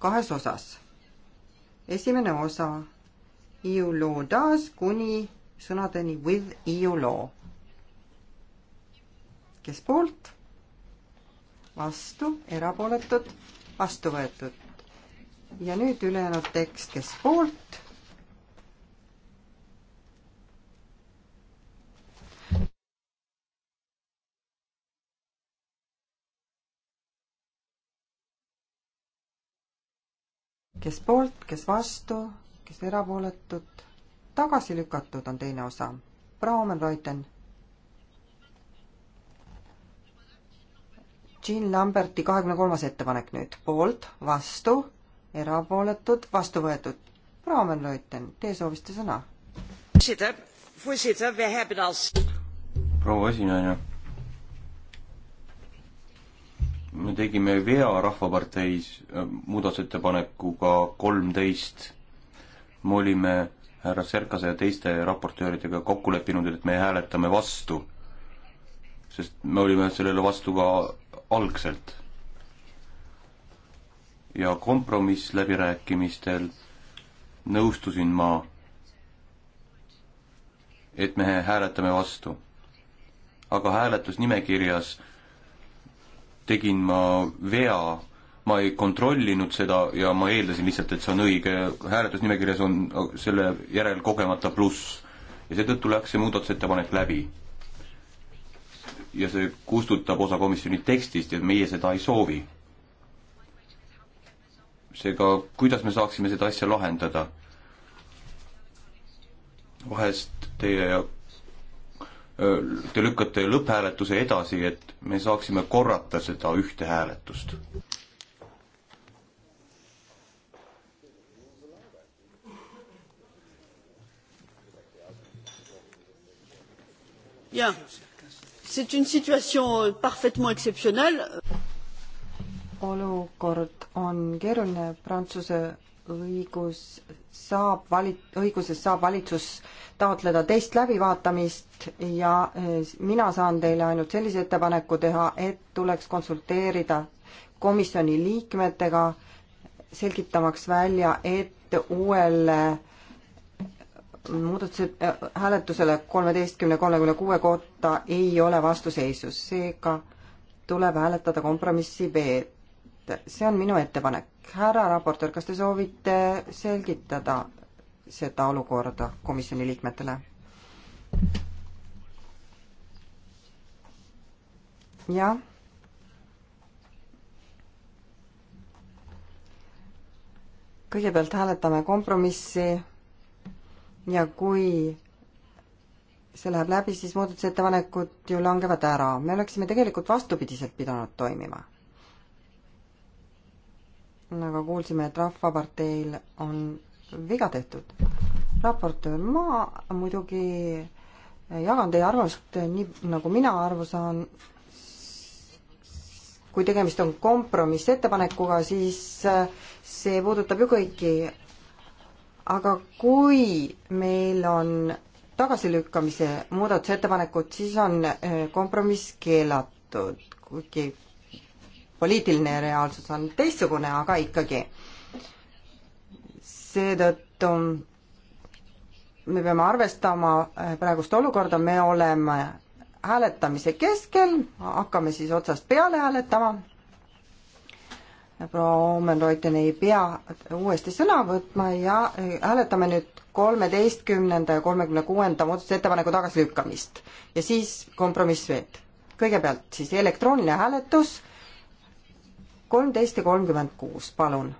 kahes osas. esimene osa, EU law does kuni sõnadeni with EU law. kes poolt? vastu, erapooletud, vastu võetud. ja nüüd ülejäänud tekst, kes poolt? kes poolt, kes vastu, kes erapooletud tagasi lükatud on teine osa. Braumen Reuten. Jean Lamberti kahekümne kolmas ettepanek nüüd. poolt, vastu, erapooletud, vastu võetud. Braumen Reuten, teie soovisite sõna? proua esinaine me tegime vea Rahvaparteis äh, muudatusettepanekuga kolmteist. me olime härra Serkase ja teiste raportööridega kokku leppinud, et me hääletame vastu. sest me olime sellele vastu ka algselt. ja kompromiss läbirääkimistel nõustusin ma, et me hääletame vastu. aga hääletusnimekirjas tegin ma vea ma ei kontrollinud seda ja ma eeldasin lihtsalt, et see on õige, hääletusnimekirjas on selle järel kogemata pluss ja seetõttu läks see muudatusettepanek läbi. ja see kustutab osa komisjoni tekstist ja meie seda ei soovi. seega, kuidas me saaksime seda asja lahendada? vahest teie ja Te lükkate lõpphääletuse edasi, et me saaksime korrata seda ühte hääletust. Bien. C'est une situation euh, parfaitement exceptionnelle. olukord on keeruline, Prantsuse õigus saab vali-, õiguses saab valitsus taotleda teist läbivaatamist ja äh, mina saan teile ainult sellise ettepaneku teha, et tuleks konsulteerida komisjoni liikmetega, selgitamaks välja, et uuele muudatused äh, hääletusele kolmeteistkümne, kolmekümne kuue kohta ei ole vastuseisus, seega tuleb hääletada kompromissi B-d. see on minu ettepanek. härra raportöör, kas te soovite selgitada seda olukorda komisjoni liikmetele? jah. kõigepealt hääletame kompromissi ja kui see läheb läbi, siis muudatusettepanekud ju langevad ära. me oleksime tegelikult vastupidiselt pidanud toimima. aga nagu kuulsime, et Rahvaparteil on viga tehtud. raportöör, ma muidugi jagan teie arvamust nii, nagu mina aru saan, kui tegemist on kompromissettepanekuga, siis see puudutab ju kõiki aga kui meil on tagasilükkamise muudatusettepanekud, siis on eh, kompromiss keelatud, kuigi poliitiline reaalsus on teistsugune, aga ikkagi. seetõttu me peame arvestama eh, praegust olukorda, me oleme hääletamise keskel, hakkame siis otsast peale hääletama proua Omen-Reuten ei pea uuesti sõna võtma ja äh, hääletame nüüd kolmeteistkümnenda ja kolmekümne kuuenda muudatusettepaneku tagasilükkamist ja siis kompromiss veel. kõigepealt siis elektrooniline hääletus kolmteist ja kolmkümmend kuus, palun.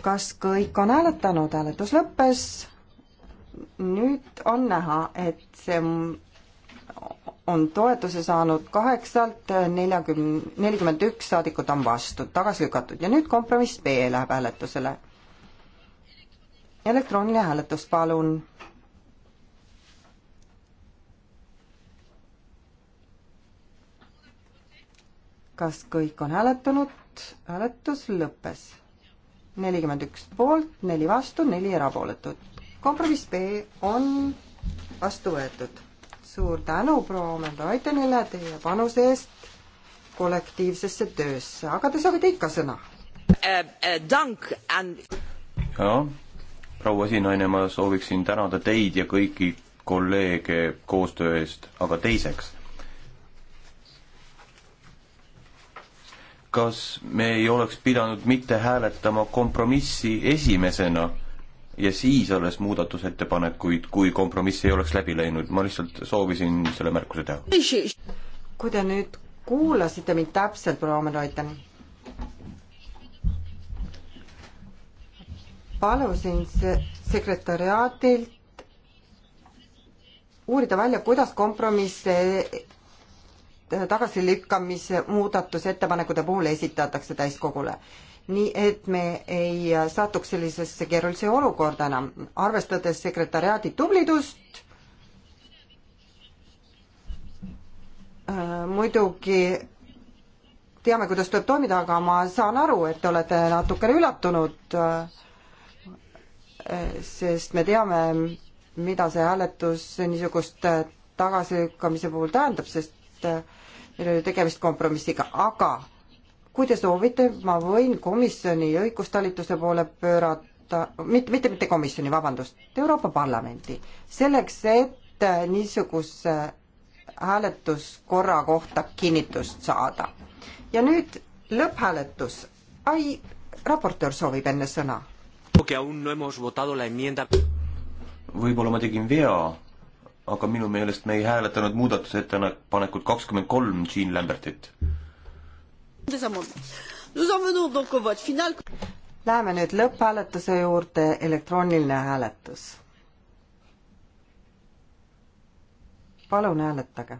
kas kõik on hääletanud, hääletus lõppes. nüüd on näha, et see on toetuse saanud kaheksalt, neljakümne, nelikümmend üks saadikut on vastu, tagasi lükatud ja nüüd kompromiss B läheb hääletusele. elektrooniline hääletus, palun. kas kõik on hääletanud? hääletus lõppes. nelikümmend üks poolt, neli vastu, neli erapooletut. kompromiss B on vastu võetud suur tänu, proua Amanda Aitenile teie panuse eest kollektiivsesse töösse, aga te saate ikka sõna äh,. Äh, and... ja, proua esinaine, ma sooviksin tänada teid ja kõiki kolleege koostöö eest, aga teiseks, kas me ei oleks pidanud mitte hääletama kompromissi esimesena ja siis alles muudatusettepanekuid, kui kompromiss ei oleks läbi läinud, ma lihtsalt soovisin selle märkuse teha. kui te nüüd kuulasite mind täpselt, proua Omen-Reuten, palusin se-, sekretäriaadilt uurida välja, kuidas kompromisse tagasilükkamise muudatusettepanekute puhul esitatakse täiskogule nii et me ei satuks sellisesse keerulisse olukorda enam. arvestades sekretäriaadi tublidust, äh, muidugi teame, kuidas tuleb toimida, aga ma saan aru, et te olete natukene üllatunud, äh, sest me teame, mida see hääletus niisugust äh, tagasilükkamise puhul tähendab, sest meil oli tegemist kompromissiga, aga kui te soovite, ma võin komisjoni õigustalituse poole pöörata, mitte, mitte, mitte komisjoni, vabandust, Euroopa Parlamenti, selleks, et niisuguse hääletuskorra kohta kinnitust saada. ja nüüd lõpphääletus. ai, raportöör soovib enne sõna. võib-olla ma tegin vea, aga minu meelest me ei hääletanud muudatusettepanekut kakskümmend kolm Jean Lambertit Läheme nüüd lõpphääletuse juurde, elektrooniline hääletus. palun hääletage.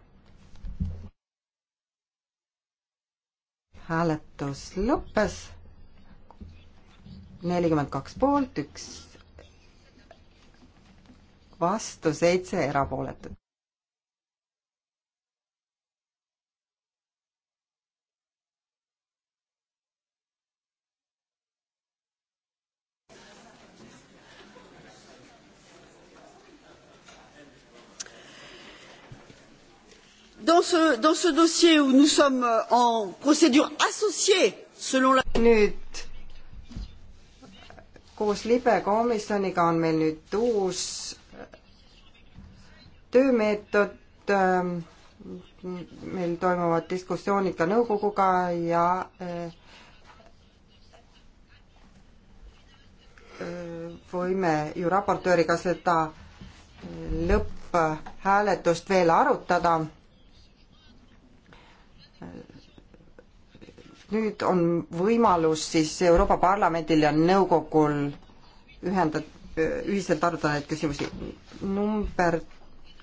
hääletus lõppes. nelikümmend kaks poolt, üks vastu, seitse erapooletut. dans ce, dans ce dossier où nous sommes euh, en procédure associée selon la nüüd koos libekomisjoniga on meil nüüd uus äh, töömeetod, äh, meil toimuvad diskussioonid ka nõukoguga ja äh, võime ju raportööriga seda lõpphääletust veel arutada nüüd on võimalus siis Euroopa Parlamendil ja nõukogul ühendat-, ühiselt arutada neid küsimusi. number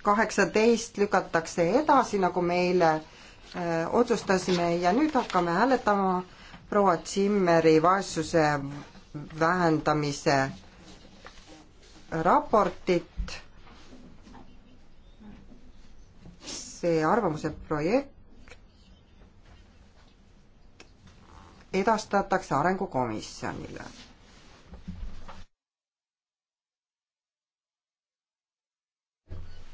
kaheksateist lükatakse edasi, nagu me eile öö, äh, otsustasime ja nüüd hakkame hääletama proua Zimmeri vaesuse vähendamise raportit. see arvamuse projekt edastatakse Arengukomisjonile.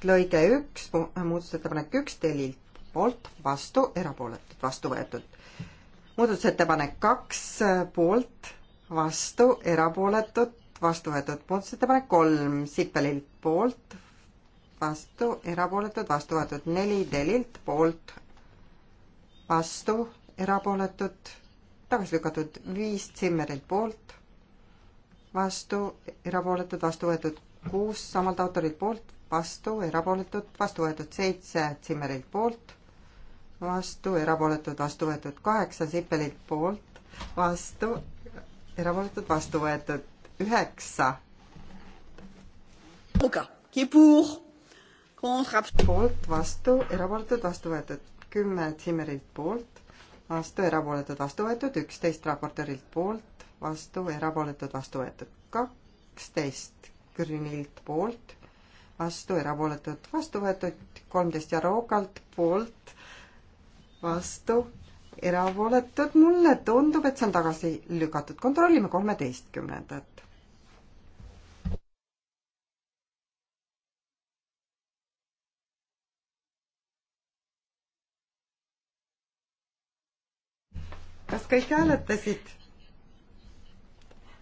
lõige üks, muudatusettepanek üks, telilt poolt, vastu, erapooletud, vastu võetud. muudatusettepanek kaks, poolt, vastu, erapooletud, vastu võetud. muudatusettepanek kolm, Sippelilt poolt, vastu, erapooletud, vastu võetud. neli, telilt poolt, vastu, erapooletud tagasi lükatud viis Zimmerilt poolt, vastu, erapooletud, vastu võetud kuus samalt autorilt poolt, vastu, erapooletud, vastu võetud seitse Zimmerilt poolt, vastu, erapooletud, vastu võetud kaheksa Sipelilt poolt, vastu, erapooletud, vastu võetud üheksa. poolt, vastu, erapooletud, vastu võetud kümme Zimmerilt poolt, vastu, erapooletud, vastu võetud, üksteist raportöörilt poolt, vastu, erapooletud, vastu võetud, kaksteist Grünilt poolt, vastu, erapooletud, vastu võetud, kolmteist Jarokalt poolt, vastu, erapooletud, mulle tundub, et see on tagasi lükatud, kontrollime kolmeteistkümnendat kõik hääletasid?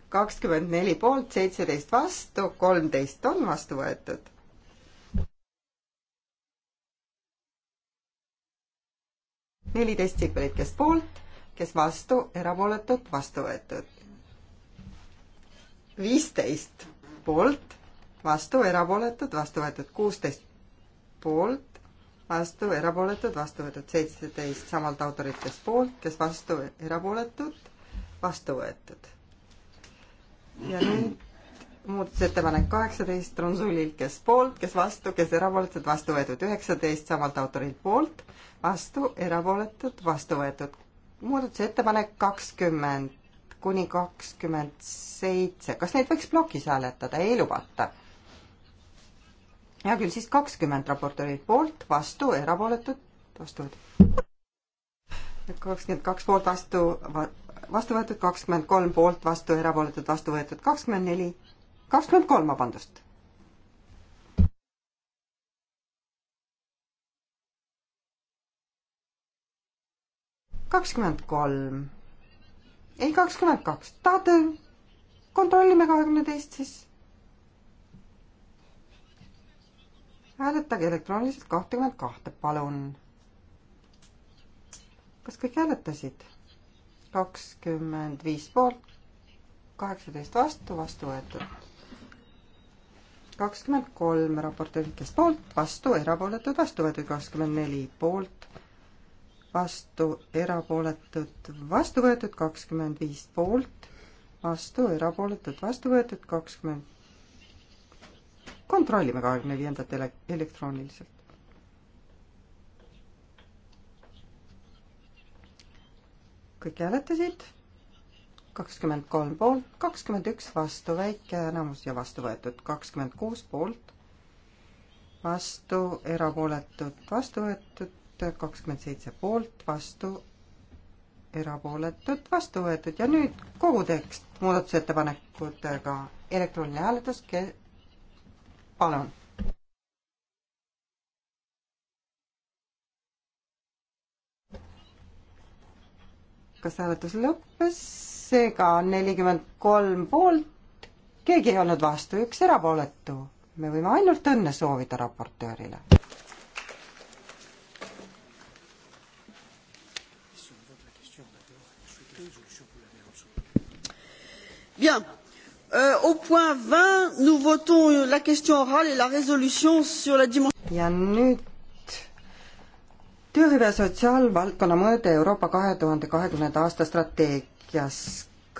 kakskümmend neli poolt, seitseteist vastu, kolmteist on vastu võetud. neliteist tsiplit, kes poolt, kes vastu, erapooletult vastu võetud. viisteist poolt, vastu, erapooletud, vastu võetud kuusteist poolt, vastu, erapooletud, vastu võetud seitseteist samalt autoritest poolt, kes vastu, erapooletud, vastu võetud. ja nüüd muudatusettepanek kaheksateist Ronsulilt, kes poolt, kes vastu, kes erapooletud, vastu võetud üheksateist samalt autorilt poolt, vastu, erapooletud, vastu võetud. muudatusettepanek kakskümmend kuni kakskümmend seitse, kas neid võiks plokis hääletada, ei lubata? hea küll, siis kakskümmend raportöörid poolt, vastu, erapooletud, vastu võetud. kakskümmend kaks poolt, vastu, vastu võetud, kakskümmend kolm poolt, vastu, erapooletud, vastu võetud, kakskümmend neli, kakskümmend kolm, vabandust. kakskümmend kolm. ei, kakskümmend kaks. tahate, kontrollime kahekümne teist siis hääletage elektrooniliselt kahtekümmend kahte, palun. kas kõik hääletasid? kakskümmend viis poolt, kaheksateist vastu, vastu võetud. kakskümmend kolm raportöörid, kes poolt, vastu, erapooletud, vastu võetud, kakskümmend neli poolt, vastu, erapooletud, vastu võetud, kakskümmend viis poolt, vastu, erapooletud, vastu võetud, kakskümmend kontrollime kahekümne viiendat ele-, elektrooniliselt. kõik hääletasid, kakskümmend kolm poolt, kakskümmend üks vastu, väike enamus ja vastu võetud, kakskümmend kuus poolt, vastu, erapooletud, vastu võetud, kakskümmend seitse poolt, vastu, erapooletud, vastu võetud ja nüüd kogu tekst muudatusettepanekutega elektrooniline hääletus, palun. kas hääletus lõppes, seega on nelikümmend kolm poolt, keegi ei olnud vastu, üks erapooletu. me võime ainult õnne soovida raportöörile. Bien. Euh, au point vingt nous votons euh, la question orale et la résolution sur la dimension ja nüüd tööhõive sotsiaalvaldkonna mõõde Euroopa kahe tuhande kahekümnenda aasta strateegias.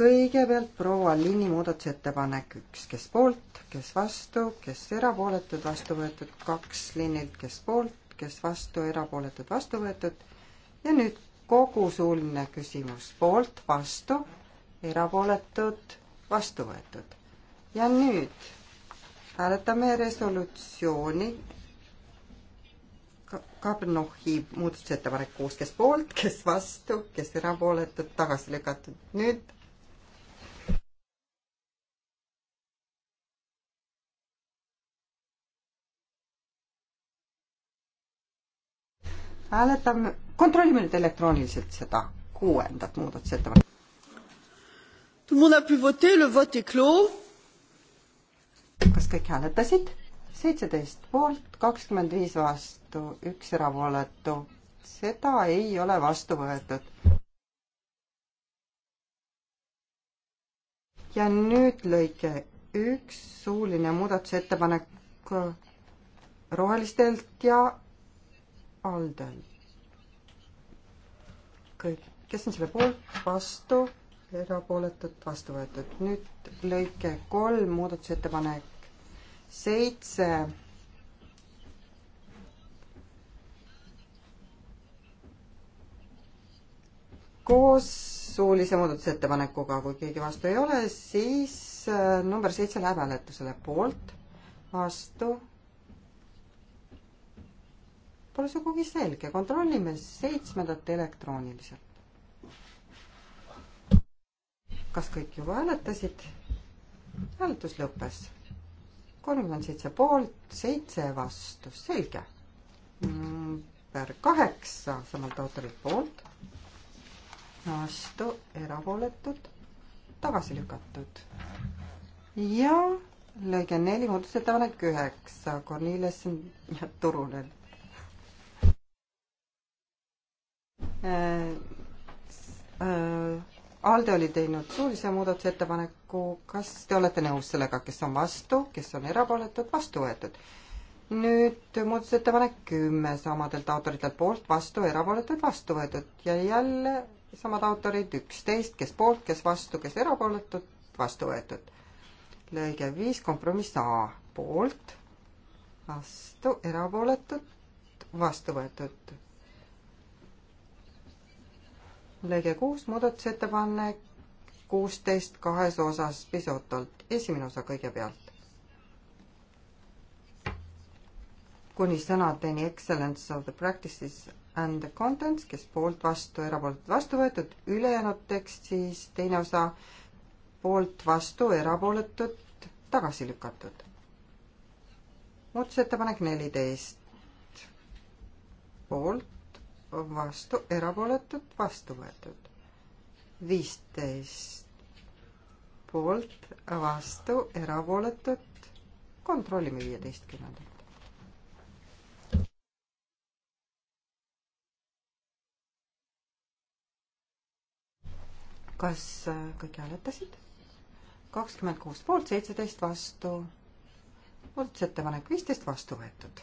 kõigepealt proua Linni muudatusettepanek üks, kes poolt, kes vastu, kes erapooletud, vastu võetud, kaks Linnilt, kes poolt, kes vastu, erapooletud, vastu võetud ja nüüd kogu suuline küsimus poolt, vastu, erapooletud vastu võetud. ja nüüd hääletame resolutsiooni Kabnohhi muudatusettepanek kuus, kes poolt, kes vastu, kes erapooletud, tagasi lükatud. nüüd hääletame, kontrollime nüüd elektrooniliselt seda kuuendat muudatusettepanekut. Tout le monde a pu voter, le vote est clos. kas kõik hääletasid? seitseteist poolt, kakskümmend viis vastu, üks erapooletu. seda ei ole vastu võetud. ja nüüd lõike üks suuline muudatusettepanek rohelistelt ja Aldel. kõik, kes on selle poolt, vastu erapooletud, vastu võetud. nüüd lõike kolm, muudatusettepanek seitse. koos suulise muudatusettepanekuga, kui keegi vastu ei ole, siis äh, number seitse läheb hääletusele poolt, vastu. Pole sugugi selge, kontrollime seitsmendat elektrooniliselt kas kõik juba hääletasid? hääletus lõppes. kolmkümmend seitse poolt, seitse vastu, selge. number kaheksa samalt autorilt poolt, vastu, erapooletud, tagasi lükatud. ja lõige neli, muudatusettepanek üheksa, Korniliasen ja Turunen. Äh, äh, Alde oli teinud suulise muudatusettepaneku, kas te olete nõus sellega, kes on vastu, kes on erapooletud, vastu võetud? nüüd muudatusettepanek kümme samadelt autoritelt poolt, vastu, erapooletud, vastu võetud ja jälle samad autorid üksteist, kes poolt, kes vastu, kes erapooletud, vastu võetud. lõige viis, kompromiss A, poolt, vastu, erapooletud, vastu võetud lõige kuus, muudatusettepanek kuusteist kahes osas pisutult. esimene osa kõigepealt. kuni sõnadeni excellence of the practices and the contents, kes poolt vastu, erapooletult vastu võetud, ülejäänud tekst siis teine osa poolt vastu, erapooletult tagasi lükatud. muudatusettepanek neliteist poolt, vastu, erapooletud, vastu võetud. viisteist poolt, vastu, erapooletud, kontrollime viieteistkümnendat. kas äh, kõik hääletasid? kakskümmend kuus poolt, seitseteist vastu, muudatusettepanek viisteist vastu võetud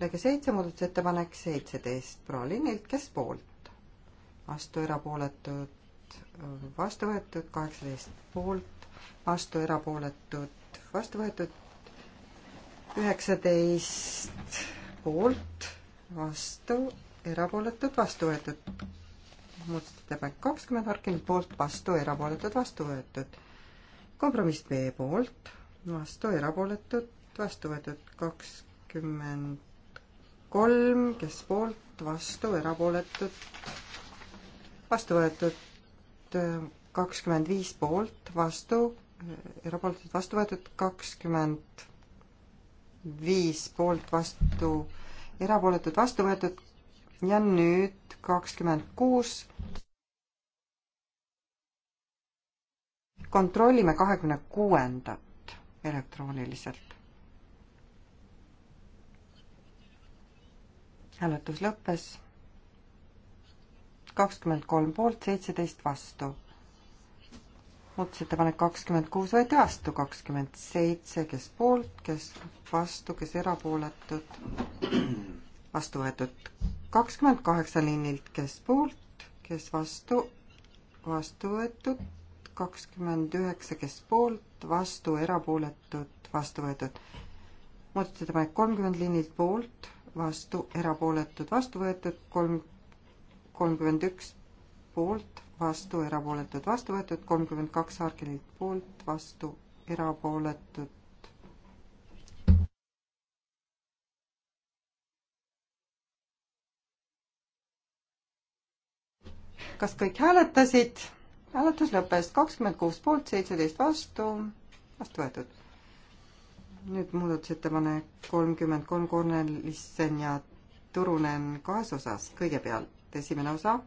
lõige seitse, muudatusettepanek seitseteist proua Linnilt, kes poolt? vastu erapooletud, vastu võetud, kaheksateist poolt, vastu erapooletud, vastu võetud, üheksateist poolt, vastu, erapooletud, vastu võetud. muudatusettepanek kakskümmend, Harkinilt poolt, vastu, erapooletud, vastu võetud. kompromiss B poolt, vastu, erapooletud, vastu võetud kakskümmend kolm, kes poolt, vastu, erapooletud, vastu võetud kakskümmend viis poolt, vastu, erapooletud, vastu võetud kakskümmend viis poolt, vastu, erapooletud, vastu võetud ja nüüd kakskümmend kuus. kontrollime kahekümne kuuendat elektrooniliselt. hääletus lõppes. kakskümmend kolm poolt, seitseteist vastu. muudatusettepanek kakskümmend kuus võeti vastu, kakskümmend seitse, kes poolt, kes vastu, kes erapooletud, vastu võetud. kakskümmend kaheksa liinilt, kes poolt, kes vastu, vastu võetud, kakskümmend üheksa, kes poolt, vastu, erapooletud, vastu võetud. muudatusettepanek kolmkümmend liinilt poolt vastu, erapooletud, vastu võetud, kolm, kolmkümmend üks poolt, vastu, erapooletud, vastu võetud, kolmkümmend kaks Harkinilt poolt, vastu, erapooletud. kas kõik hääletasid? hääletus lõppes kakskümmend kuus poolt, seitseteist vastu, vastu võetud nüüd muudatusettepanek kolmkümmend kolm Kornelissen ja Turunen kahes osas. kõigepealt esimene osa.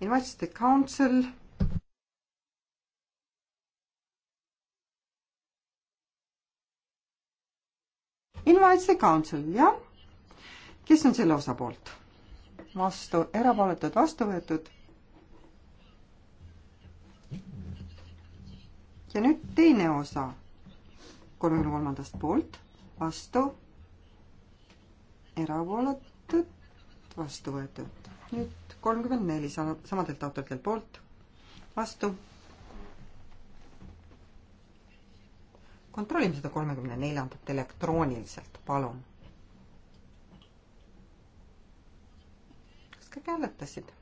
Invites the council Invites the council, jah. kes on selle osapoolt? vastu, erapooletud, vastu võetud. ja nüüd teine osa kolmekümne kolmandast poolt, vastu, erapooletud, vastu võetud. nüüd kolmkümmend neli sama, samadelt autoritelt poolt, vastu. kontrollime seda kolmekümne neljandat elektrooniliselt, palun. kas kõik hääletasid?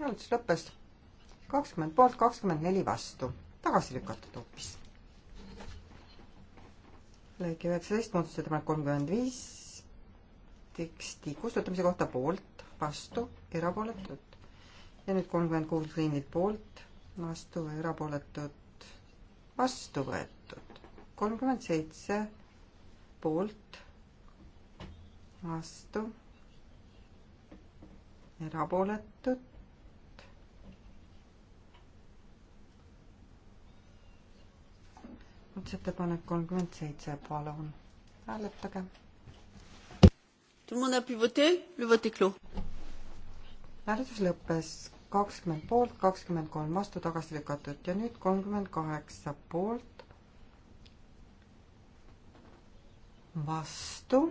hääletus lõppes kakskümmend poolt, kakskümmend neli vastu, tagasi lükatud hoopis lõige üheksateist, muudatusettepanek kolmkümmend viis, teksti kustutamise kohta poolt, vastu, erapooletud. ja nüüd kolmkümmend kuus liinilt poolt, vastu, erapooletud, vastu võetud. kolmkümmend seitse poolt, vastu, erapooletud muudatusettepanek kolmkümmend seitse, palun hääletage. hääletus lõppes kakskümmend poolt, kakskümmend kolm vastu tagasi lükatud ja nüüd kolmkümmend kaheksa poolt. vastu.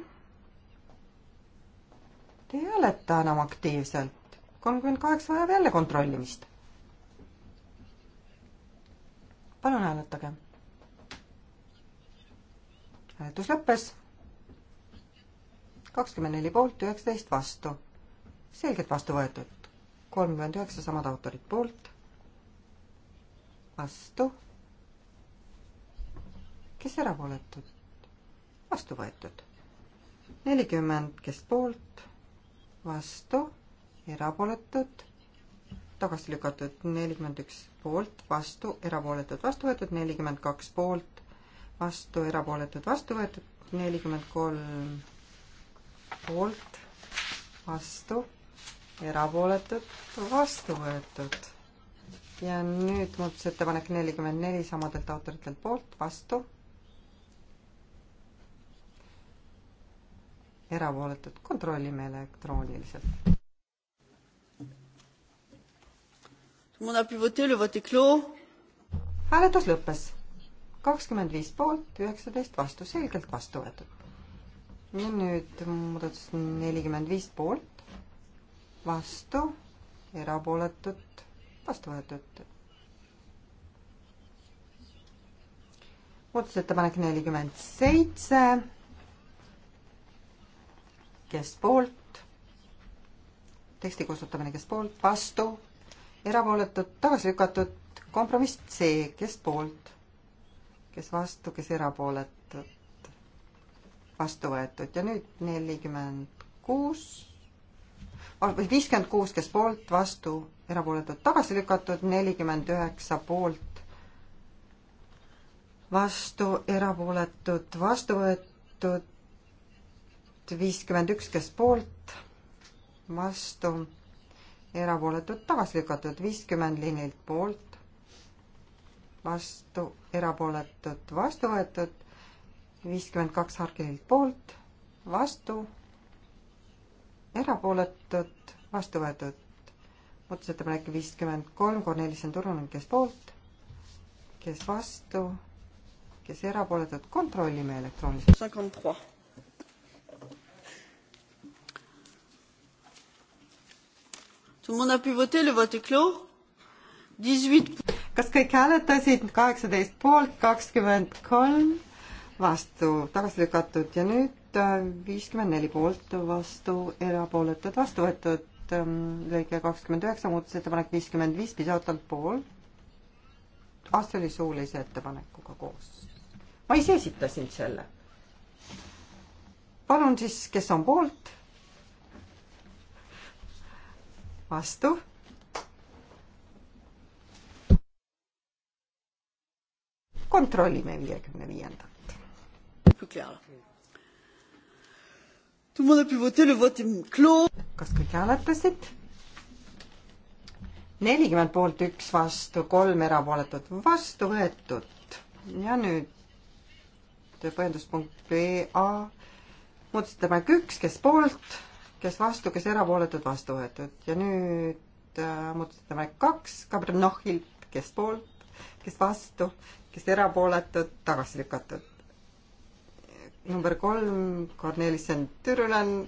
Te ei hääleta enam aktiivselt. kolmkümmend kaheksa vajab jälle kontrollimist. palun hääletage hääletus lõppes. kakskümmend neli poolt, üheksateist vastu. selgelt vastu võetud. kolmkümmend üheksa samad autorid poolt. vastu. kes erapooletud? vastu võetud. nelikümmend, kes poolt? vastu, erapooletud tagasi lükatud nelikümmend üks poolt, vastu, erapooletud, vastu võetud nelikümmend kaks poolt, vastu, erapooletud vastu võetud nelikümmend kolm poolt, vastu, erapooletud vastu võetud. ja nüüd muudatusettepanek nelikümmend neli samadelt autoritelt poolt, vastu, erapooletud, kontrollime elektrooniliselt. hääletus lõppes kakskümmend viis poolt, üheksateist vastu, selgelt vastu võetud. ja nüüd muudatus nelikümmend viis poolt, vastu, erapooletut, vastu võetud. muudatusettepanek nelikümmend seitse, kes poolt, teksti kustutamine, kes poolt, vastu, erapooletud, tagasi lükatud, kompromiss C, kes poolt kes vastu, kes erapooletud, vastu võetud ja nüüd nelikümmend kuus, viiskümmend kuus, kes poolt, vastu, erapooletud, tagasi lükatud, nelikümmend üheksa poolt, vastu, erapooletud, vastu võetud, viiskümmend üks, kes poolt, vastu, erapooletud, tagasi lükatud, viiskümmend liinilt poolt, vastu, erapooletud, vastu võetud, viiskümmend kaks Harkivilt poolt, vastu, erapooletud, vastu võetud. muudatusettepanek viiskümmend kolm, Kornelis on turunenud, kes poolt, kes vastu, kes erapooletud, kontrollime elektrooniliselt. Tout le monde a pu voter, le vote est clos kas kõik hääletasid, kaheksateist poolt, kakskümmend kolm vastu, tagasi lükatud ja nüüd äh, viiskümmend neli poolt vastu, erapooletud vastu võetud, ähm, lõige kakskümmend üheksa, muudatusettepanek viiskümmend viis, piisavalt poolt. aasta oli suulise ettepanekuga koos. ma ise esitasin selle. palun siis, kes on poolt? vastu kontrollime viiekümne viiendat. kas kõik hääletasid? nelikümmend poolt üks vastu, kolm erapooletut vastu võetud ja nüüd põhjenduspunkt BA muudatusettepanek üks, kes poolt, kes vastu, kes erapooletud, vastu võetud ja nüüd äh, muudatusettepanek kaks, Kabrnohhilt, kes poolt, kes vastu, kes erapooletud, tagasi lükatud. number kolm, Kornelissen Türülen,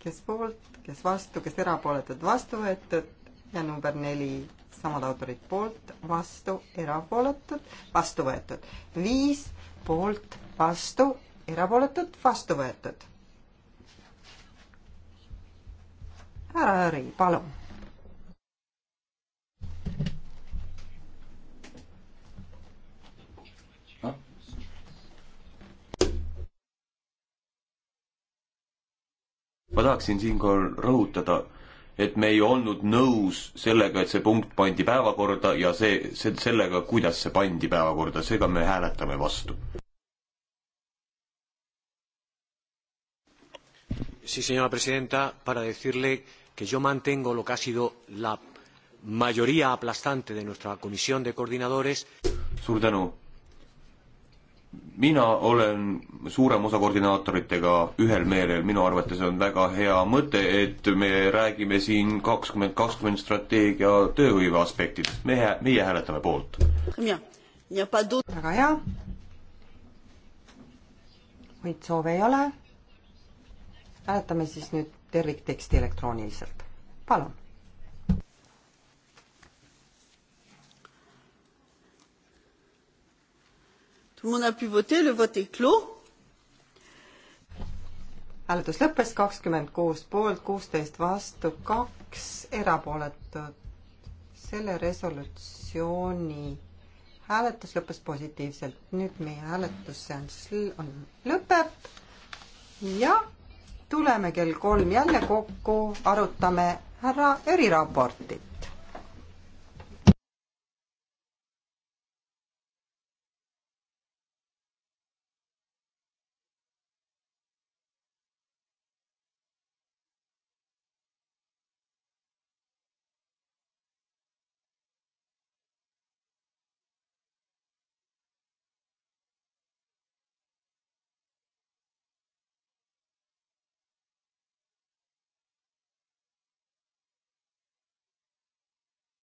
kes poolt, kes vastu, kes erapooletud, vastu võetud ja number neli, samad autorid poolt, vastu, erapooletud, vastu võetud. viis poolt, vastu, erapooletud, vastu võetud. härra Jüri, palun ma tahaksin siinkohal rõhutada, et me ei olnud nõus sellega, et see punkt pandi päevakorda ja see, see, sellega, kuidas see pandi päevakorda, seega me hääletame vastu. Sí, señora presidenta, para decirle que yo mantengo lo que ha sido la mayoría aplastante de nuestra comisión de coordinadores. Suur tänu, mina olen suurema osa koordinaatoritega ühel meelel, minu arvates on väga hea mõte, et me räägime siin kakskümmend kakskümmend strateegia tööhõive aspektidest, meie, meie hääletame poolt. väga hea. muid soove ei ole. hääletame siis nüüd tervikteksti elektrooniliselt, palun Tout le monde a pu voter, le vote est clos. hääletus lõppes kakskümmend kuus poolt, kuusteist vastu, kaks erapooletut. selle resolutsiooni hääletus lõppes positiivselt. nüüd meie hääletusseanss on, lõpeb ja tuleme kell kolm jälle kokku, arutame härra eriraportit.